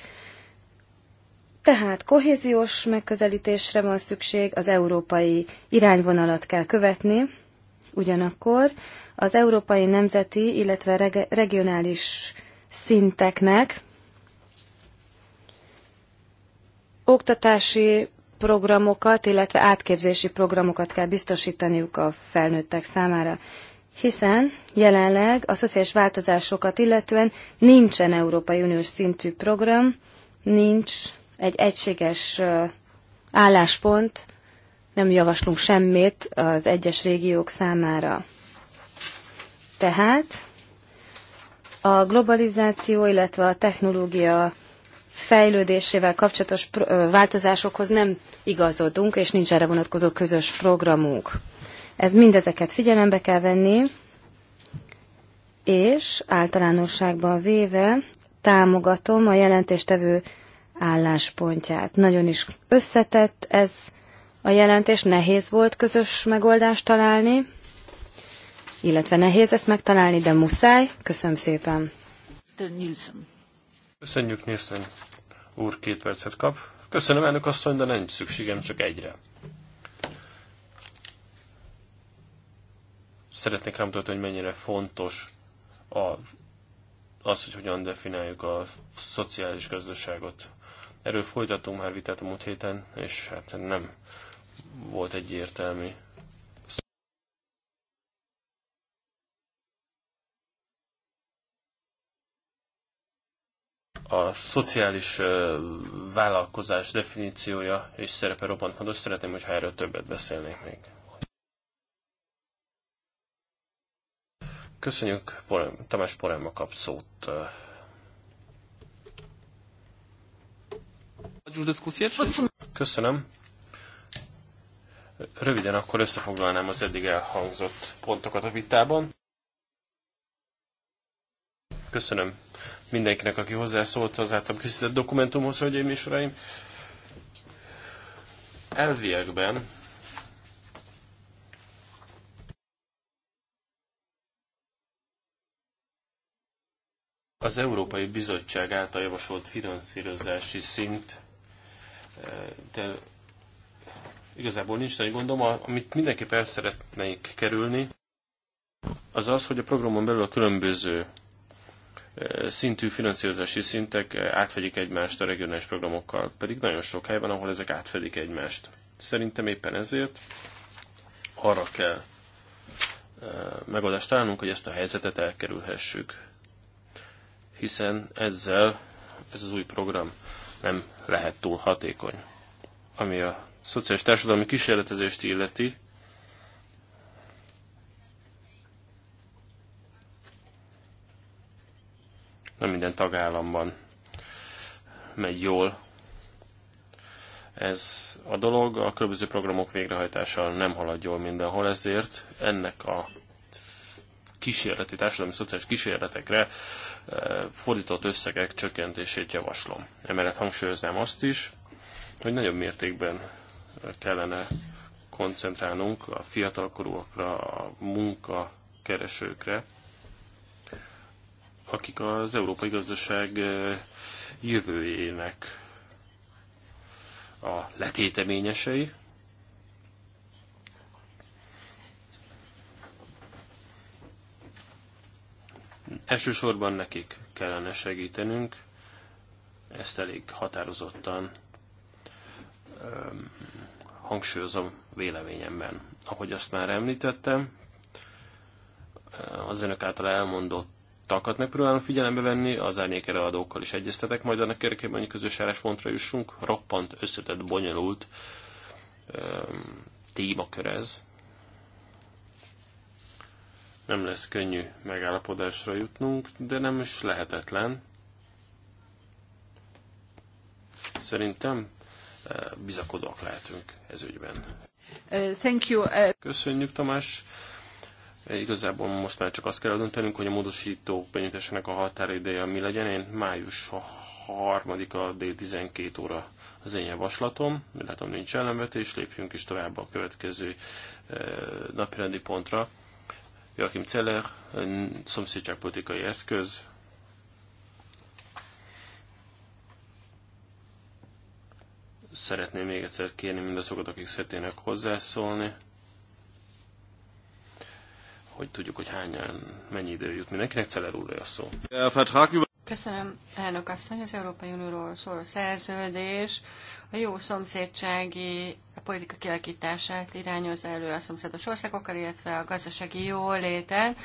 Tehát kohéziós megközelítésre van szükség, az európai irányvonalat kell követni, ugyanakkor az európai nemzeti, illetve reg regionális szinteknek oktatási programokat, illetve átképzési programokat kell biztosítaniuk a felnőttek számára hiszen jelenleg a szociális változásokat illetően nincsen Európai Uniós szintű program, nincs egy egységes álláspont, nem javaslunk semmit az egyes régiók számára. Tehát a globalizáció, illetve a technológia fejlődésével kapcsolatos változásokhoz nem igazodunk, és nincs erre vonatkozó közös programunk. Ez mindezeket figyelembe kell venni, és általánosságban véve támogatom a jelentéstevő álláspontját. Nagyon is összetett ez a jelentés, nehéz volt közös megoldást találni, illetve nehéz ezt megtalálni, de muszáj. Köszönöm szépen. Köszönjük, Nielsen úr két percet kap. Köszönöm, elnök asszony, de nincs szükségem csak egyre. Szeretnék rámutatni, hogy mennyire fontos a, az, hogy hogyan definiáljuk a szociális gazdaságot. Erről folytattunk már vitát a múlt héten, és hát nem volt egyértelmű a szociális vállalkozás definíciója és szerepe roppant fontos. Szeretném, hogyha erről többet beszélnék még. Köszönjük, Tamás Poremma kap szót. Köszönöm. Röviden akkor összefoglalnám az eddig elhangzott pontokat a vitában. Köszönöm mindenkinek, aki hozzászólt az általam készített dokumentumhoz, hölgyeim és uraim. Elviekben Az Európai Bizottság által javasolt finanszírozási szint de eh, igazából nincs nagy gondom. Amit mindenképp el szeretnék kerülni, az az, hogy a programon belül a különböző eh, szintű finanszírozási szintek eh, átfedik egymást a regionális programokkal, pedig nagyon sok hely van, ahol ezek átfedik egymást. Szerintem éppen ezért arra kell megoldást találnunk, hogy ezt a helyzetet elkerülhessük hiszen ezzel ez az új program nem lehet túl hatékony. Ami a szociális társadalmi kísérletezést illeti, nem minden tagállamban megy jól ez a dolog. A különböző programok végrehajtása nem halad jól mindenhol, ezért ennek a kísérleti, társadalmi szociális kísérletekre eh, fordított összegek csökkentését javaslom. Emellett hangsúlyoznám azt is, hogy nagyobb mértékben kellene koncentrálnunk a fiatalkorúakra, a munkakeresőkre, akik az európai gazdaság eh, jövőjének a letéteményesei, Elsősorban nekik kellene segítenünk, ezt elég határozottan hangsúlyozom véleményemben. Ahogy azt már említettem, az önök által takat megpróbálom figyelembe venni, az árnyékere adókkal is egyeztetek, majd annak érdekében, hogy közös álláspontra jussunk, roppant, összetett, bonyolult témakör ez, nem lesz könnyű megállapodásra jutnunk, de nem is lehetetlen. Szerintem eh, bizakodóak lehetünk ez ügyben. Eh, thank you. Eh. Köszönjük, Tamás. Igazából most már csak azt kell döntenünk, hogy a módosítók benyújtásának a határideje mi legyen. Én május 3-a dél 12 óra az én javaslatom. Látom, nincs ellenvetés, lépjünk is tovább a következő napirendi pontra. Joachim Celler, szomszédságpolitikai eszköz, szeretném még egyszer kérni mindazokat, akik szeretnének hozzászólni, hogy tudjuk, hogy hányan, mennyi idő jut mindenkinek. Zeller úr a szó. Köszönöm, elnök asszony, az Európai Unióról szóló szerződés a jó szomszédsági a politika kialakítását irányozza elő a szomszédos országokkal, illetve a gazdasági jóléten.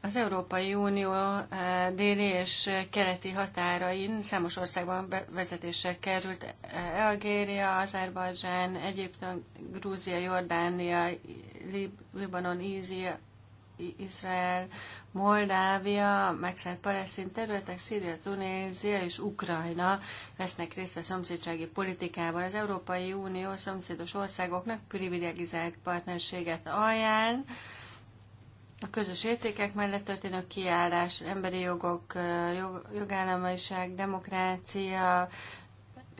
Az Európai Unió eh, déli és keleti határain számos országban bevezetésre került eh, Algéria, Azerbajdzsán, Egyiptom, Grúzia, Jordánia, Lib- Libanon, Ízia, Izrael, Moldávia, megszállt palesztin területek, Szíria, Tunézia és Ukrajna vesznek részt a szomszédsági politikában. Az Európai Unió szomszédos országoknak privilegizált partnerséget ajánl, a közös értékek mellett történő kiállás, emberi jogok, jog, jogállamiság, demokrácia,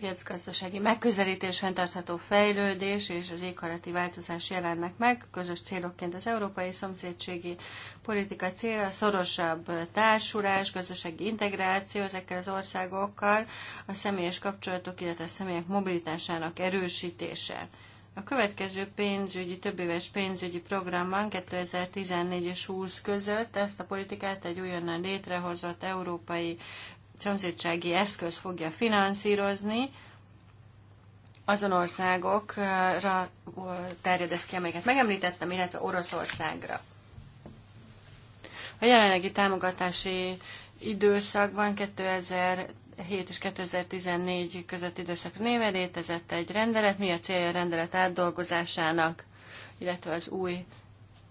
piacgazdasági megközelítés, fenntartható fejlődés és az éghajlati változás jelennek meg. Közös célokként az európai szomszédségi politika célja szorosabb társulás, gazdasági integráció ezekkel az országokkal, a személyes kapcsolatok, illetve a személyek mobilitásának erősítése. A következő pénzügyi, többéves pénzügyi programban 2014 és 20 között ezt a politikát egy újonnan létrehozott európai szomszédsági eszköz fogja finanszírozni, azon országokra terjed ki, amelyeket megemlítettem, illetve Oroszországra. A jelenlegi támogatási időszakban 2007 és 2014 között időszak néve létezett egy rendelet. Mi a célja a rendelet átdolgozásának, illetve az új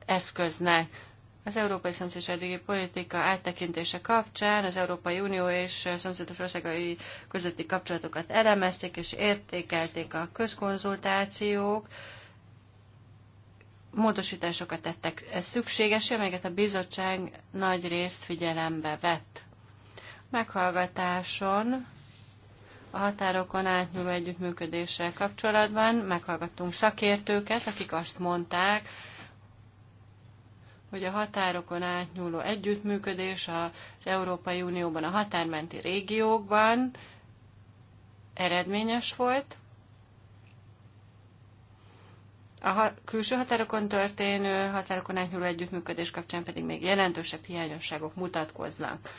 eszköznek? Az európai szomszédsági politika áttekintése kapcsán az Európai Unió és szomszédos országai közötti kapcsolatokat elemezték és értékelték a közkonzultációk, módosításokat tettek ez szükséges, amelyeket a bizottság nagy részt figyelembe vett. Meghallgatáson a határokon átnyúló együttműködéssel kapcsolatban meghallgattunk szakértőket, akik azt mondták, hogy a határokon átnyúló együttműködés az Európai Unióban, a határmenti régiókban eredményes volt. A külső határokon történő, határokon átnyúló együttműködés kapcsán pedig még jelentősebb hiányosságok mutatkoznak.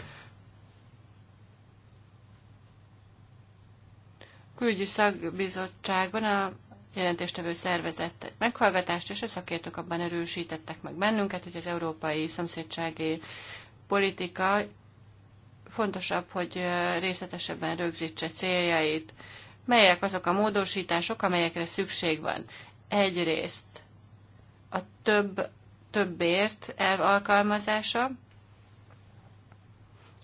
Külügyi szakbizottságban a jelentéstevő szervezett egy meghallgatást, és a szakértők abban erősítettek meg bennünket, hogy az európai szomszédsági politika fontosabb, hogy részletesebben rögzítse céljait. Melyek azok a módosítások, amelyekre szükség van? Egyrészt a több, többért elv alkalmazása,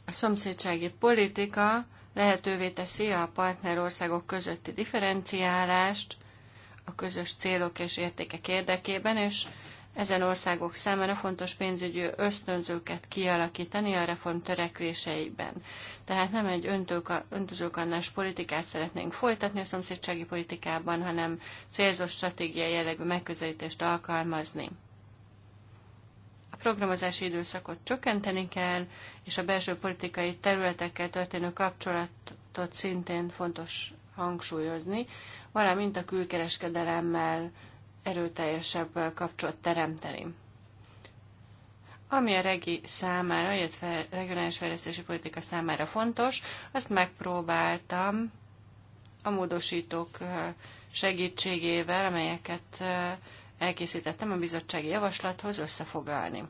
a szomszédsági politika lehetővé teszi a partnerországok közötti differenciálást, a közös célok és értékek érdekében, és ezen országok számára fontos pénzügyi ösztönzőket kialakítani a reform törekvéseiben. Tehát nem egy öntözőkannás politikát szeretnénk folytatni a szomszédsági politikában, hanem célzó stratégiai jellegű megközelítést alkalmazni. A programozási időszakot csökkenteni kell, és a belső politikai területekkel történő kapcsolatot szintén fontos hangsúlyozni, valamint a külkereskedelemmel erőteljesebb kapcsolat teremteni. Ami a regi számára, illetve regionális fejlesztési politika számára fontos, azt megpróbáltam a módosítók segítségével, amelyeket elkészítettem a bizottsági javaslathoz összefoglalni.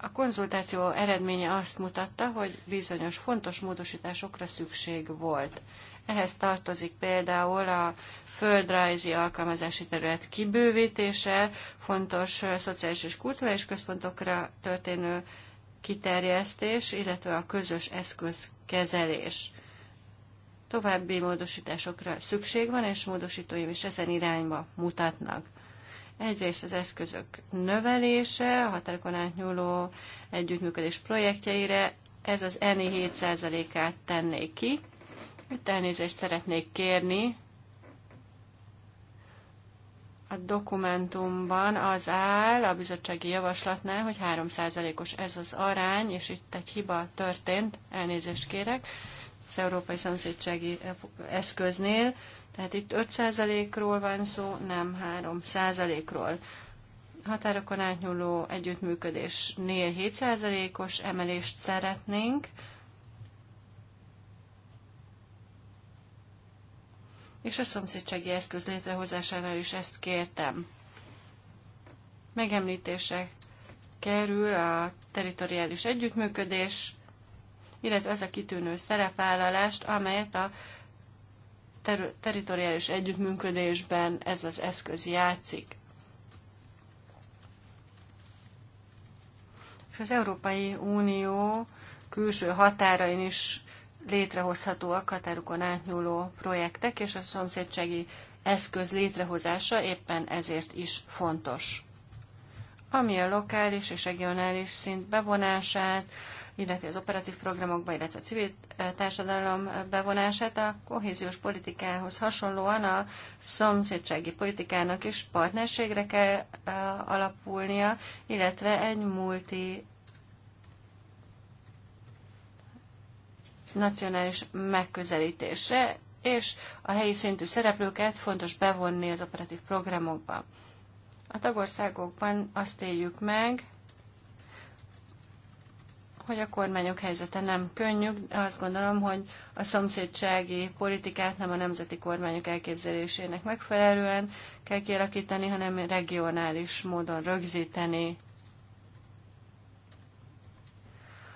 A konzultáció eredménye azt mutatta, hogy bizonyos fontos módosításokra szükség volt. Ehhez tartozik például a földrajzi alkalmazási terület kibővítése, fontos szociális és kulturális központokra történő kiterjesztés, illetve a közös eszközkezelés. További módosításokra szükség van, és módosítóim is ezen irányba mutatnak. Egyrészt az eszközök növelése, a határokon átnyúló együttműködés projektjeire, ez az ENI 7%-át tenné ki. Itt elnézést szeretnék kérni. A dokumentumban az áll a bizottsági javaslatnál, hogy 3%-os ez az arány, és itt egy hiba történt, elnézést kérek, az Európai Szomszédsági Eszköznél tehát itt 5%-ról van szó, nem 3%-ról. Határokon átnyúló együttműködésnél 7%-os emelést szeretnénk, és a szomszédsági eszköz létrehozásánál is ezt kértem. Megemlítése kerül a teritoriális együttműködés, illetve az a kitűnő szerepvállalást, amelyet a ter- teritoriális együttműködésben ez az eszköz játszik. És az Európai Unió külső határain is létrehozhatóak határokon átnyúló projektek, és a szomszédsági eszköz létrehozása éppen ezért is fontos. Ami a lokális és regionális szint bevonását, illetve az operatív programokba, illetve a civil társadalom bevonását. A kohéziós politikához hasonlóan a szomszédsági politikának is partnerségre kell alapulnia, illetve egy multi nacionális megközelítésre, és a helyi szintű szereplőket fontos bevonni az operatív programokba. A tagországokban azt éljük meg, hogy a kormányok helyzete nem könnyű. Azt gondolom, hogy a szomszédsági politikát nem a nemzeti kormányok elképzelésének megfelelően kell kialakítani, hanem regionális módon rögzíteni.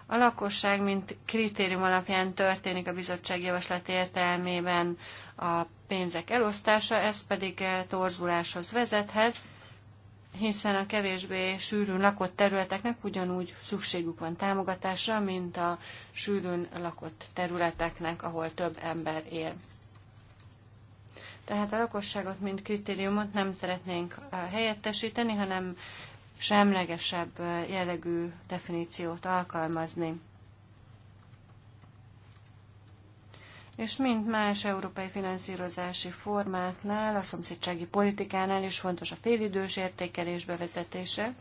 A lakosság, mint kritérium alapján történik a bizottság javaslat értelmében a pénzek elosztása, ez pedig torzuláshoz vezethet, hiszen a kevésbé sűrűn lakott területeknek ugyanúgy szükségük van támogatásra, mint a sűrűn lakott területeknek, ahol több ember él. Tehát a lakosságot, mint kritériumot nem szeretnénk helyettesíteni, hanem semlegesebb jellegű definíciót alkalmazni. és mint más európai finanszírozási formátnál, a szomszédsági politikánál is fontos a félidős értékelés bevezetése.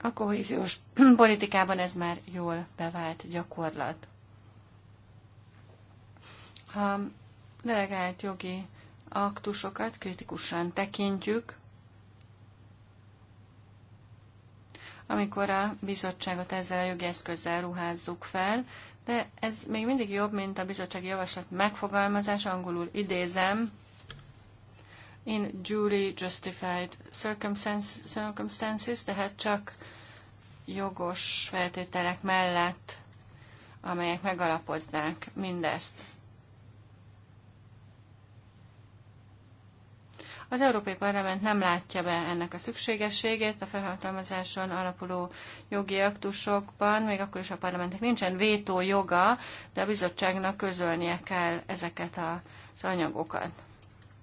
A kohéziós politikában ez már jól bevált gyakorlat. A delegált jogi aktusokat kritikusan tekintjük, amikor a bizottságot ezzel a jogi eszközzel ruházzuk fel, de ez még mindig jobb, mint a bizottsági javaslat megfogalmazás, angolul idézem, in duly justified circumstances, tehát csak jogos feltételek mellett, amelyek megalapoznák mindezt. Az Európai Parlament nem látja be ennek a szükségességét a felhatalmazáson alapuló jogi aktusokban, még akkor is a parlamentnek nincsen vétó joga, de a bizottságnak közölnie kell ezeket az anyagokat.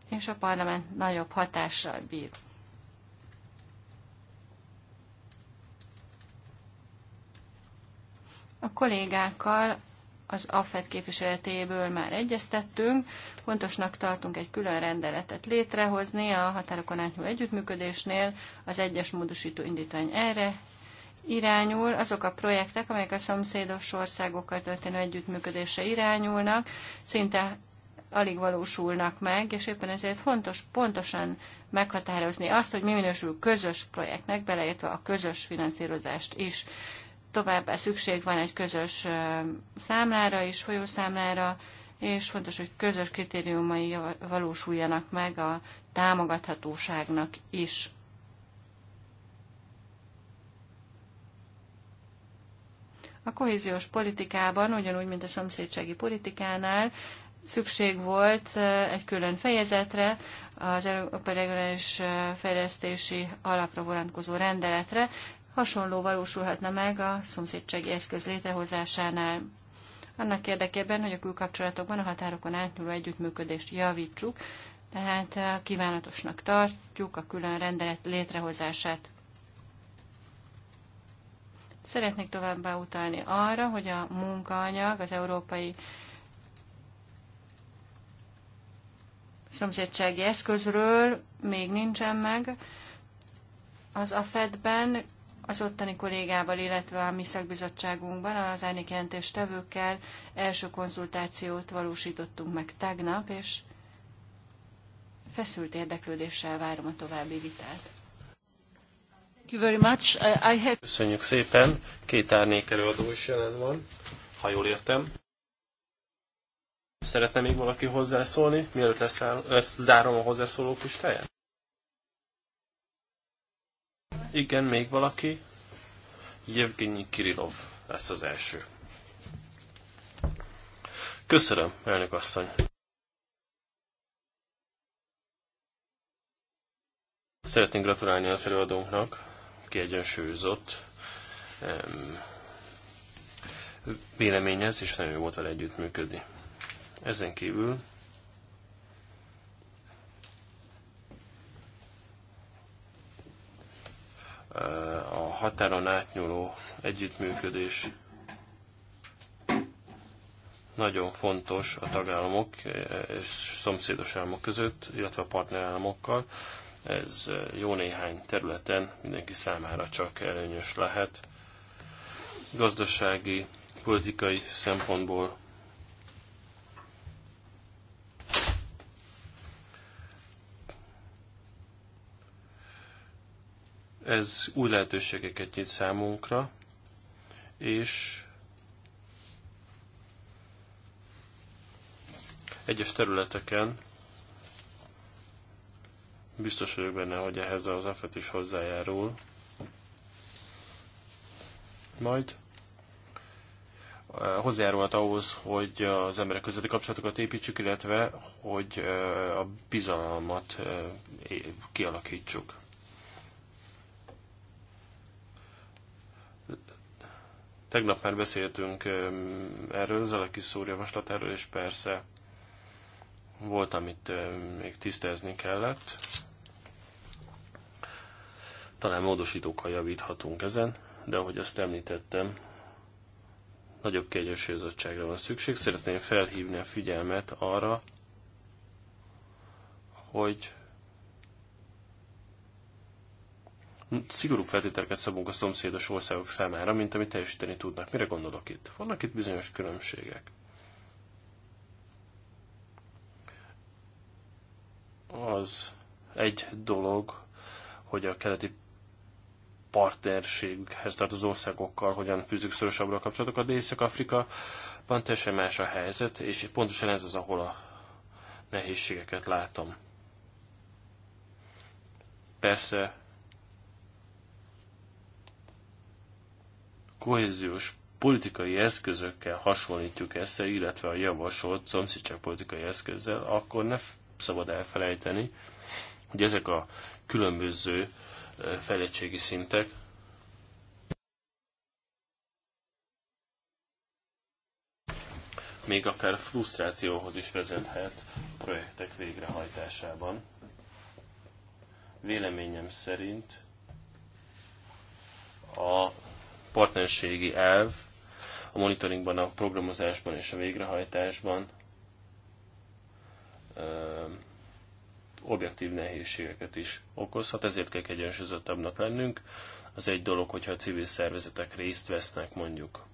És a parlament nagyobb hatással bír. A kollégákkal az AFED képviseletéből már egyeztettünk. Fontosnak tartunk egy külön rendeletet létrehozni a határokon átnyúló együttműködésnél. Az egyes módosító indítvány erre irányul, azok a projektek, amelyek a szomszédos országokkal történő együttműködésre irányulnak, szinte alig valósulnak meg, és éppen ezért fontos pontosan meghatározni azt, hogy mi minősül közös projektnek, beleértve a közös finanszírozást is. Továbbá szükség van egy közös számlára és folyószámlára, és fontos, hogy közös kritériumai valósuljanak meg a támogathatóságnak is. A kohéziós politikában, ugyanúgy, mint a szomszédsági politikánál, szükség volt egy külön fejezetre, az Európai Regionális Fejlesztési Alapra vonatkozó rendeletre, hasonló valósulhatna meg a szomszédsági eszköz létrehozásánál. Annak érdekében, hogy a külkapcsolatokban a határokon átnyúló együttműködést javítsuk, tehát kívánatosnak tartjuk a külön rendelet létrehozását. Szeretnék továbbá utalni arra, hogy a munkaanyag az európai szomszédsági eszközről még nincsen meg. Az AFED-ben az ottani kollégával, illetve a mi szakbizottságunkban az tevőkkel első konzultációt valósítottunk meg tegnap, és feszült érdeklődéssel várom a további vitát. Köszönjük szépen. Két árnyék előadó is jelen van, ha jól értem. Szeretne még valaki hozzászólni, mielőtt lesz, lesz zárom a hozzászólók teljesen? Igen, még valaki? Jevgenyi Kirilov lesz az első. Köszönöm, elnök asszony. Szeretnénk gratulálni az előadónknak, kiegyensúlyozott egyensúlyozott, véleményez, és nagyon jó volt vele együttműködni. Ezen kívül a határon átnyúló együttműködés nagyon fontos a tagállamok és szomszédos államok között, illetve a partnerállamokkal. Ez jó néhány területen mindenki számára csak előnyös lehet. Gazdasági, politikai szempontból Ez új lehetőségeket nyit számunkra, és egyes területeken biztos vagyok benne, hogy ehhez az AFET is hozzájárul. Majd eh, hozzájárulhat ahhoz, hogy az emberek közötti kapcsolatokat építsük, illetve hogy eh, a bizalmat eh, kialakítsuk. Tegnap már beszéltünk erről, Zeleki szúr erről, és persze volt, amit még tisztázni kellett. Talán módosítókkal javíthatunk ezen, de ahogy azt említettem, nagyobb kiegyensúlyozottságra van szükség. Szeretném felhívni a figyelmet arra, hogy szigorú feltételeket szabunk a szomszédos országok számára, mint amit teljesíteni tudnak. Mire gondolok itt? Vannak itt bizonyos különbségek. Az egy dolog, hogy a keleti partnerséghez tartozó országokkal hogyan fűzünk szorosabbra a kapcsolatokat, de Észak-Afrika van teljesen más a helyzet, és pontosan ez az, ahol a nehézségeket látom. Persze kohéziós politikai eszközökkel hasonlítjuk ezt, illetve a javasolt szomszédság politikai eszközzel, akkor ne szabad elfelejteni, hogy ezek a különböző fejlettségi szintek még akár frusztrációhoz is vezethet projektek végrehajtásában. Véleményem szerint a partnerségi elv a monitoringban, a programozásban és a végrehajtásban objektív nehézségeket is okozhat, ezért kell egyensúlyozottabbnak lennünk. Az egy dolog, hogyha a civil szervezetek részt vesznek mondjuk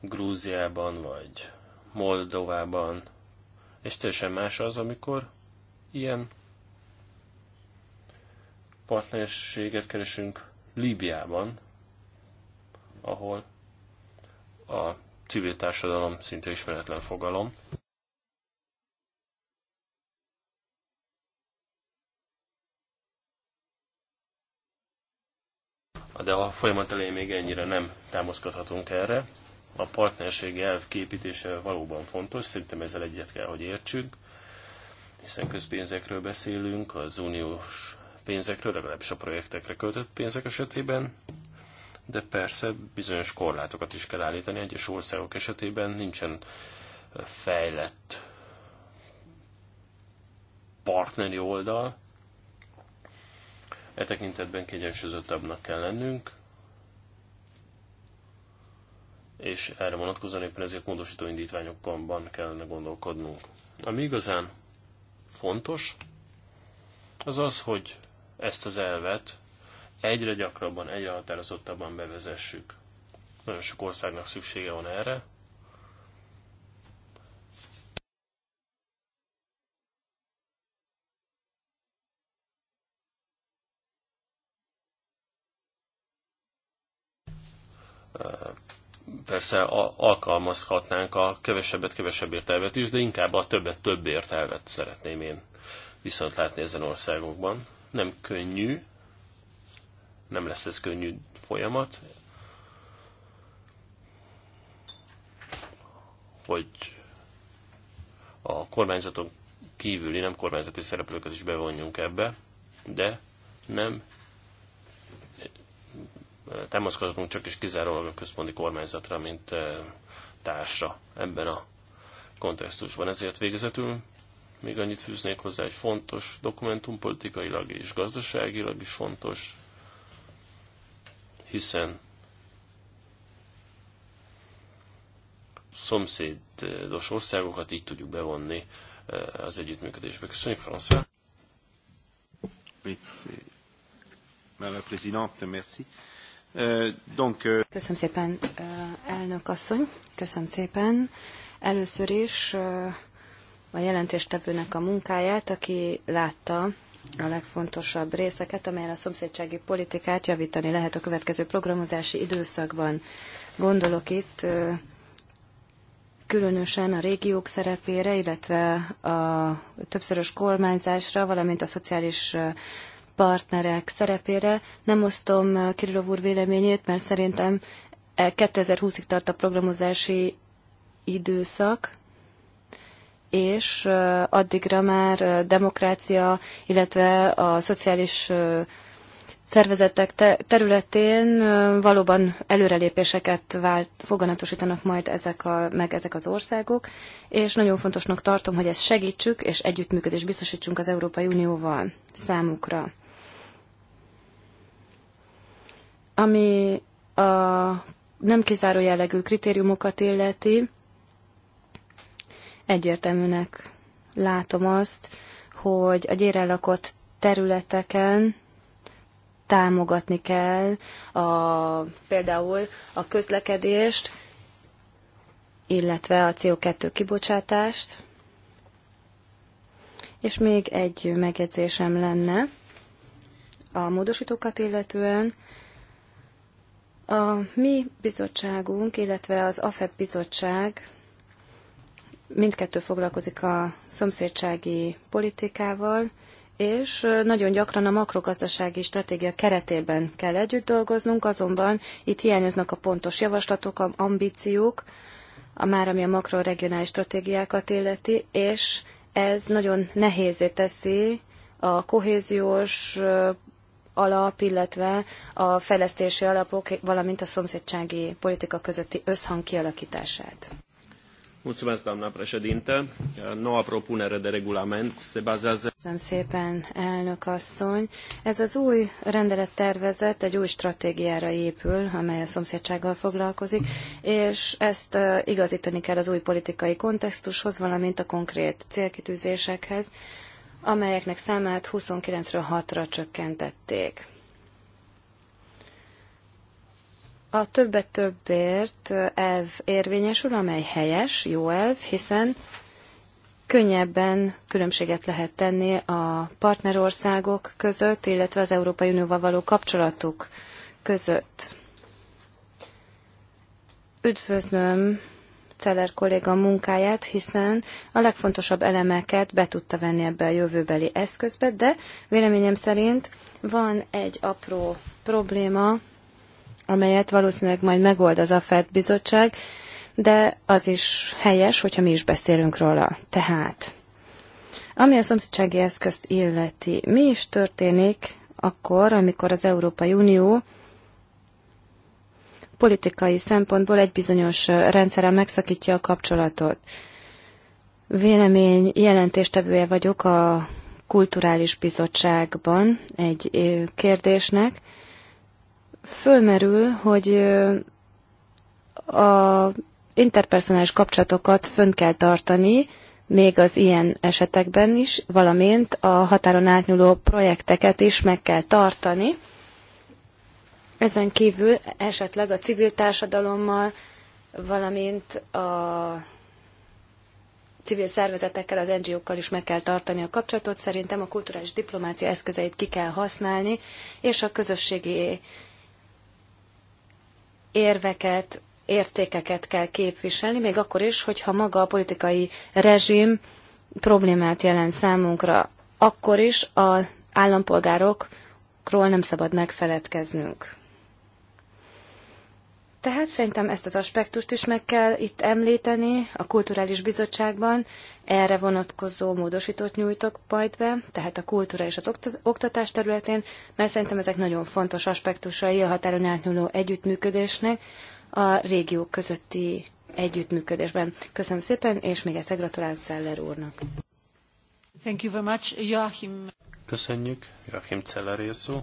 Grúziában vagy Moldovában, és teljesen más az, amikor ilyen partnerséget keresünk Líbiában, ahol a civil társadalom szinte ismeretlen fogalom. De a folyamat elején még ennyire nem támaszkodhatunk erre. A partnerségi elv képítése valóban fontos, szerintem ezzel egyet kell, hogy értsük. hiszen közpénzekről beszélünk, az uniós pénzekről, legalábbis a projektekre költött pénzek esetében, de persze bizonyos korlátokat is kell állítani. Egyes országok esetében nincsen fejlett partneri oldal. E tekintetben kiegyensúlyozottabbnak kell lennünk, és erre vonatkozóan éppen ezért módosító indítványokban kellene gondolkodnunk. Ami igazán fontos, az az, hogy ezt az elvet egyre gyakrabban, egyre határozottabban bevezessük. Nagyon sok országnak szüksége van erre. Persze alkalmazhatnánk a kevesebbet kevesebb értelvet is, de inkább a többet több értelvet szeretném én viszont látni ezen országokban. Nem könnyű, nem lesz ez könnyű folyamat, hogy a kormányzaton kívüli, nem kormányzati szereplőket is bevonjunk ebbe, de nem támaszkodhatunk csak és kizárólag a központi kormányzatra, mint társa ebben a kontextusban. Ezért végezetül még annyit fűznék hozzá, egy fontos dokumentum politikailag és gazdaságilag is fontos, hiszen szomszédos országokat így tudjuk bevonni az együttműködésbe. Köszönjük, François! Euh, euh, köszönöm szépen, elnök asszony, köszönöm szépen. Először is a jelentéstevőnek a munkáját, aki látta a legfontosabb részeket, amelyen a szomszédsági politikát javítani lehet a következő programozási időszakban. Gondolok itt különösen a régiók szerepére, illetve a többszörös kormányzásra, valamint a szociális partnerek szerepére. Nem osztom Kirillov úr véleményét, mert szerintem 2020-ig e- tart a programozási időszak, és addigra már demokrácia, illetve a szociális szervezetek területén valóban előrelépéseket vált, foganatosítanak majd ezek a, meg ezek az országok, és nagyon fontosnak tartom, hogy ezt segítsük, és együttműködést biztosítsunk az Európai Unióval számukra. Ami a nem kizáró jellegű kritériumokat illeti, Egyértelműnek látom azt, hogy a gyéren lakott területeken támogatni kell a, például a közlekedést, illetve a CO2 kibocsátást. És még egy megjegyzésem lenne a módosítókat illetően. A mi bizottságunk, illetve az AFEP bizottság mindkettő foglalkozik a szomszédsági politikával, és nagyon gyakran a makrogazdasági stratégia keretében kell együtt dolgoznunk, azonban itt hiányoznak a pontos javaslatok, a ambíciók, a már ami a makroregionális stratégiákat illeti, és ez nagyon nehézé teszi a kohéziós alap, illetve a fejlesztési alapok, valamint a szomszédsági politika közötti összhang kialakítását. Mulțumesc, doamna președinte. Noua propunere de regulament se bazează... Köszönöm szépen, elnök asszony. Ez az új rendelettervezet egy új stratégiára épül, amely a szomszédsággal foglalkozik, és ezt igazítani kell az új politikai kontextushoz, valamint a konkrét célkitűzésekhez, amelyeknek számát 29-ről 6-ra csökkentették. A többet többért elv érvényesül, amely helyes, jó elv, hiszen könnyebben különbséget lehet tenni a partnerországok között, illetve az Európai Unióval való kapcsolatuk között. Üdvözlöm Celer kolléga munkáját, hiszen a legfontosabb elemeket be tudta venni ebbe a jövőbeli eszközbe, de véleményem szerint van egy apró probléma, amelyet valószínűleg majd megold az AFED bizottság, de az is helyes, hogyha mi is beszélünk róla. Tehát, ami a szomszédsági eszközt illeti, mi is történik akkor, amikor az Európai Unió politikai szempontból egy bizonyos rendszerrel megszakítja a kapcsolatot. Vélemény jelentéstevője vagyok a Kulturális Bizottságban egy kérdésnek, fölmerül, hogy a interpersonális kapcsolatokat fönn kell tartani, még az ilyen esetekben is, valamint a határon átnyúló projekteket is meg kell tartani. Ezen kívül esetleg a civil társadalommal, valamint a civil szervezetekkel, az NGO-kkal is meg kell tartani a kapcsolatot. Szerintem a kulturális diplomácia eszközeit ki kell használni, és a közösségi érveket, értékeket kell képviselni, még akkor is, hogyha maga a politikai rezsim problémát jelent számunkra, akkor is az állampolgárokról nem szabad megfeledkeznünk. Tehát szerintem ezt az aspektust is meg kell itt említeni a Kulturális Bizottságban. Erre vonatkozó módosítót nyújtok majd be, tehát a kultúra és az oktatás területén, mert szerintem ezek nagyon fontos aspektusai a határon átnyúló együttműködésnek a régiók közötti együttműködésben. Köszönöm szépen, és még egyszer gratulálok Zeller úrnak. Thank you very much, Joachim. Köszönjük, Joachim Zeller szó.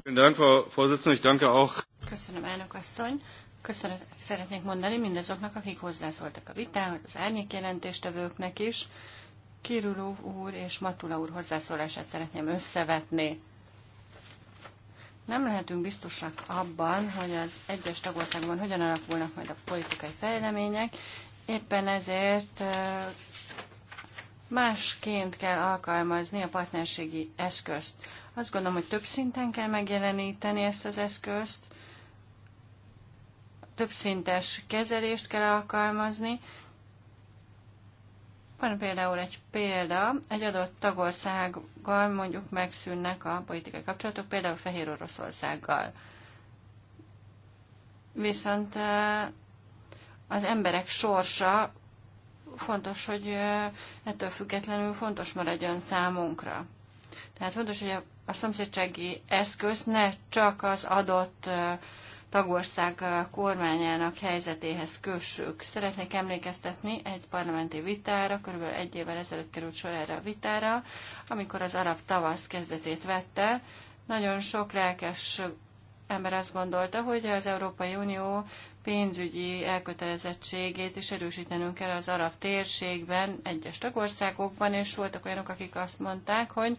Köszönöm, elnök asszony. Köszönöm. szeretnék mondani mindazoknak, akik hozzászóltak a vitához, az árnyékjelentéstevőknek is. Kiruló úr és Matula úr hozzászólását szeretném összevetni. Nem lehetünk biztosak abban, hogy az egyes tagországban hogyan alakulnak majd a politikai fejlemények, éppen ezért másként kell alkalmazni a partnerségi eszközt. Azt gondolom, hogy több szinten kell megjeleníteni ezt az eszközt, többszintes kezelést kell alkalmazni. Van például egy példa, egy adott tagországgal mondjuk megszűnnek a politikai kapcsolatok, például Fehér Oroszországgal. Viszont az emberek sorsa fontos, hogy ettől függetlenül fontos maradjon számunkra. Tehát fontos, hogy a, szomszédsági eszköz ne csak az adott tagország kormányának helyzetéhez kössük. Szeretnék emlékeztetni egy parlamenti vitára, kb. egy évvel ezelőtt került sor erre a vitára, amikor az arab tavasz kezdetét vette. Nagyon sok lelkes ember azt gondolta, hogy az Európai Unió pénzügyi elkötelezettségét is erősítenünk kell az arab térségben, egyes tagországokban, és voltak olyanok, akik azt mondták, hogy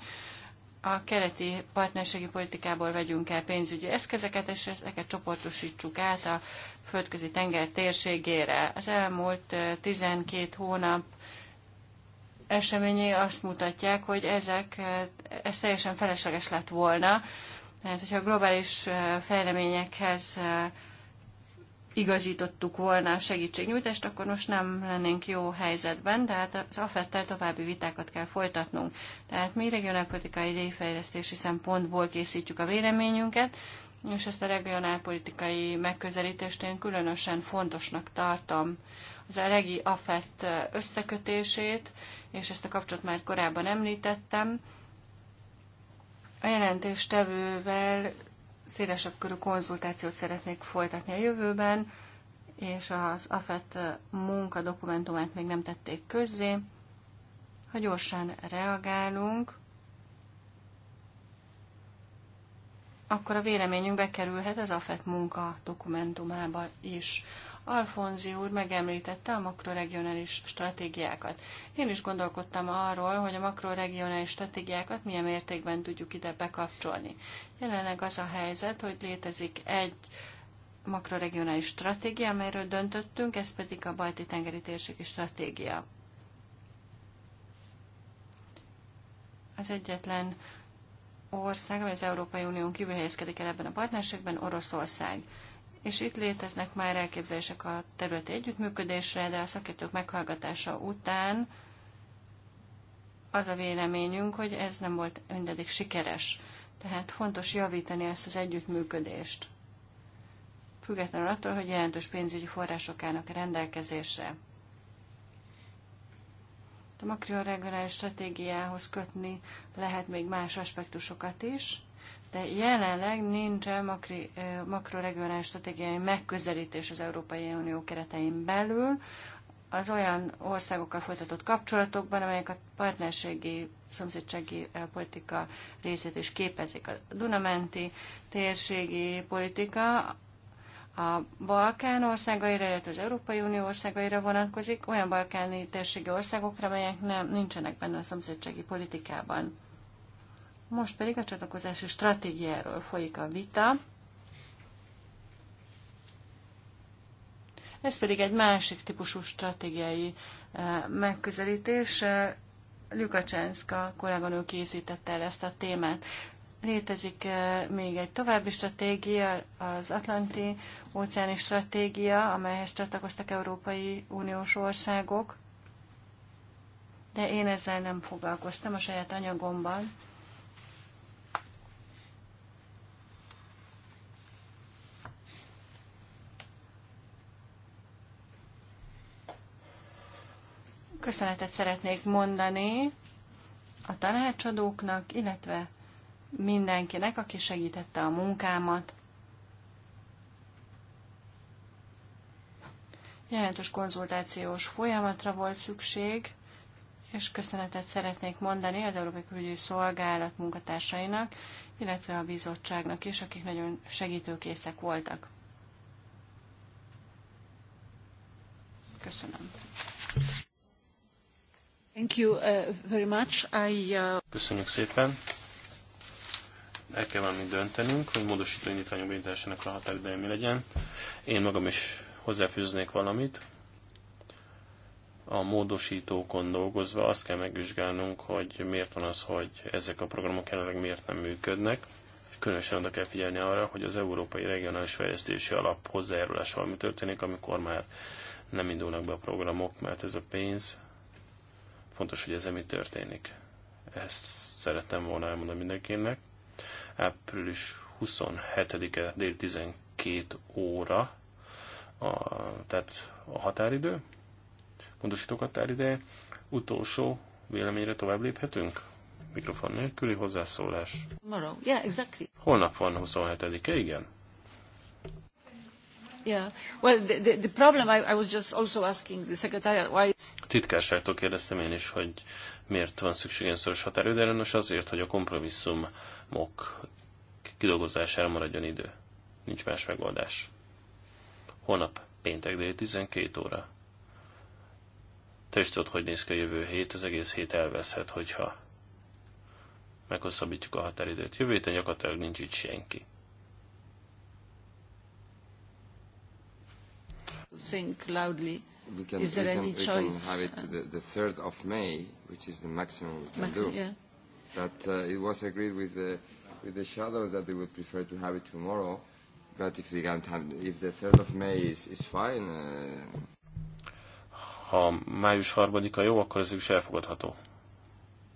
a keleti partnerségi politikából vegyünk el pénzügyi eszközeket, és ezeket csoportosítsuk át a földközi tenger térségére. Az elmúlt 12 hónap eseményei azt mutatják, hogy ezek, ez teljesen felesleges lett volna. Tehát, hogyha globális fejleményekhez igazítottuk volna a segítségnyújtást, akkor most nem lennénk jó helyzetben, tehát az afettel további vitákat kell folytatnunk. Tehát mi regionálpolitikai idejfejlesztési szempontból készítjük a véleményünket, és ezt a regionálpolitikai megközelítést én különösen fontosnak tartom. Az a regi afett összekötését, és ezt a kapcsolat már korábban említettem, a jelentéstevővel szélesebb körű konzultációt szeretnék folytatni a jövőben, és az AFET munka dokumentumát még nem tették közzé. Ha gyorsan reagálunk, akkor a véleményünk bekerülhet az AFET munka dokumentumába is. Alfonzi úr megemlítette a makroregionális stratégiákat. Én is gondolkodtam arról, hogy a makroregionális stratégiákat milyen mértékben tudjuk ide bekapcsolni. Jelenleg az a helyzet, hogy létezik egy makroregionális stratégia, amelyről döntöttünk, ez pedig a balti tengeri térségi stratégia. Az egyetlen ország, amely az Európai Unión kívül helyezkedik el ebben a partnerségben, Oroszország és itt léteznek már elképzelések a területi együttműködésre, de a szakértők meghallgatása után az a véleményünk, hogy ez nem volt mindedig sikeres. Tehát fontos javítani ezt az együttműködést, függetlenül attól, hogy jelentős pénzügyi források állnak a rendelkezésre. A makroregionális stratégiához kötni lehet még más aspektusokat is, de jelenleg nincsen makri, makroregionális stratégiai megközelítés az Európai Unió keretein belül, az olyan országokkal folytatott kapcsolatokban, amelyek a partnerségi, szomszédsági politika részét is képezik. A Dunamenti térségi politika a Balkán országaira, illetve az Európai Unió országaira vonatkozik, olyan balkáni térségi országokra, amelyek nem, nincsenek benne a szomszédsági politikában. Most pedig a csatlakozási stratégiáról folyik a vita. Ez pedig egy másik típusú stratégiai eh, megközelítés. Eh, Lukacsenszka kolléganő készítette el ezt a témát. Létezik eh, még egy további stratégia, az Atlanti óceáni stratégia, amelyhez csatlakoztak Európai Uniós országok, de én ezzel nem foglalkoztam a saját anyagomban. Köszönetet szeretnék mondani a tanácsadóknak, illetve mindenkinek, aki segítette a munkámat. Jelentős konzultációs folyamatra volt szükség, és köszönetet szeretnék mondani az Európai Külügyi Szolgálat munkatársainak, illetve a bizottságnak is, akik nagyon segítőkészek voltak. Köszönöm. Thank you uh, very much. I, uh... Köszönjük szépen. El kell valamit döntenünk, hogy módosító indítványok beindításának a határideje mi legyen. Én magam is hozzáfűznék valamit. A módosítókon dolgozva azt kell megvizsgálnunk, hogy miért van az, hogy ezek a programok jelenleg miért nem működnek. Különösen oda kell figyelni arra, hogy az Európai Regionális Fejlesztési Alap hozzájárulása valami történik, amikor már nem indulnak be a programok, mert ez a pénz Fontos, hogy ez mi történik. Ezt szerettem volna elmondani mindenkinek. Április 27-e dél 12 óra, a, tehát a határidő, módosítók határideje. Utolsó véleményre tovább léphetünk? Mikrofon nélküli hozzászólás. Holnap van 27-e, igen. Yeah. Well, the, the, the problem I, I was just also asking the why... A titkárságtól kérdeztem én is, hogy miért van szükség ilyen szoros határidőre, nos azért, hogy a kompromisszumok kidolgozására maradjon idő. Nincs más megoldás. Holnap, péntek dél 12 óra. Te is tudod, hogy néz ki a jövő hét, az egész hét elveszhet, hogyha meghosszabbítjuk a határidőt. Jövő héten gyakorlatilag nincs itt senki. think loudly. We can, is there we can, any we choice? We can have it to the, the 3rd of May, which is the maximum we can Maxi do. Yeah. But uh, it was agreed with the, with the shadows that they would prefer to have it tomorrow. But if, they can't have, if the 3rd of May is, is fine... Uh... Ha május 3-a jó, akkor ez is elfogadható,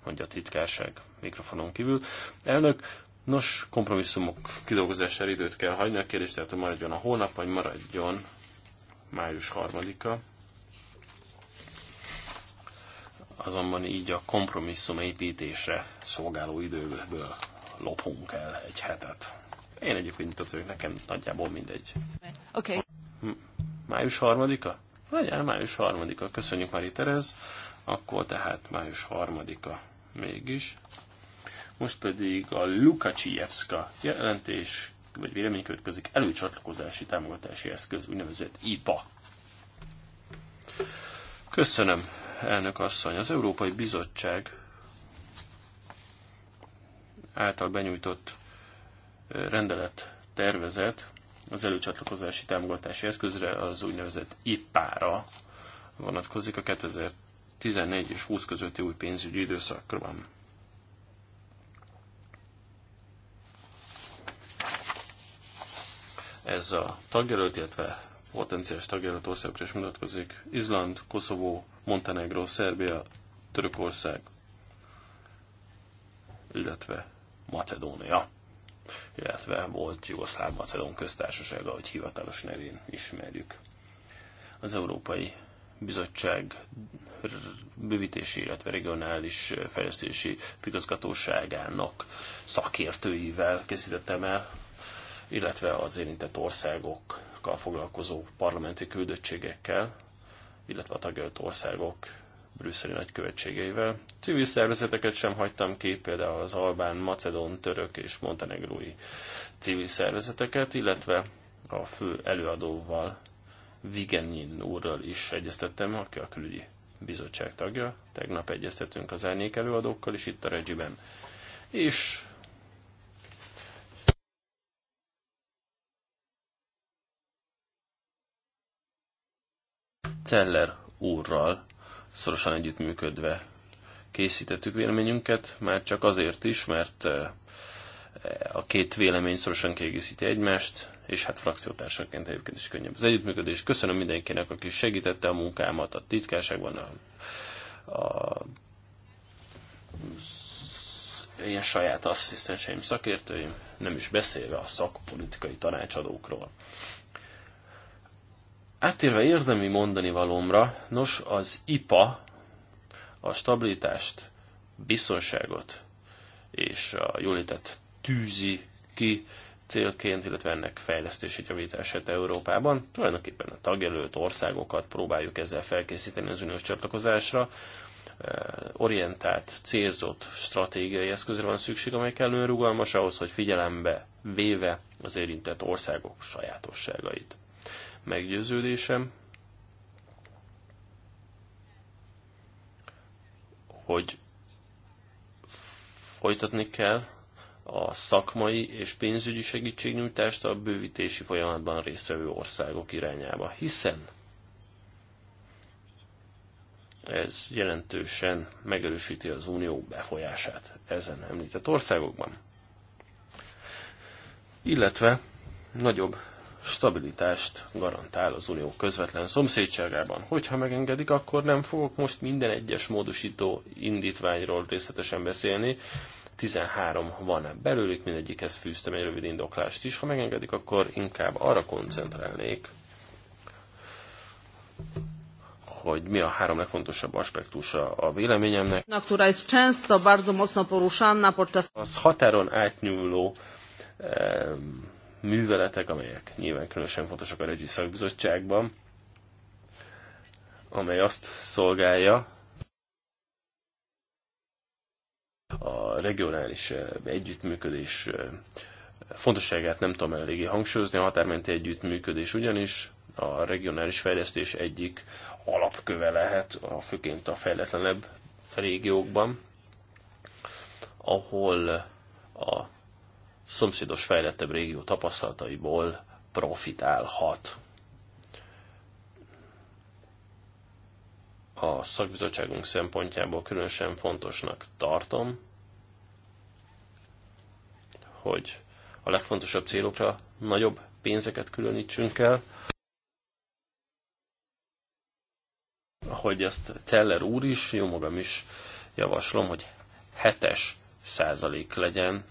mondja a titkárság mikrofonon kívül. Elnök, nos, kompromisszumok kidolgozására időt kell hagyni, a kérdés tehát, hogy maradjon a hónap, vagy maradjon május 3-a. Azonban így a kompromisszum építésre szolgáló időből lopunk el egy hetet. Én egyébként nyitott vagyok, nekem nagyjából mindegy. Oké. Okay. Május 3-a? Legyen május 3-a. Köszönjük, Mari Terez. Akkor tehát május 3-a mégis. Most pedig a Lukacsijevska jelentés vagy vélemény következik, előcsatlakozási támogatási eszköz, úgynevezett IPA. Köszönöm, elnök asszony. Az Európai Bizottság által benyújtott rendelet tervezet az előcsatlakozási támogatási eszközre, az úgynevezett IPA-ra vonatkozik a 2014 és 20 közötti új pénzügyi időszakra. Ez a tagjelölt, illetve potenciális tagjelölt országokra is mutatkozik. Izland, Koszovó, Montenegro, Szerbia, Törökország, illetve Macedónia, illetve volt Jugoszláv-Macedón köztársasága, ahogy hivatalos nevén ismerjük. Az Európai Bizottság bővítési, illetve regionális fejlesztési igazgatóságának szakértőivel készítettem el illetve az érintett országokkal foglalkozó parlamenti küldöttségekkel, illetve a tagjelölt országok brüsszeli nagykövetségeivel. Civil szervezeteket sem hagytam ki, például az albán, macedón, török és montenegrói civil szervezeteket, illetve a fő előadóval, Vigenin úrral is egyeztettem, aki a külügyi bizottság tagja. Tegnap egyeztettünk az árnyék előadókkal is itt a Regiben. És Celler úrral szorosan együttműködve készítettük véleményünket, már csak azért is, mert eh, a két vélemény szorosan kiegészíti egymást, és hát frakciótársaként egyébként is könnyebb az együttműködés. Köszönöm mindenkinek, aki segítette a munkámat a titkárságban, a, a ilyen saját asszisztenseim, szakértőim, nem is beszélve a szakpolitikai tanácsadókról. Áttérve érdemi mondani valómra, nos az IPA a stabilitást, biztonságot és a jólétet tűzi ki célként, illetve ennek fejlesztését, javítását Európában. Tulajdonképpen a tagjelölt országokat próbáljuk ezzel felkészíteni az uniós csatlakozásra. Orientált, célzott stratégiai eszközre van szükség, amely kellően rugalmas ahhoz, hogy figyelembe véve az érintett országok sajátosságait meggyőződésem, hogy folytatni kell a szakmai és pénzügyi segítségnyújtást a bővítési folyamatban résztvevő országok irányába, hiszen ez jelentősen megerősíti az unió befolyását ezen említett országokban. Illetve nagyobb stabilitást garantál az unió közvetlen szomszédságában. Hogyha megengedik, akkor nem fogok most minden egyes módosító indítványról részletesen beszélni. 13 van belőlük, mindegyikhez fűztem egy rövid indoklást is. Ha megengedik, akkor inkább arra koncentrálnék, hogy mi a három legfontosabb aspektusa a véleményemnek. Az határon átnyúló um, műveletek, amelyek nyilván különösen fontosak a Regi Szakbizottságban, amely azt szolgálja, a regionális eh, együttműködés eh, fontosságát nem tudom eléggé hangsúlyozni, a határmenti együttműködés ugyanis a regionális fejlesztés egyik alapköve lehet, a főként a fejletlenebb régiókban, ahol a szomszédos fejlettebb régió tapasztalataiból profitálhat. A szakbizottságunk szempontjából különösen fontosnak tartom, hogy a legfontosabb célokra nagyobb pénzeket különítsünk el, ahogy ezt Teller úr is, jó magam is javaslom, hogy 7-es százalék legyen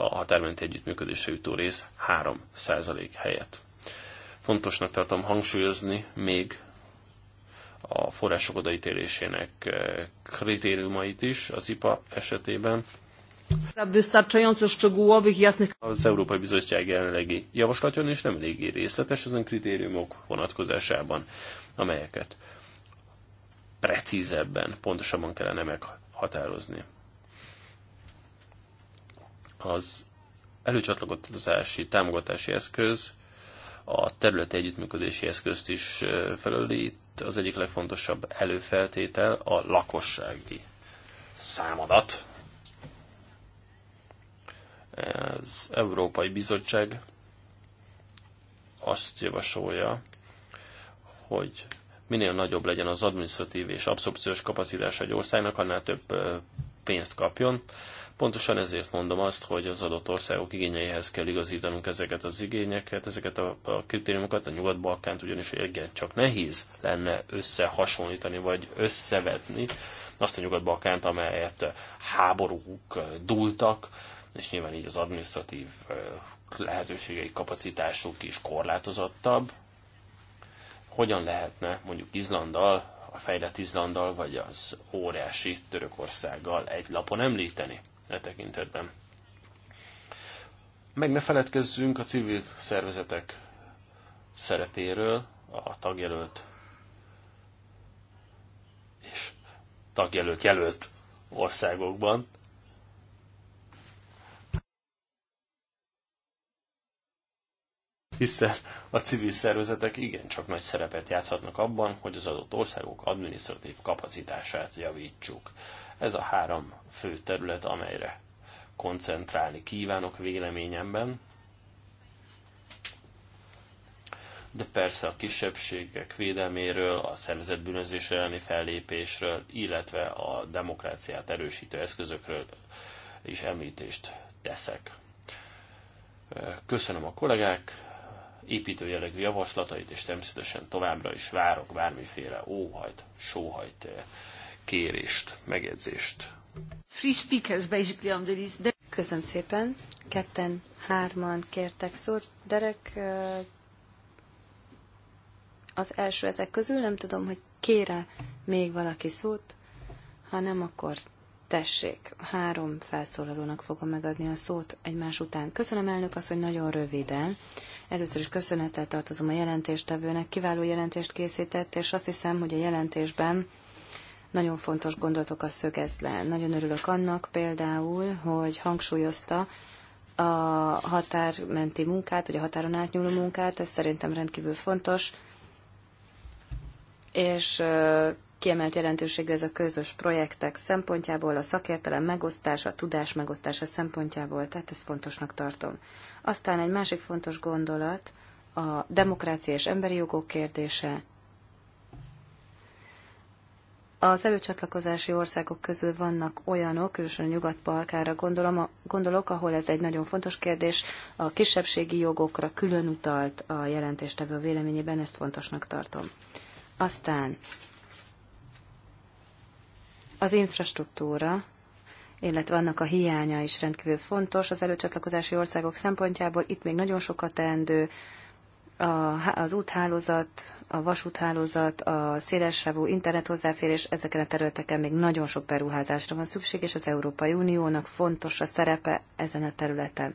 a határmenti együttműködésre jutó rész 3% helyett. Fontosnak tartom hangsúlyozni még a források odaítélésének eh, kritériumait is az IPA esetében. Az Európai Bizottság jelenlegi javaslaton is nem eléggé részletes ezen kritériumok vonatkozásában, amelyeket precízebben, pontosabban kellene meghatározni az előcsatlakozási támogatási eszköz a területi együttműködési eszközt is felöli. Itt az egyik legfontosabb előfeltétel a lakossági számadat. Az Európai Bizottság azt javasolja, hogy minél nagyobb legyen az adminisztratív és abszorpciós kapacitás egy országnak, annál több pénzt kapjon. Pontosan ezért mondom azt, hogy az adott országok igényeihez kell igazítanunk ezeket az igényeket, ezeket a, a kritériumokat, a Nyugat-Balkánt ugyanis igen, csak nehéz lenne összehasonlítani vagy összevetni azt a Nyugat-Balkánt, amelyet háborúk dúltak, és nyilván így az administratív lehetőségei, kapacitásuk is korlátozottabb. Hogyan lehetne mondjuk Izlandal, a fejlett Izlandal vagy az óriási Törökországgal egy lapon említeni? e tekintetben. Meg ne feledkezzünk a civil szervezetek szerepéről, a tagjelölt és tagjelölt jelölt országokban. hiszen a civil szervezetek igencsak nagy szerepet játszhatnak abban, hogy az adott országok adminisztratív kapacitását javítsuk. Ez a három fő terület, amelyre koncentrálni kívánok véleményemben. De persze a kisebbségek védelméről, a szervezetbűnözés elleni fellépésről, illetve a demokráciát erősítő eszközökről is említést teszek. Köszönöm a kollégák építő javaslatait, és természetesen továbbra is várok bármiféle óhajt, sóhajt kérést, megjegyzést. Three speakers basically Köszönöm szépen. Ketten, hárman kértek szót. Derek az első ezek közül, nem tudom, hogy kére még valaki szót, ha nem, akkor tessék, három felszólalónak fogom megadni a szót egymás után. Köszönöm elnök azt, hogy nagyon röviden. Először is köszönettel tartozom a jelentéstevőnek, kiváló jelentést készített, és azt hiszem, hogy a jelentésben nagyon fontos gondolatokat szögez le. Nagyon örülök annak például, hogy hangsúlyozta a határmenti munkát, vagy a határon átnyúló munkát, ez szerintem rendkívül fontos, és kiemelt jelentőségű ez a közös projektek szempontjából, a szakértelem megosztása, a tudás megosztása szempontjából, tehát ezt fontosnak tartom. Aztán egy másik fontos gondolat, a demokrácia és emberi jogok kérdése, az előcsatlakozási országok közül vannak olyanok, különösen a Nyugat-Balkára gondolom, gondolok, ahol ez egy nagyon fontos kérdés. A kisebbségi jogokra külön utalt a jelentéstevő véleményében, ezt fontosnak tartom. Aztán az infrastruktúra, illetve annak a hiánya is rendkívül fontos az előcsatlakozási országok szempontjából. Itt még nagyon sokat teendő, az úthálózat, a vasúthálózat, a szélessávú internet hozzáférés, ezeken a területeken még nagyon sok beruházásra van szükség, és az Európai Uniónak fontos a szerepe ezen a területen.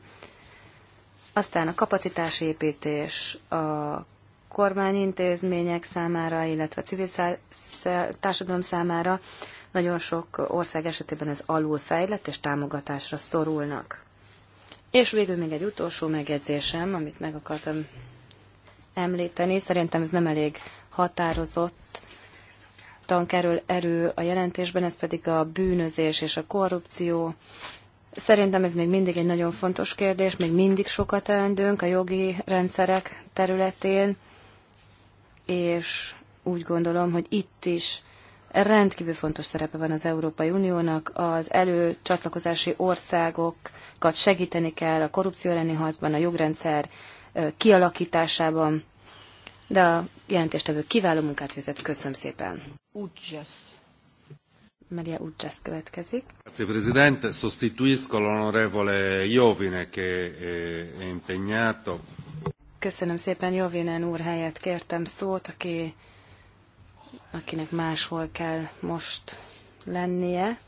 Aztán a kapacitási építés, a kormányintézmények számára, illetve a civil társadalom számára nagyon sok ország esetében ez fejlett és támogatásra szorulnak. És végül még egy utolsó megjegyzésem, amit meg akartam említeni. Szerintem ez nem elég határozott tankerül erő a jelentésben, ez pedig a bűnözés és a korrupció. Szerintem ez még mindig egy nagyon fontos kérdés, még mindig sokat teendőnk a jogi rendszerek területén, és úgy gondolom, hogy itt is rendkívül fontos szerepe van az Európai Uniónak, az előcsatlakozási országokat segíteni kell a korrupció elleni harcban, a jogrendszer kialakításában, de a jelentéstevő kiváló munkát végzett. Köszönöm szépen. Ugyas. Maria Ucsász következik. Grazie Presidente, sostituisco l'onorevole Jovine, che eh, è impegnato. Köszönöm szépen, Jovinen úr helyett kértem szót, aki, akinek máshol kell most lennie.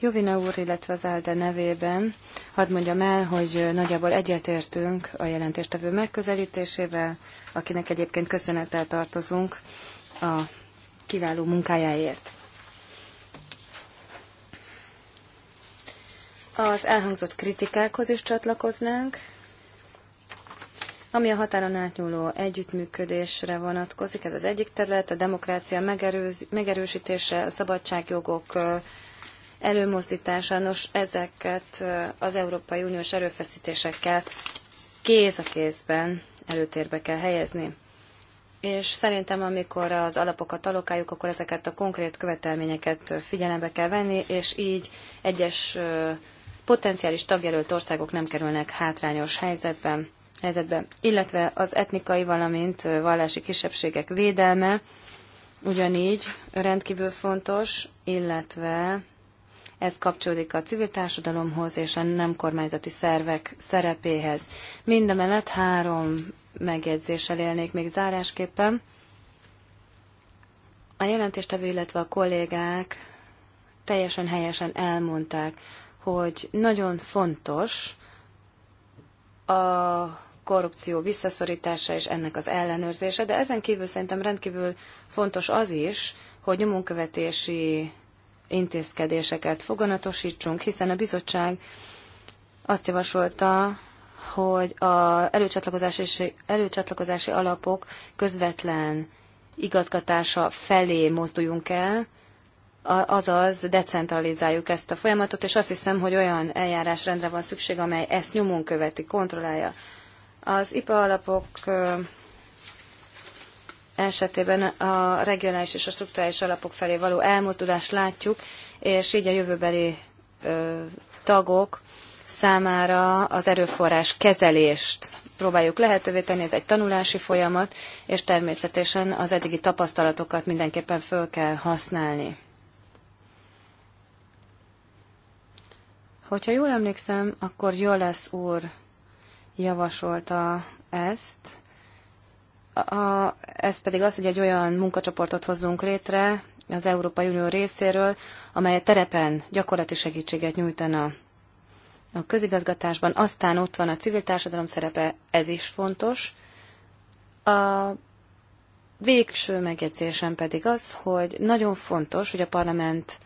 Jovina úr, illetve az Álda nevében hadd mondjam el, hogy nagyjából egyetértünk a jelentéstevő megközelítésével, akinek egyébként köszönettel tartozunk a kiváló munkájáért. Az elhangzott kritikákhoz is csatlakoznánk, ami a határon átnyúló együttműködésre vonatkozik. Ez az egyik terület, a demokrácia megerőz, megerősítése, a szabadságjogok előmozdítása. Nos, ezeket az Európai Uniós erőfeszítésekkel kéz a kézben előtérbe kell helyezni. És szerintem, amikor az alapokat alokáljuk, akkor ezeket a konkrét követelményeket figyelembe kell venni, és így egyes potenciális tagjelölt országok nem kerülnek hátrányos helyzetben, helyzetbe, illetve az etnikai, valamint vallási kisebbségek védelme ugyanígy rendkívül fontos, illetve ez kapcsolódik a civil társadalomhoz és a nem kormányzati szervek szerepéhez. Mindemellett három megjegyzéssel élnék még zárásképpen. A jelentéstevő, illetve a kollégák teljesen helyesen elmondták, hogy nagyon fontos a korrupció visszaszorítása és ennek az ellenőrzése, de ezen kívül szerintem rendkívül fontos az is, hogy nyomonkövetési intézkedéseket foganatosítsunk, hiszen a bizottság azt javasolta, hogy a előcsatlakozási, előcsatlakozási alapok közvetlen igazgatása felé mozduljunk el, azaz decentralizáljuk ezt a folyamatot, és azt hiszem, hogy olyan eljárásrendre van szükség, amely ezt nyomon követi, kontrollálja. Az IPA alapok esetében a regionális és a struktúrális alapok felé való elmozdulást látjuk, és így a jövőbeli ö, tagok számára az erőforrás kezelést próbáljuk lehetővé tenni, ez egy tanulási folyamat, és természetesen az eddigi tapasztalatokat mindenképpen föl kell használni. Hogyha jól emlékszem, akkor Jolesz úr javasolta ezt, a, ez pedig az, hogy egy olyan munkacsoportot hozzunk létre az Európai Unió részéről, amely a terepen gyakorlati segítséget nyújtana a közigazgatásban. Aztán ott van a civil társadalom szerepe, ez is fontos. A végső megjegyzésem pedig az, hogy nagyon fontos, hogy a parlament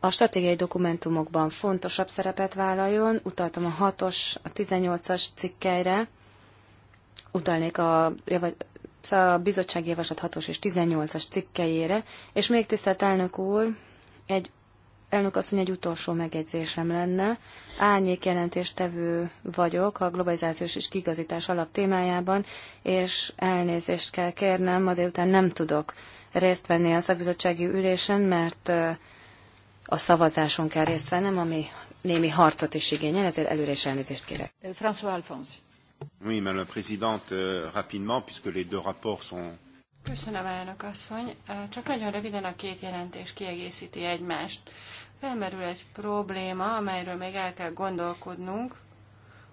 a stratégiai dokumentumokban fontosabb szerepet vállaljon. Utaltam a 6-os, a 18-as cikkeire, utalnék a, a bizottsági javaslat 6 és 18-as cikkejére, és még tisztelt elnök úr, egy elnök asszony egy utolsó megjegyzésem lenne. Árnyék jelentéstevő vagyok a globalizációs és kigazítás alap témájában, és elnézést kell kérnem, ma délután nem tudok részt venni a szakbizottsági ülésen, mert a szavazáson kell részt vennem, ami némi harcot is igényel, ezért előre is elnézést kérek. François Alphonse. Oui, Madame la Présidente, euh, rapidement, puisque les deux rapports sont... Köszönöm, elnök asszony. Csak nagyon röviden a két jelentés kiegészíti egymást. Felmerül egy probléma, amelyről még el kell gondolkodnunk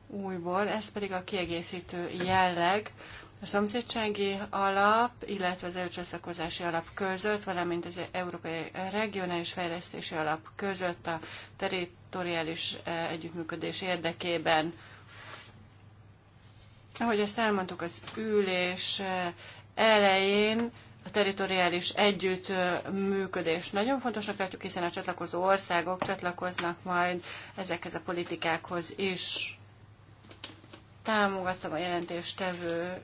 újból, ez pedig a kiegészítő jelleg, a szomszédsági alap, illetve az előcsatlakozási alap között, valamint az Európai Regionális Fejlesztési Alap között a teritoriális együttműködés érdekében ahogy ezt elmondtuk az ülés eh, elején, a teritoriális együttműködés eh, nagyon fontosnak látjuk, hiszen a csatlakozó országok csatlakoznak majd ezekhez a politikákhoz is. Támogattam a jelentéstevő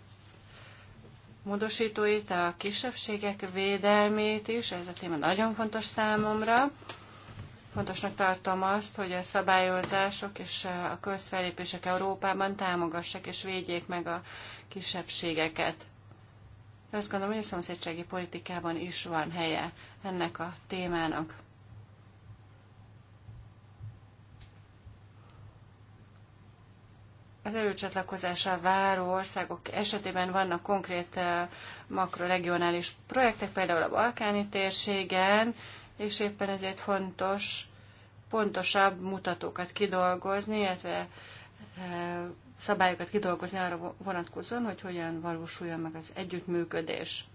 módosítóit, a kisebbségek védelmét is, ez a téma nagyon fontos számomra. Fontosnak tartom azt, hogy a szabályozások és a közfelépések Európában támogassák és védjék meg a kisebbségeket. De azt gondolom, hogy a szomszédsági politikában is van helye ennek a témának. Az előcsatlakozásra váró országok esetében vannak konkrét eh, makroregionális projektek, például a balkáni térségen, és éppen ezért fontos pontosabb mutatókat kidolgozni, illetve e, szabályokat kidolgozni arra vonatkozóan, hogy hogyan valósuljon meg az együttműködés.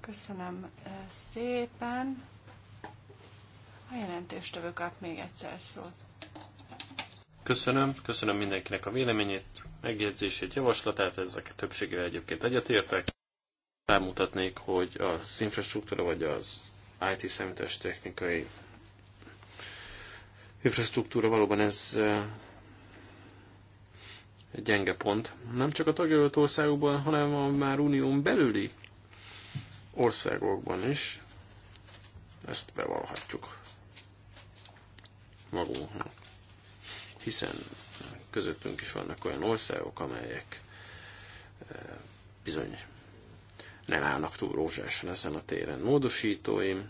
Köszönöm e, szépen. A jelentéstevő kap még egyszer szót. Köszönöm, köszönöm mindenkinek a véleményét, megjegyzését, javaslatát, ezek többségével egyébként egyetértek. Rámutatnék, hogy az infrastruktúra vagy az IT számítás technikai infrastruktúra valóban ez gyenge pont. Nem csak a tagjelölt országokban, hanem a már unión belüli országokban is. Ezt bevallhatjuk magunknak. Hiszen közöttünk is vannak olyan országok, amelyek bizony nem állnak túl rózsásan ezen a téren. Módosítóim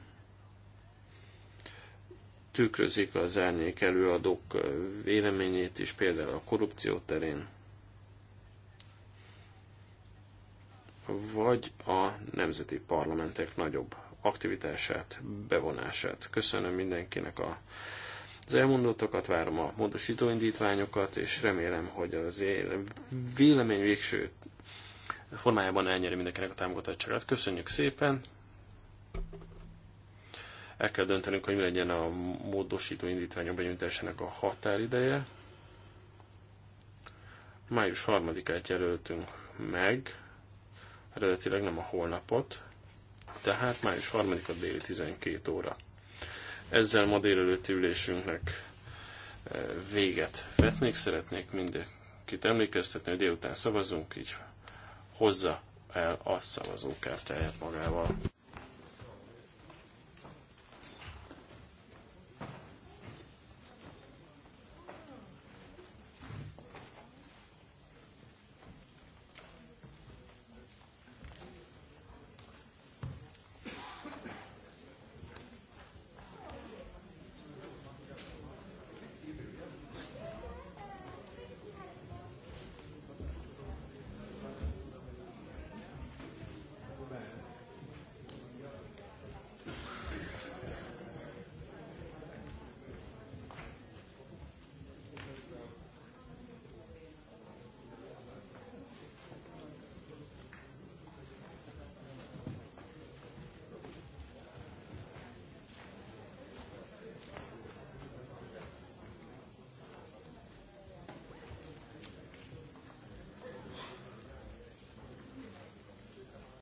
tükrözik az árnyék előadók véleményét is, például a korrupció terén, vagy a nemzeti parlamentek nagyobb aktivitását, bevonását. Köszönöm mindenkinek a, az elmondottakat, várom a módosító indítványokat, és remélem, hogy az vélemény végső formájában elnyeri mindenkinek a támogatottságát. Köszönjük szépen! El kell döntenünk, hogy mi legyen a módosító indítványok benyújtásának a határideje. Május 3-át jelöltünk meg, eredetileg nem a holnapot, tehát május 3-a déli 12 óra. Ezzel ma délelőtti ülésünknek eh, véget vetnék, szeretnék mindenkit emlékeztetni, hogy délután szavazunk, így hozza el a szavazókártyáját magával.